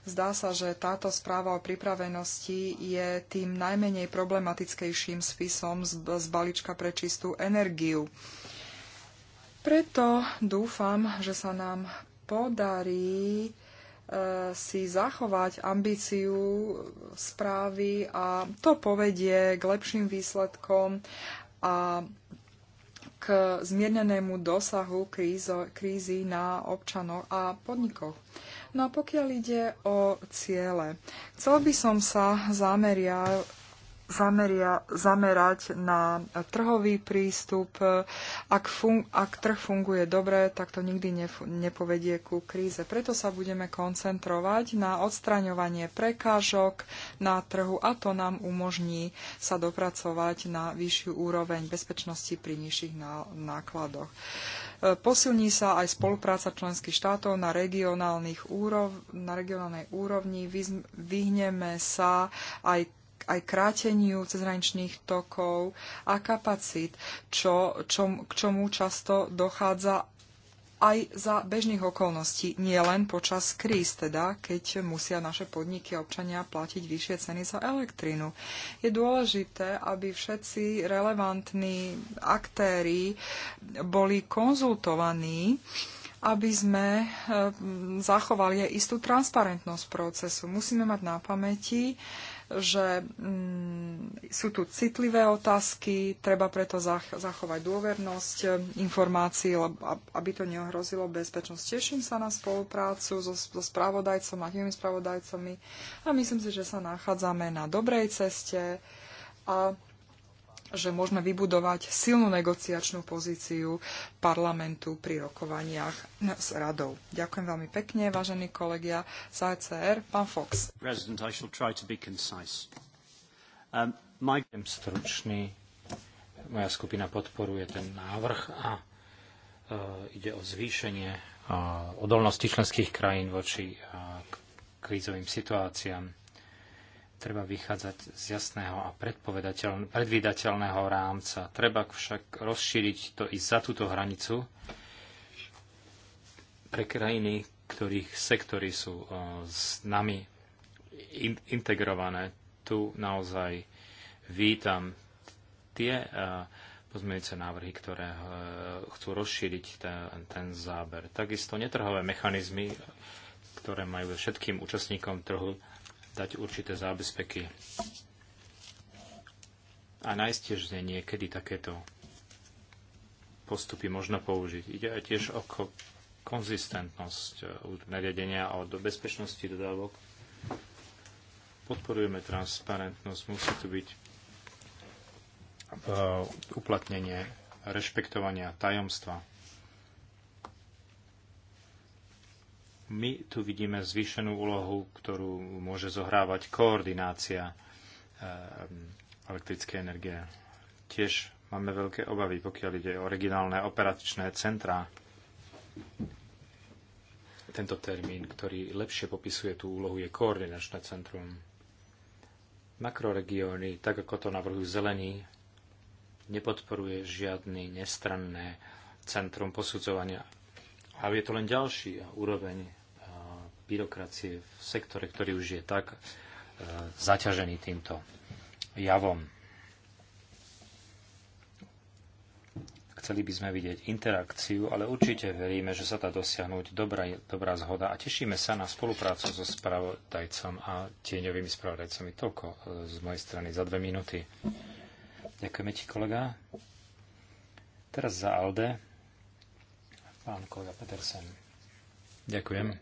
Zdá sa, že táto správa o pripravenosti je tým najmenej problematickejším spisom z, z balíčka pre čistú energiu. Preto dúfam, že sa nám podarí e, si zachovať ambíciu správy a to povedie k lepším výsledkom a k zmiernenému dosahu krízo, krízy na občanoch a podnikoch. No a pokiaľ ide o ciele, chcel by som sa zameria, zameria, zamerať na trhový prístup. Ak, fun, ak trh funguje dobre, tak to nikdy nef- nepovedie ku kríze. Preto sa budeme koncentrovať na odstraňovanie prekážok na trhu a to nám umožní sa dopracovať na vyššiu úroveň bezpečnosti pri nižších nákladoch. Posilní sa aj spolupráca členských štátov na, regionálnych úrov, na regionálnej úrovni. Vyhneme sa aj aj kráteniu cezhraničných tokov a kapacít, čo, čo, k čomu často dochádza aj za bežných okolností, nie len počas kríz, teda keď musia naše podniky a občania platiť vyššie ceny za elektrínu. Je dôležité, aby všetci relevantní aktéry boli konzultovaní aby sme e, zachovali aj istú transparentnosť procesu. Musíme mať na pamäti, že mm, sú tu citlivé otázky, treba preto zach- zachovať dôvernosť e, informácií, aby to neohrozilo bezpečnosť. Teším sa na spoluprácu so, so spravodajcom a tými spravodajcami a myslím si, že sa nachádzame na dobrej ceste a že môžeme vybudovať silnú negociačnú pozíciu parlamentu pri rokovaniach s radou. Ďakujem veľmi pekne, vážení kolegia z ACR. Pán Fox. President, I shall try to be concise. Um, my... Stručný. Moja skupina podporuje ten návrh a uh, ide o zvýšenie uh, odolnosti členských krajín voči uh, krízovým situáciám treba vychádzať z jasného a predvídateľného rámca. Treba však rozšíriť to i za túto hranicu pre krajiny, ktorých sektory sú e, s nami integrované. Tu naozaj vítam tie e, pozmeňujúce návrhy, ktoré e, chcú rozšíriť ten, ten záber. Takisto netrhové mechanizmy, ktoré majú všetkým účastníkom trhu dať určité zábezpeky a nájsť tiež niekedy takéto postupy možno použiť. Ide aj tiež o ko- konzistentnosť e, nariadenia o bezpečnosti dodávok. Podporujeme transparentnosť, musí tu byť e, uplatnenie rešpektovania tajomstva. My tu vidíme zvýšenú úlohu, ktorú môže zohrávať koordinácia eh, elektrické energie. Tiež máme veľké obavy, pokiaľ ide o originálne operačné centrá. Tento termín, ktorý lepšie popisuje tú úlohu, je koordinačné centrum. Makroregióny, tak ako to navrhujú zelení, nepodporuje žiadny nestranné centrum posudzovania a je to len ďalší eh, úroveň eh, byrokracie v sektore, ktorý už je tak eh, zaťažený týmto javom. Chceli by sme vidieť interakciu, ale určite veríme, že sa dá dosiahnuť dobrá, dobrá zhoda a tešíme sa na spoluprácu so spravodajcom a tieňovými spravodajcami. Toľko z mojej strany za dve minúty. Ďakujeme ti, kolega. Teraz za Alde. Pán kolega Petersen. Ďakujem.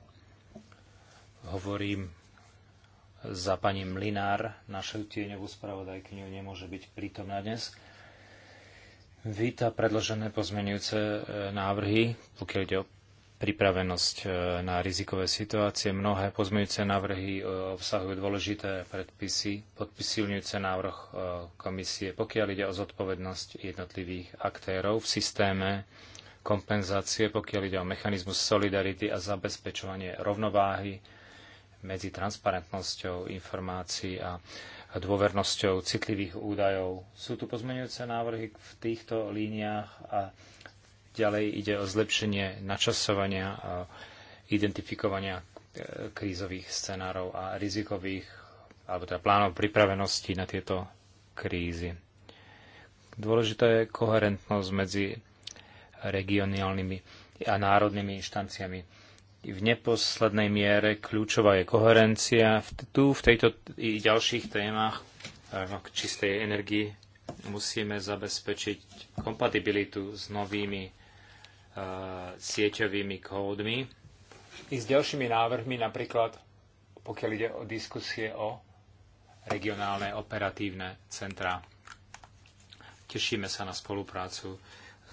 Hovorím za pani Mlinár, našu tieňovú spravodajkyňu nemôže byť prítomná dnes. Víta predložené pozmenujúce e, návrhy, pokiaľ ide o pripravenosť e, na rizikové situácie. Mnohé pozmenujúce návrhy e, obsahujú dôležité predpisy, podpisilňujúce návrh komisie, pokiaľ ide o zodpovednosť jednotlivých aktérov v systéme kompenzácie, pokiaľ ide o mechanizmus solidarity a zabezpečovanie rovnováhy medzi transparentnosťou informácií a dôvernosťou citlivých údajov. Sú tu pozmeňujúce návrhy v týchto líniách a ďalej ide o zlepšenie načasovania a identifikovania e, krízových scenárov a rizikových alebo teda plánov pripravenosti na tieto krízy. Dôležitá je koherentnosť medzi regionálnymi a národnými inštanciami. V neposlednej miere kľúčová je koherencia. Tu v tejto i ďalších témach k čistej energii musíme zabezpečiť kompatibilitu s novými uh, sieťovými kódmi i s ďalšími návrhmi, napríklad pokiaľ ide o diskusie o regionálne operatívne centra. Tešíme sa na spoluprácu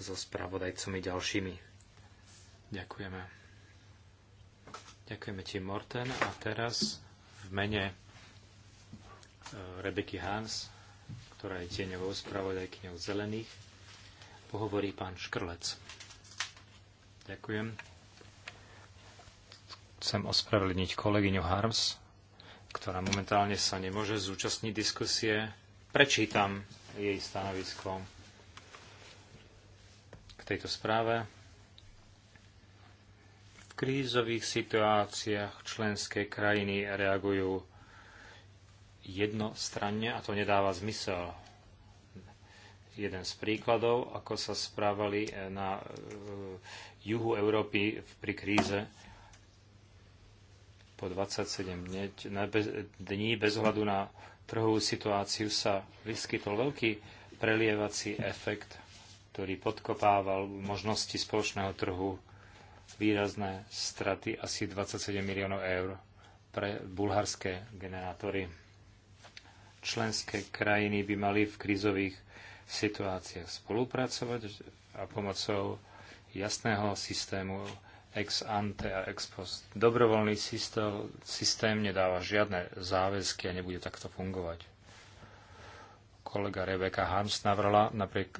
so spravodajcami ďalšími. Ďakujeme. Ďakujeme ti, Morten. A teraz v mene e, Rebeky Hans, ktorá je tieňovou spravodajkyňou zelených, pohovorí pán Škrlec. Ďakujem. Chcem ospravedlniť kolegyňu Harms, ktorá momentálne sa nemôže zúčastniť diskusie. Prečítam jej stanovisko tejto správe. V krízových situáciách členské krajiny reagujú jednostranne a to nedáva zmysel. Jeden z príkladov, ako sa správali na e, juhu Európy pri kríze po 27 dní bez ohľadu na trhovú situáciu sa vyskytol veľký prelievací efekt ktorý podkopával možnosti spoločného trhu výrazné straty asi 27 miliónov eur pre bulharské generátory. Členské krajiny by mali v krízových situáciách spolupracovať a pomocou jasného systému ex ante a ex post. Dobrovoľný systém, systém nedáva žiadne záväzky a nebude takto fungovať. Kolega Rebeka Harms navrhla napriek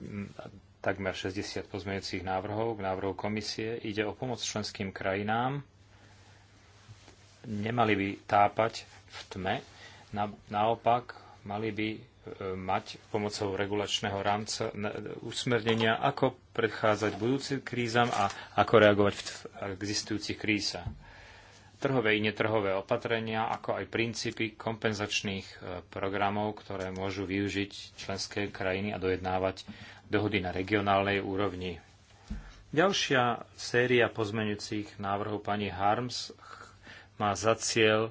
takmer 60 pozmeňujúcich návrhov k návrhu komisie. Ide o pomoc členským krajinám. Nemali by tápať v tme, Na, naopak mali by e, mať pomocou regulačného rámca e, usmernenia, ako predchádzať budúcim krízam a ako reagovať v existujúcich krízach. Trhové i netrhové opatrenia, ako aj princípy kompenzačných e, programov, ktoré môžu využiť členské krajiny a dojednávať dohody na regionálnej úrovni. Ďalšia séria pozmeňujúcich návrhov pani Harms má za cieľ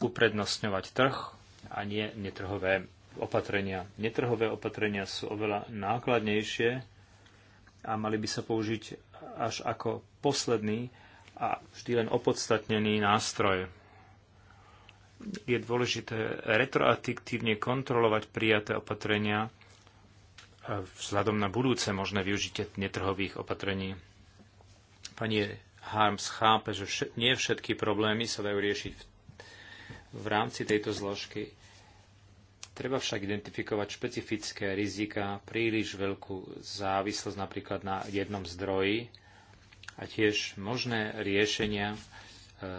uprednostňovať trh a nie netrhové opatrenia. Netrhové opatrenia sú oveľa nákladnejšie a mali by sa použiť až ako posledný a vždy len opodstatnený nástroj. Je dôležité retroaktívne kontrolovať prijaté opatrenia vzhľadom na budúce možné využitie netrhových opatrení. Pani Harms chápe, že všet, nie všetky problémy sa dajú riešiť v, v rámci tejto zložky. Treba však identifikovať špecifické rizika, príliš veľkú závislosť napríklad na jednom zdroji a tiež možné riešenia e,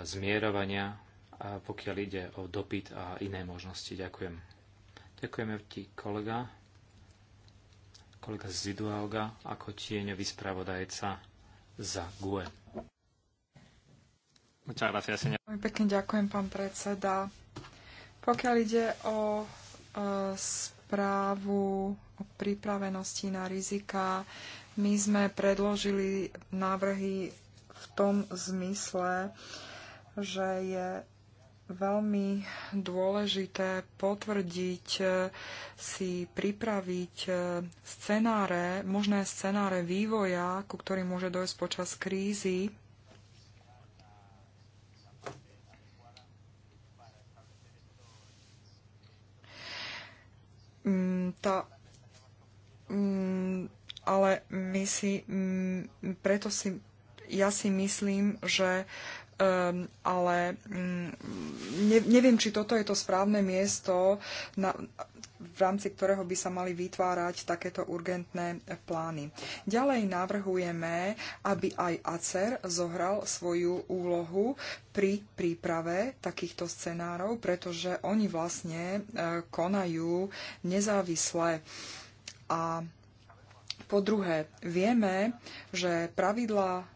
zmierovania, a pokiaľ ide o dopyt a iné možnosti. Ďakujem. Ďakujeme ti, kolega kolega Zidualga ako tieňový spravodajca za GUE. Pekne ďakujem, pán predseda. Pokiaľ ide o e, správu o pripravenosti na rizika, my sme predložili návrhy v tom zmysle, že je veľmi dôležité potvrdiť eh, si, pripraviť eh, scenáre, možné scenáre vývoja, ku ktorým môže dojsť počas krízy. Mm, tá, mm, ale my si, mm, preto si, ja si myslím, že um, ale um, ne, neviem, či toto je to správne miesto, na, v rámci ktorého by sa mali vytvárať takéto urgentné plány. Ďalej navrhujeme, aby aj ACER zohral svoju úlohu pri príprave takýchto scenárov, pretože oni vlastne uh, konajú nezávisle. A po druhé, vieme, že pravidlá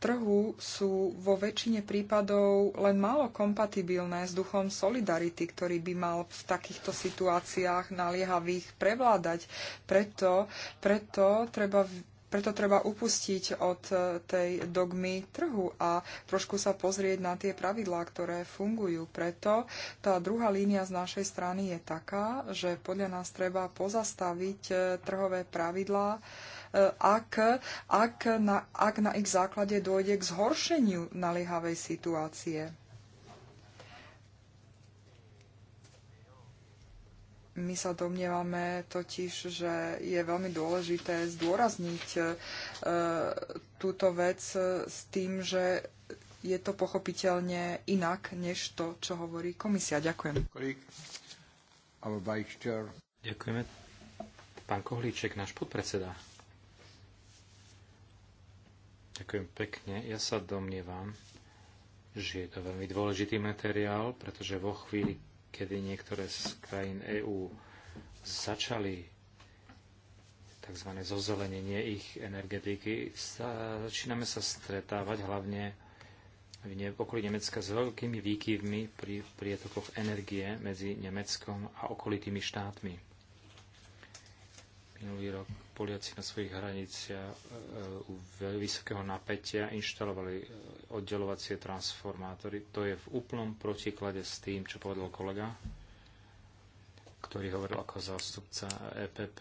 trhu sú vo väčšine prípadov len málo kompatibilné s duchom solidarity, ktorý by mal v takýchto situáciách naliehavých prevládať. Preto, preto treba preto treba upustiť od e, tej dogmy trhu a trošku sa pozrieť na tie pravidlá, ktoré fungujú. Preto tá druhá línia z našej strany je taká, že podľa nás treba pozastaviť e, trhové pravidlá, ak, ak, na, ak na ich základe dôjde k zhoršeniu naliehavej situácie. My sa domnievame totiž, že je veľmi dôležité zdôrazniť e, túto vec e, s tým, že je to pochopiteľne inak, než to, čo hovorí komisia. Ďakujem. Ďakujeme. Pán Kohlíček, náš podpredseda. Ďakujem pekne. Ja sa domnievam, že je to veľmi dôležitý materiál, pretože vo chvíli, kedy niektoré z krajín EÚ začali tzv. zozelenenie ich energetiky, sa, začíname sa stretávať hlavne v ne, okolí Nemecka s veľkými výkyvmi pri prietokoch energie medzi Nemeckom a okolitými štátmi. Minulý rok Poliaci na svojich hraniciach e, e, u vysokého napätia inštalovali e, oddelovacie transformátory. To je v úplnom protiklade s tým, čo povedal kolega, ktorý hovoril ako zástupca EPP.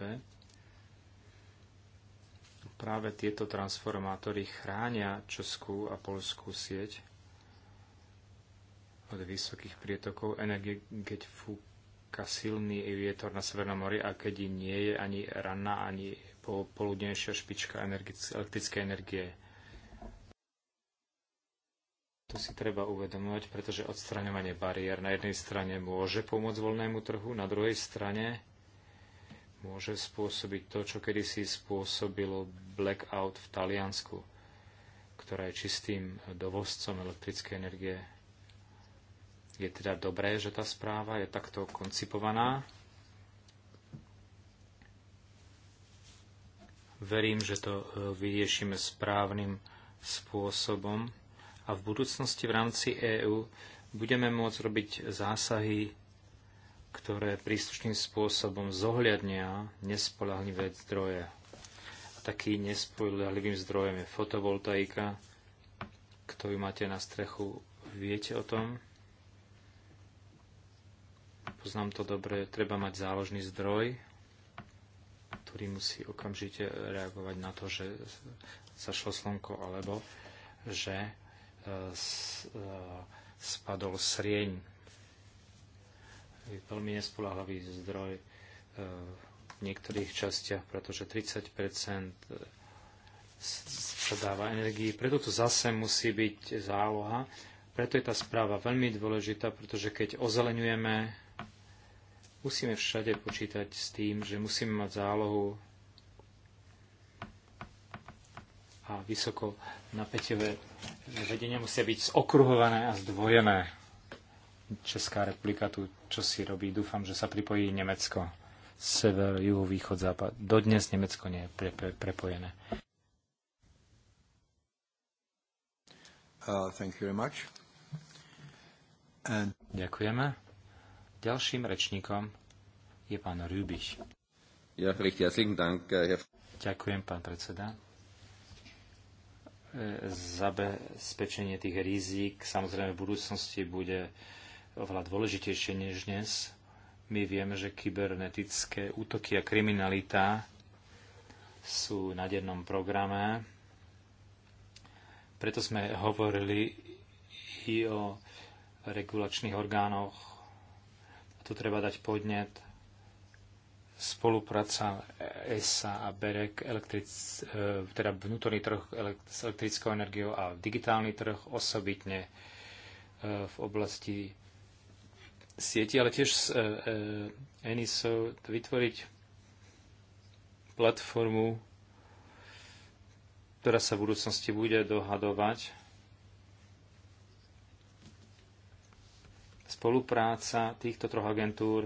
Práve tieto transformátory chránia Českú a Polskú sieť od vysokých prietokov energie, keď fúk aká silný vietor na Severnom mori a keď nie je ani ranná, ani poludnejšia špička elektrické elektrickej energie. To si treba uvedomovať, pretože odstraňovanie bariér na jednej strane môže pomôcť voľnému trhu, na druhej strane môže spôsobiť to, čo kedysi spôsobilo blackout v Taliansku, ktorá je čistým dovozcom elektrickej energie je teda dobré, že tá správa je takto koncipovaná. Verím, že to e, vyriešime správnym spôsobom a v budúcnosti v rámci EÚ budeme môcť robiť zásahy, ktoré príslušným spôsobom zohľadnia nespolahlivé zdroje. A taký nespolahlivým zdrojom je fotovoltaika, vy máte na strechu. Viete o tom? poznám to dobre, treba mať záložný zdroj, ktorý musí okamžite reagovať na to, že zašlo slnko alebo že e, e, spadol srieň. Je veľmi nespolahlavý zdroj e, v niektorých častiach, pretože 30 sa dáva energii. Preto tu zase musí byť záloha. Preto je tá správa veľmi dôležitá, pretože keď ozeleňujeme Musíme všade počítať s tým, že musíme mať zálohu a vysoko napätevé vedenia musia byť zokruhované a zdvojené. Česká republika tu čo si robí. Dúfam, že sa pripojí Nemecko. Sever, juhu, východ, západ. Dodnes Nemecko nie je pre, pre, prepojené. Uh, thank you very much. And... Ďakujeme. Ďalším rečníkom je pán Rübich. Ja, herzlichen Dank, äh, Herr... Ďakujem, pán predseda. Äh, zabezpečenie tých rizík samozrejme v budúcnosti bude oveľa dôležitejšie než dnes. My vieme, že kybernetické útoky a kriminalita sú na dennom programe. Preto sme hovorili i o regulačných orgánoch tu treba dať podnet spolupráca ESA a BEREK, elektric, e, teda vnútorný trh s elektrickou energiou a digitálny trh osobitne e, v oblasti sieti, ale tiež s e, ENISO vytvoriť platformu, ktorá sa v budúcnosti bude dohadovať Spolupráca týchto troch agentúr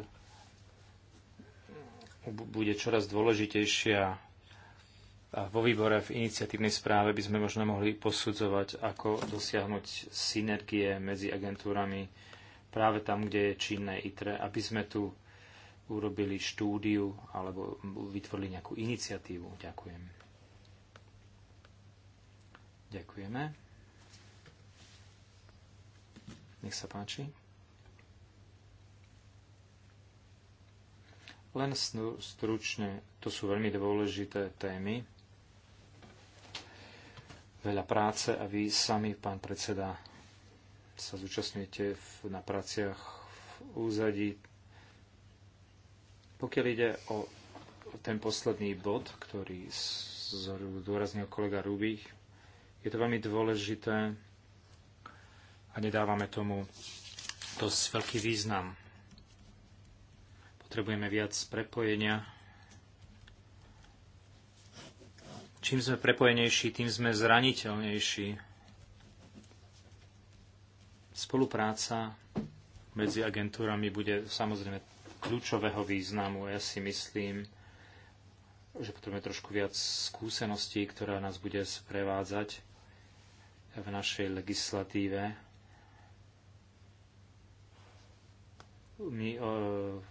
bude čoraz dôležitejšia a vo výbore v iniciatívnej správe by sme možno mohli posudzovať, ako dosiahnuť synergie medzi agentúrami práve tam, kde je činné ITRE, aby sme tu urobili štúdiu alebo vytvorili nejakú iniciatívu. Ďakujem. Ďakujeme. Nech sa páči. Len stručne, to sú veľmi dôležité témy. Veľa práce a vy sami, pán predseda, sa zúčastňujete na práciach v úzadí. Pokiaľ ide o ten posledný bod, ktorý zdôraznil kolega Rubich, je to veľmi dôležité a nedávame tomu dosť veľký význam potrebujeme viac prepojenia. Čím sme prepojenejší, tým sme zraniteľnejší. Spolupráca medzi agentúrami bude samozrejme kľúčového významu. Ja si myslím, že potrebujeme trošku viac skúseností, ktorá nás bude sprevádzať v našej legislatíve My e,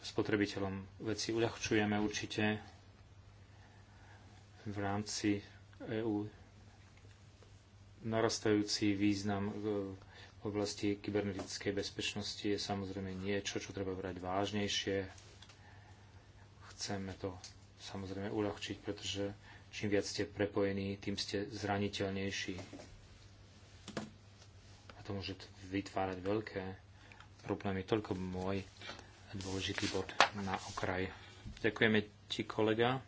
spotrebiteľom veci uľahčujeme určite v rámci EÚ narastajúci význam e, v oblasti kybernetickej bezpečnosti je samozrejme niečo, čo treba brať vážnejšie. Chceme to samozrejme uľahčiť, pretože čím viac ste prepojení, tým ste zraniteľnejší. A to môže vytvárať veľké problémy. Toľko môj dôležitý bod na okraj. Ďakujeme ti, kolega.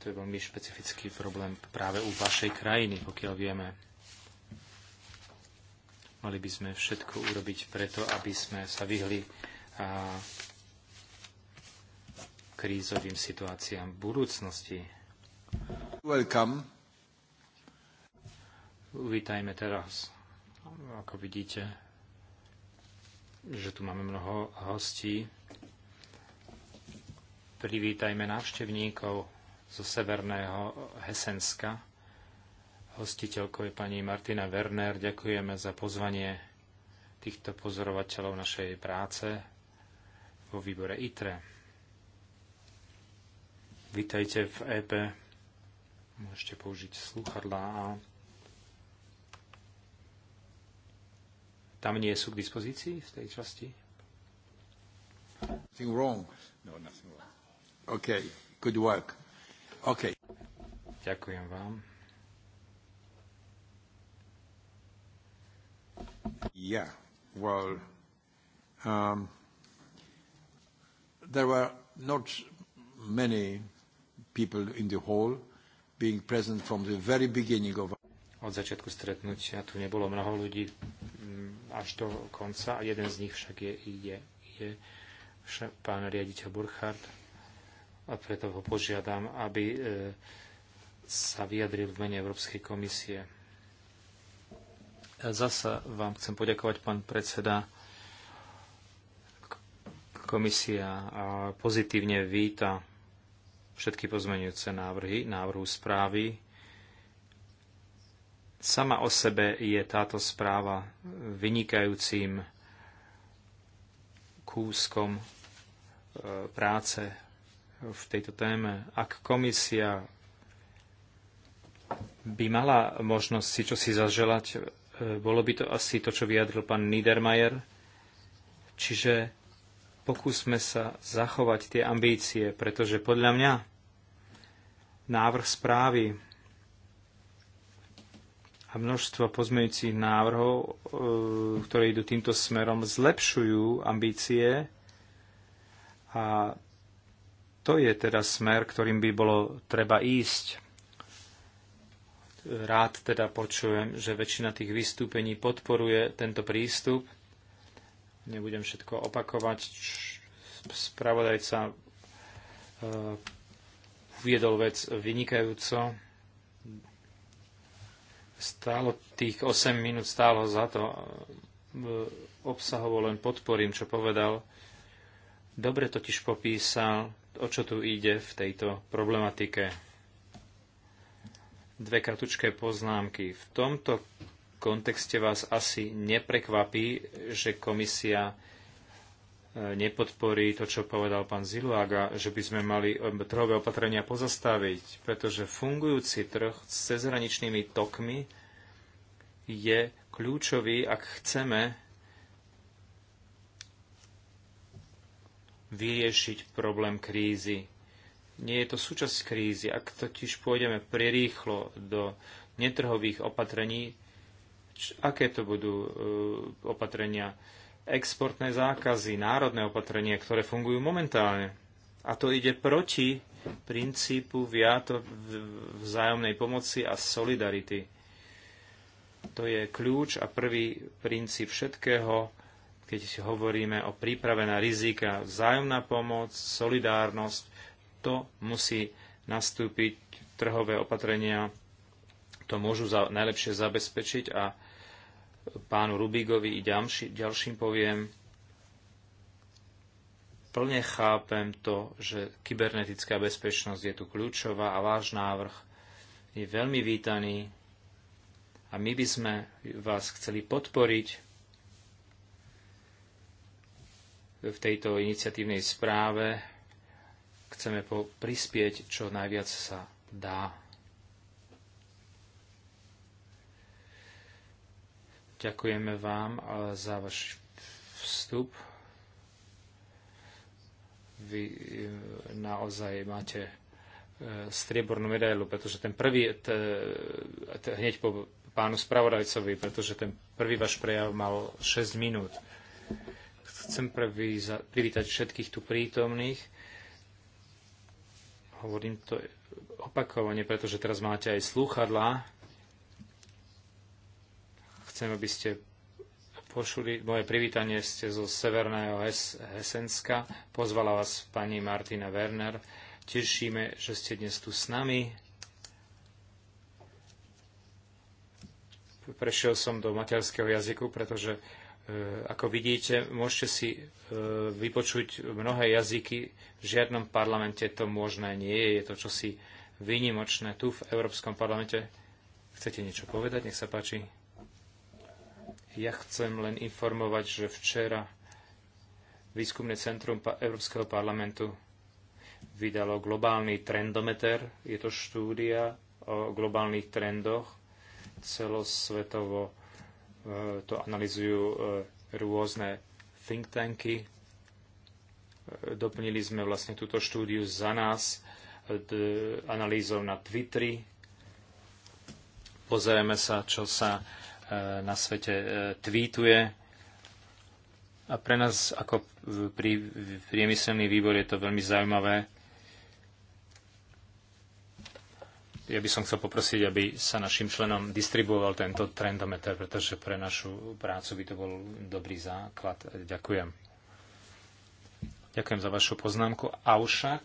To je veľmi špecifický problém práve u vašej krajiny, pokiaľ vieme. Mali by sme všetko urobiť preto, aby sme sa vyhli a krízovým situáciám v budúcnosti. Welcome. Uvítajme teraz No, ako vidíte, že tu máme mnoho hostí. Privítajme návštevníkov zo severného Hesenska. Hostiteľkou je pani Martina Werner. Ďakujeme za pozvanie týchto pozorovateľov našej práce vo výbore ITRE. Vítajte v EP. Môžete použiť sluchadlá a tam nie sú k dispozícii v tej časti? Nothing wrong. No, nothing wrong. OK, good work. OK. Ďakujem vám. Yeah, well, um, there were not many people in the hall being present from the very beginning of Od začiatku stretnutia tu nebolo mnoho ľudí až do konca a jeden z nich však je, je, je pán riaditeľ Burchard a preto ho požiadam, aby e, sa vyjadril v mene Európskej komisie. zasa vám chcem poďakovať, pán predseda. Komisia pozitívne víta všetky pozmenujúce návrhy, návrhu správy, Sama o sebe je táto správa vynikajúcim kúskom e, práce v tejto téme. Ak komisia by mala možnosť si čo si zaželať, e, bolo by to asi to, čo vyjadril pán Niedermayer, čiže pokúsme sa zachovať tie ambície, pretože podľa mňa návrh správy a množstvo pozmeňujúcich návrhov, e, ktoré idú týmto smerom, zlepšujú ambície a to je teda smer, ktorým by bolo treba ísť. Rád teda počujem, že väčšina tých vystúpení podporuje tento prístup. Nebudem všetko opakovať. Spravodajca e, uviedol vec vynikajúco Stálo tých 8 minút stálo za to. E, obsahovo len podporím, čo povedal. Dobre totiž popísal, o čo tu ide v tejto problematike. Dve kratučké poznámky. V tomto kontexte vás asi neprekvapí, že komisia nepodporí to, čo povedal pán Ziluaga, že by sme mali e, trhové opatrenia pozastaviť, pretože fungujúci trh s cezhraničnými tokmi je kľúčový, ak chceme vyriešiť problém krízy. Nie je to súčasť krízy. Ak totiž pôjdeme prirýchlo do netrhových opatrení, aké to budú e, opatrenia? exportné zákazy, národné opatrenia, ktoré fungujú momentálne. A to ide proti princípu viato vzájomnej pomoci a solidarity. To je kľúč a prvý princíp všetkého, keď hovoríme o príprave na rizika. Vzájomná pomoc, solidárnosť, to musí nastúpiť trhové opatrenia, to môžu za, najlepšie zabezpečiť a pánu Rubigovi i ďalší, ďalším poviem, plne chápem to, že kybernetická bezpečnosť je tu kľúčová a váš návrh je veľmi vítaný a my by sme vás chceli podporiť v tejto iniciatívnej správe. Chceme prispieť, čo najviac sa dá. Ďakujeme vám eh, za váš vstup. Vy eh, naozaj máte eh, striebornú medailu, pretože ten prvý, t, t, hneď po pánu spravodajcovi, pretože ten prvý váš prejav mal 6 minút. Chcem prvý za, privítať všetkých tu prítomných. Hovorím to opakovane, pretože teraz máte aj slúchadlá, Chcem, aby ste pošuli moje privítanie. Ste zo Severného Hes- Hesenska. Pozvala vás pani Martina Werner. Tešíme, že ste dnes tu s nami. Prešiel som do materského jazyku, pretože e, ako vidíte, môžete si e, vypočuť mnohé jazyky. V žiadnom parlamente to možné nie je. Je to čosi výnimočné. Tu v Európskom parlamente chcete niečo povedať? Nech sa páči. Ja chcem len informovať, že včera Výskumné centrum Európskeho parlamentu vydalo globálny trendometer. Je to štúdia o globálnych trendoch. Celosvetovo e, to analizujú e, rôzne think tanky. E, doplnili sme vlastne túto štúdiu za nás analýzou na Twitteri. Pozrieme sa, čo sa Eh, na svete eh, tweetuje. A pre nás ako prí, priemyselný výbor je to veľmi zaujímavé. Ja by som chcel poprosiť, aby sa našim členom distribuoval tento trendometer, pretože pre našu prácu by to bol dobrý základ. Ďakujem. Ďakujem za vašu poznámku. Avšak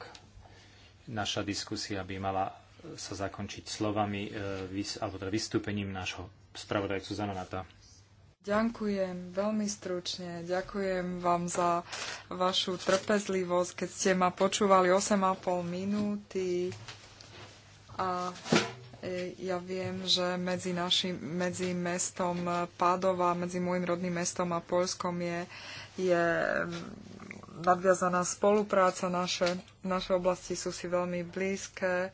naša diskusia by mala sa zakončiť slovami, eh, alebo teda vystúpením nášho spravodajcu Zananata. Ďakujem veľmi stručne. Ďakujem vám za vašu trpezlivosť, keď ste ma počúvali 8,5 minúty. A e, ja viem, že medzi, našim, medzi mestom Padova, medzi môjim rodným mestom a Polskom je, je nadviazaná spolupráca. Naše, naše oblasti sú si veľmi blízke.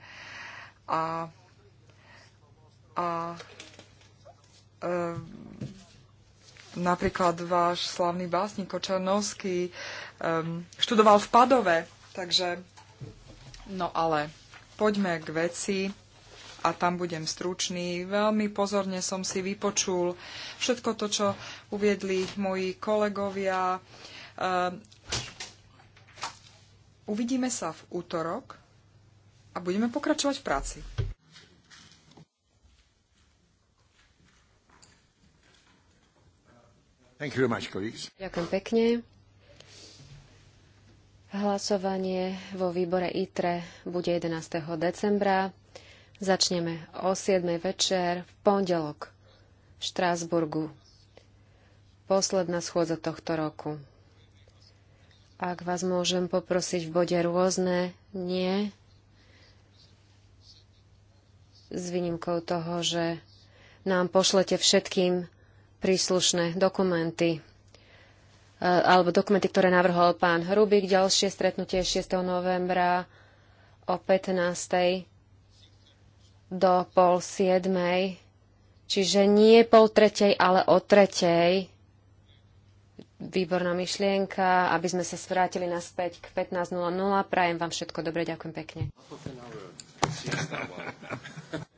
A, a Ehm, napríklad váš slavný básnik Kočarnovský e, ehm, študoval v Padove, takže no ale poďme k veci a tam budem stručný. Veľmi pozorne som si vypočul všetko to, čo uviedli moji kolegovia. E, uvidíme sa v útorok a budeme pokračovať v práci. Much, Ďakujem pekne. Hlasovanie vo výbore ITRE bude 11. decembra. Začneme o 7. večer v pondelok v Štrásburgu. Posledná schôdza tohto roku. Ak vás môžem poprosiť v bode rôzne, nie. S výnimkou toho, že nám pošlete všetkým príslušné dokumenty e, alebo dokumenty, ktoré navrhol pán Hrubík. Ďalšie stretnutie 6. novembra o 15. do pol 7. Čiže nie pol tretej, ale o tretej. Výborná myšlienka, aby sme sa vrátili naspäť k 15.00. Prajem vám všetko dobre, ďakujem pekne.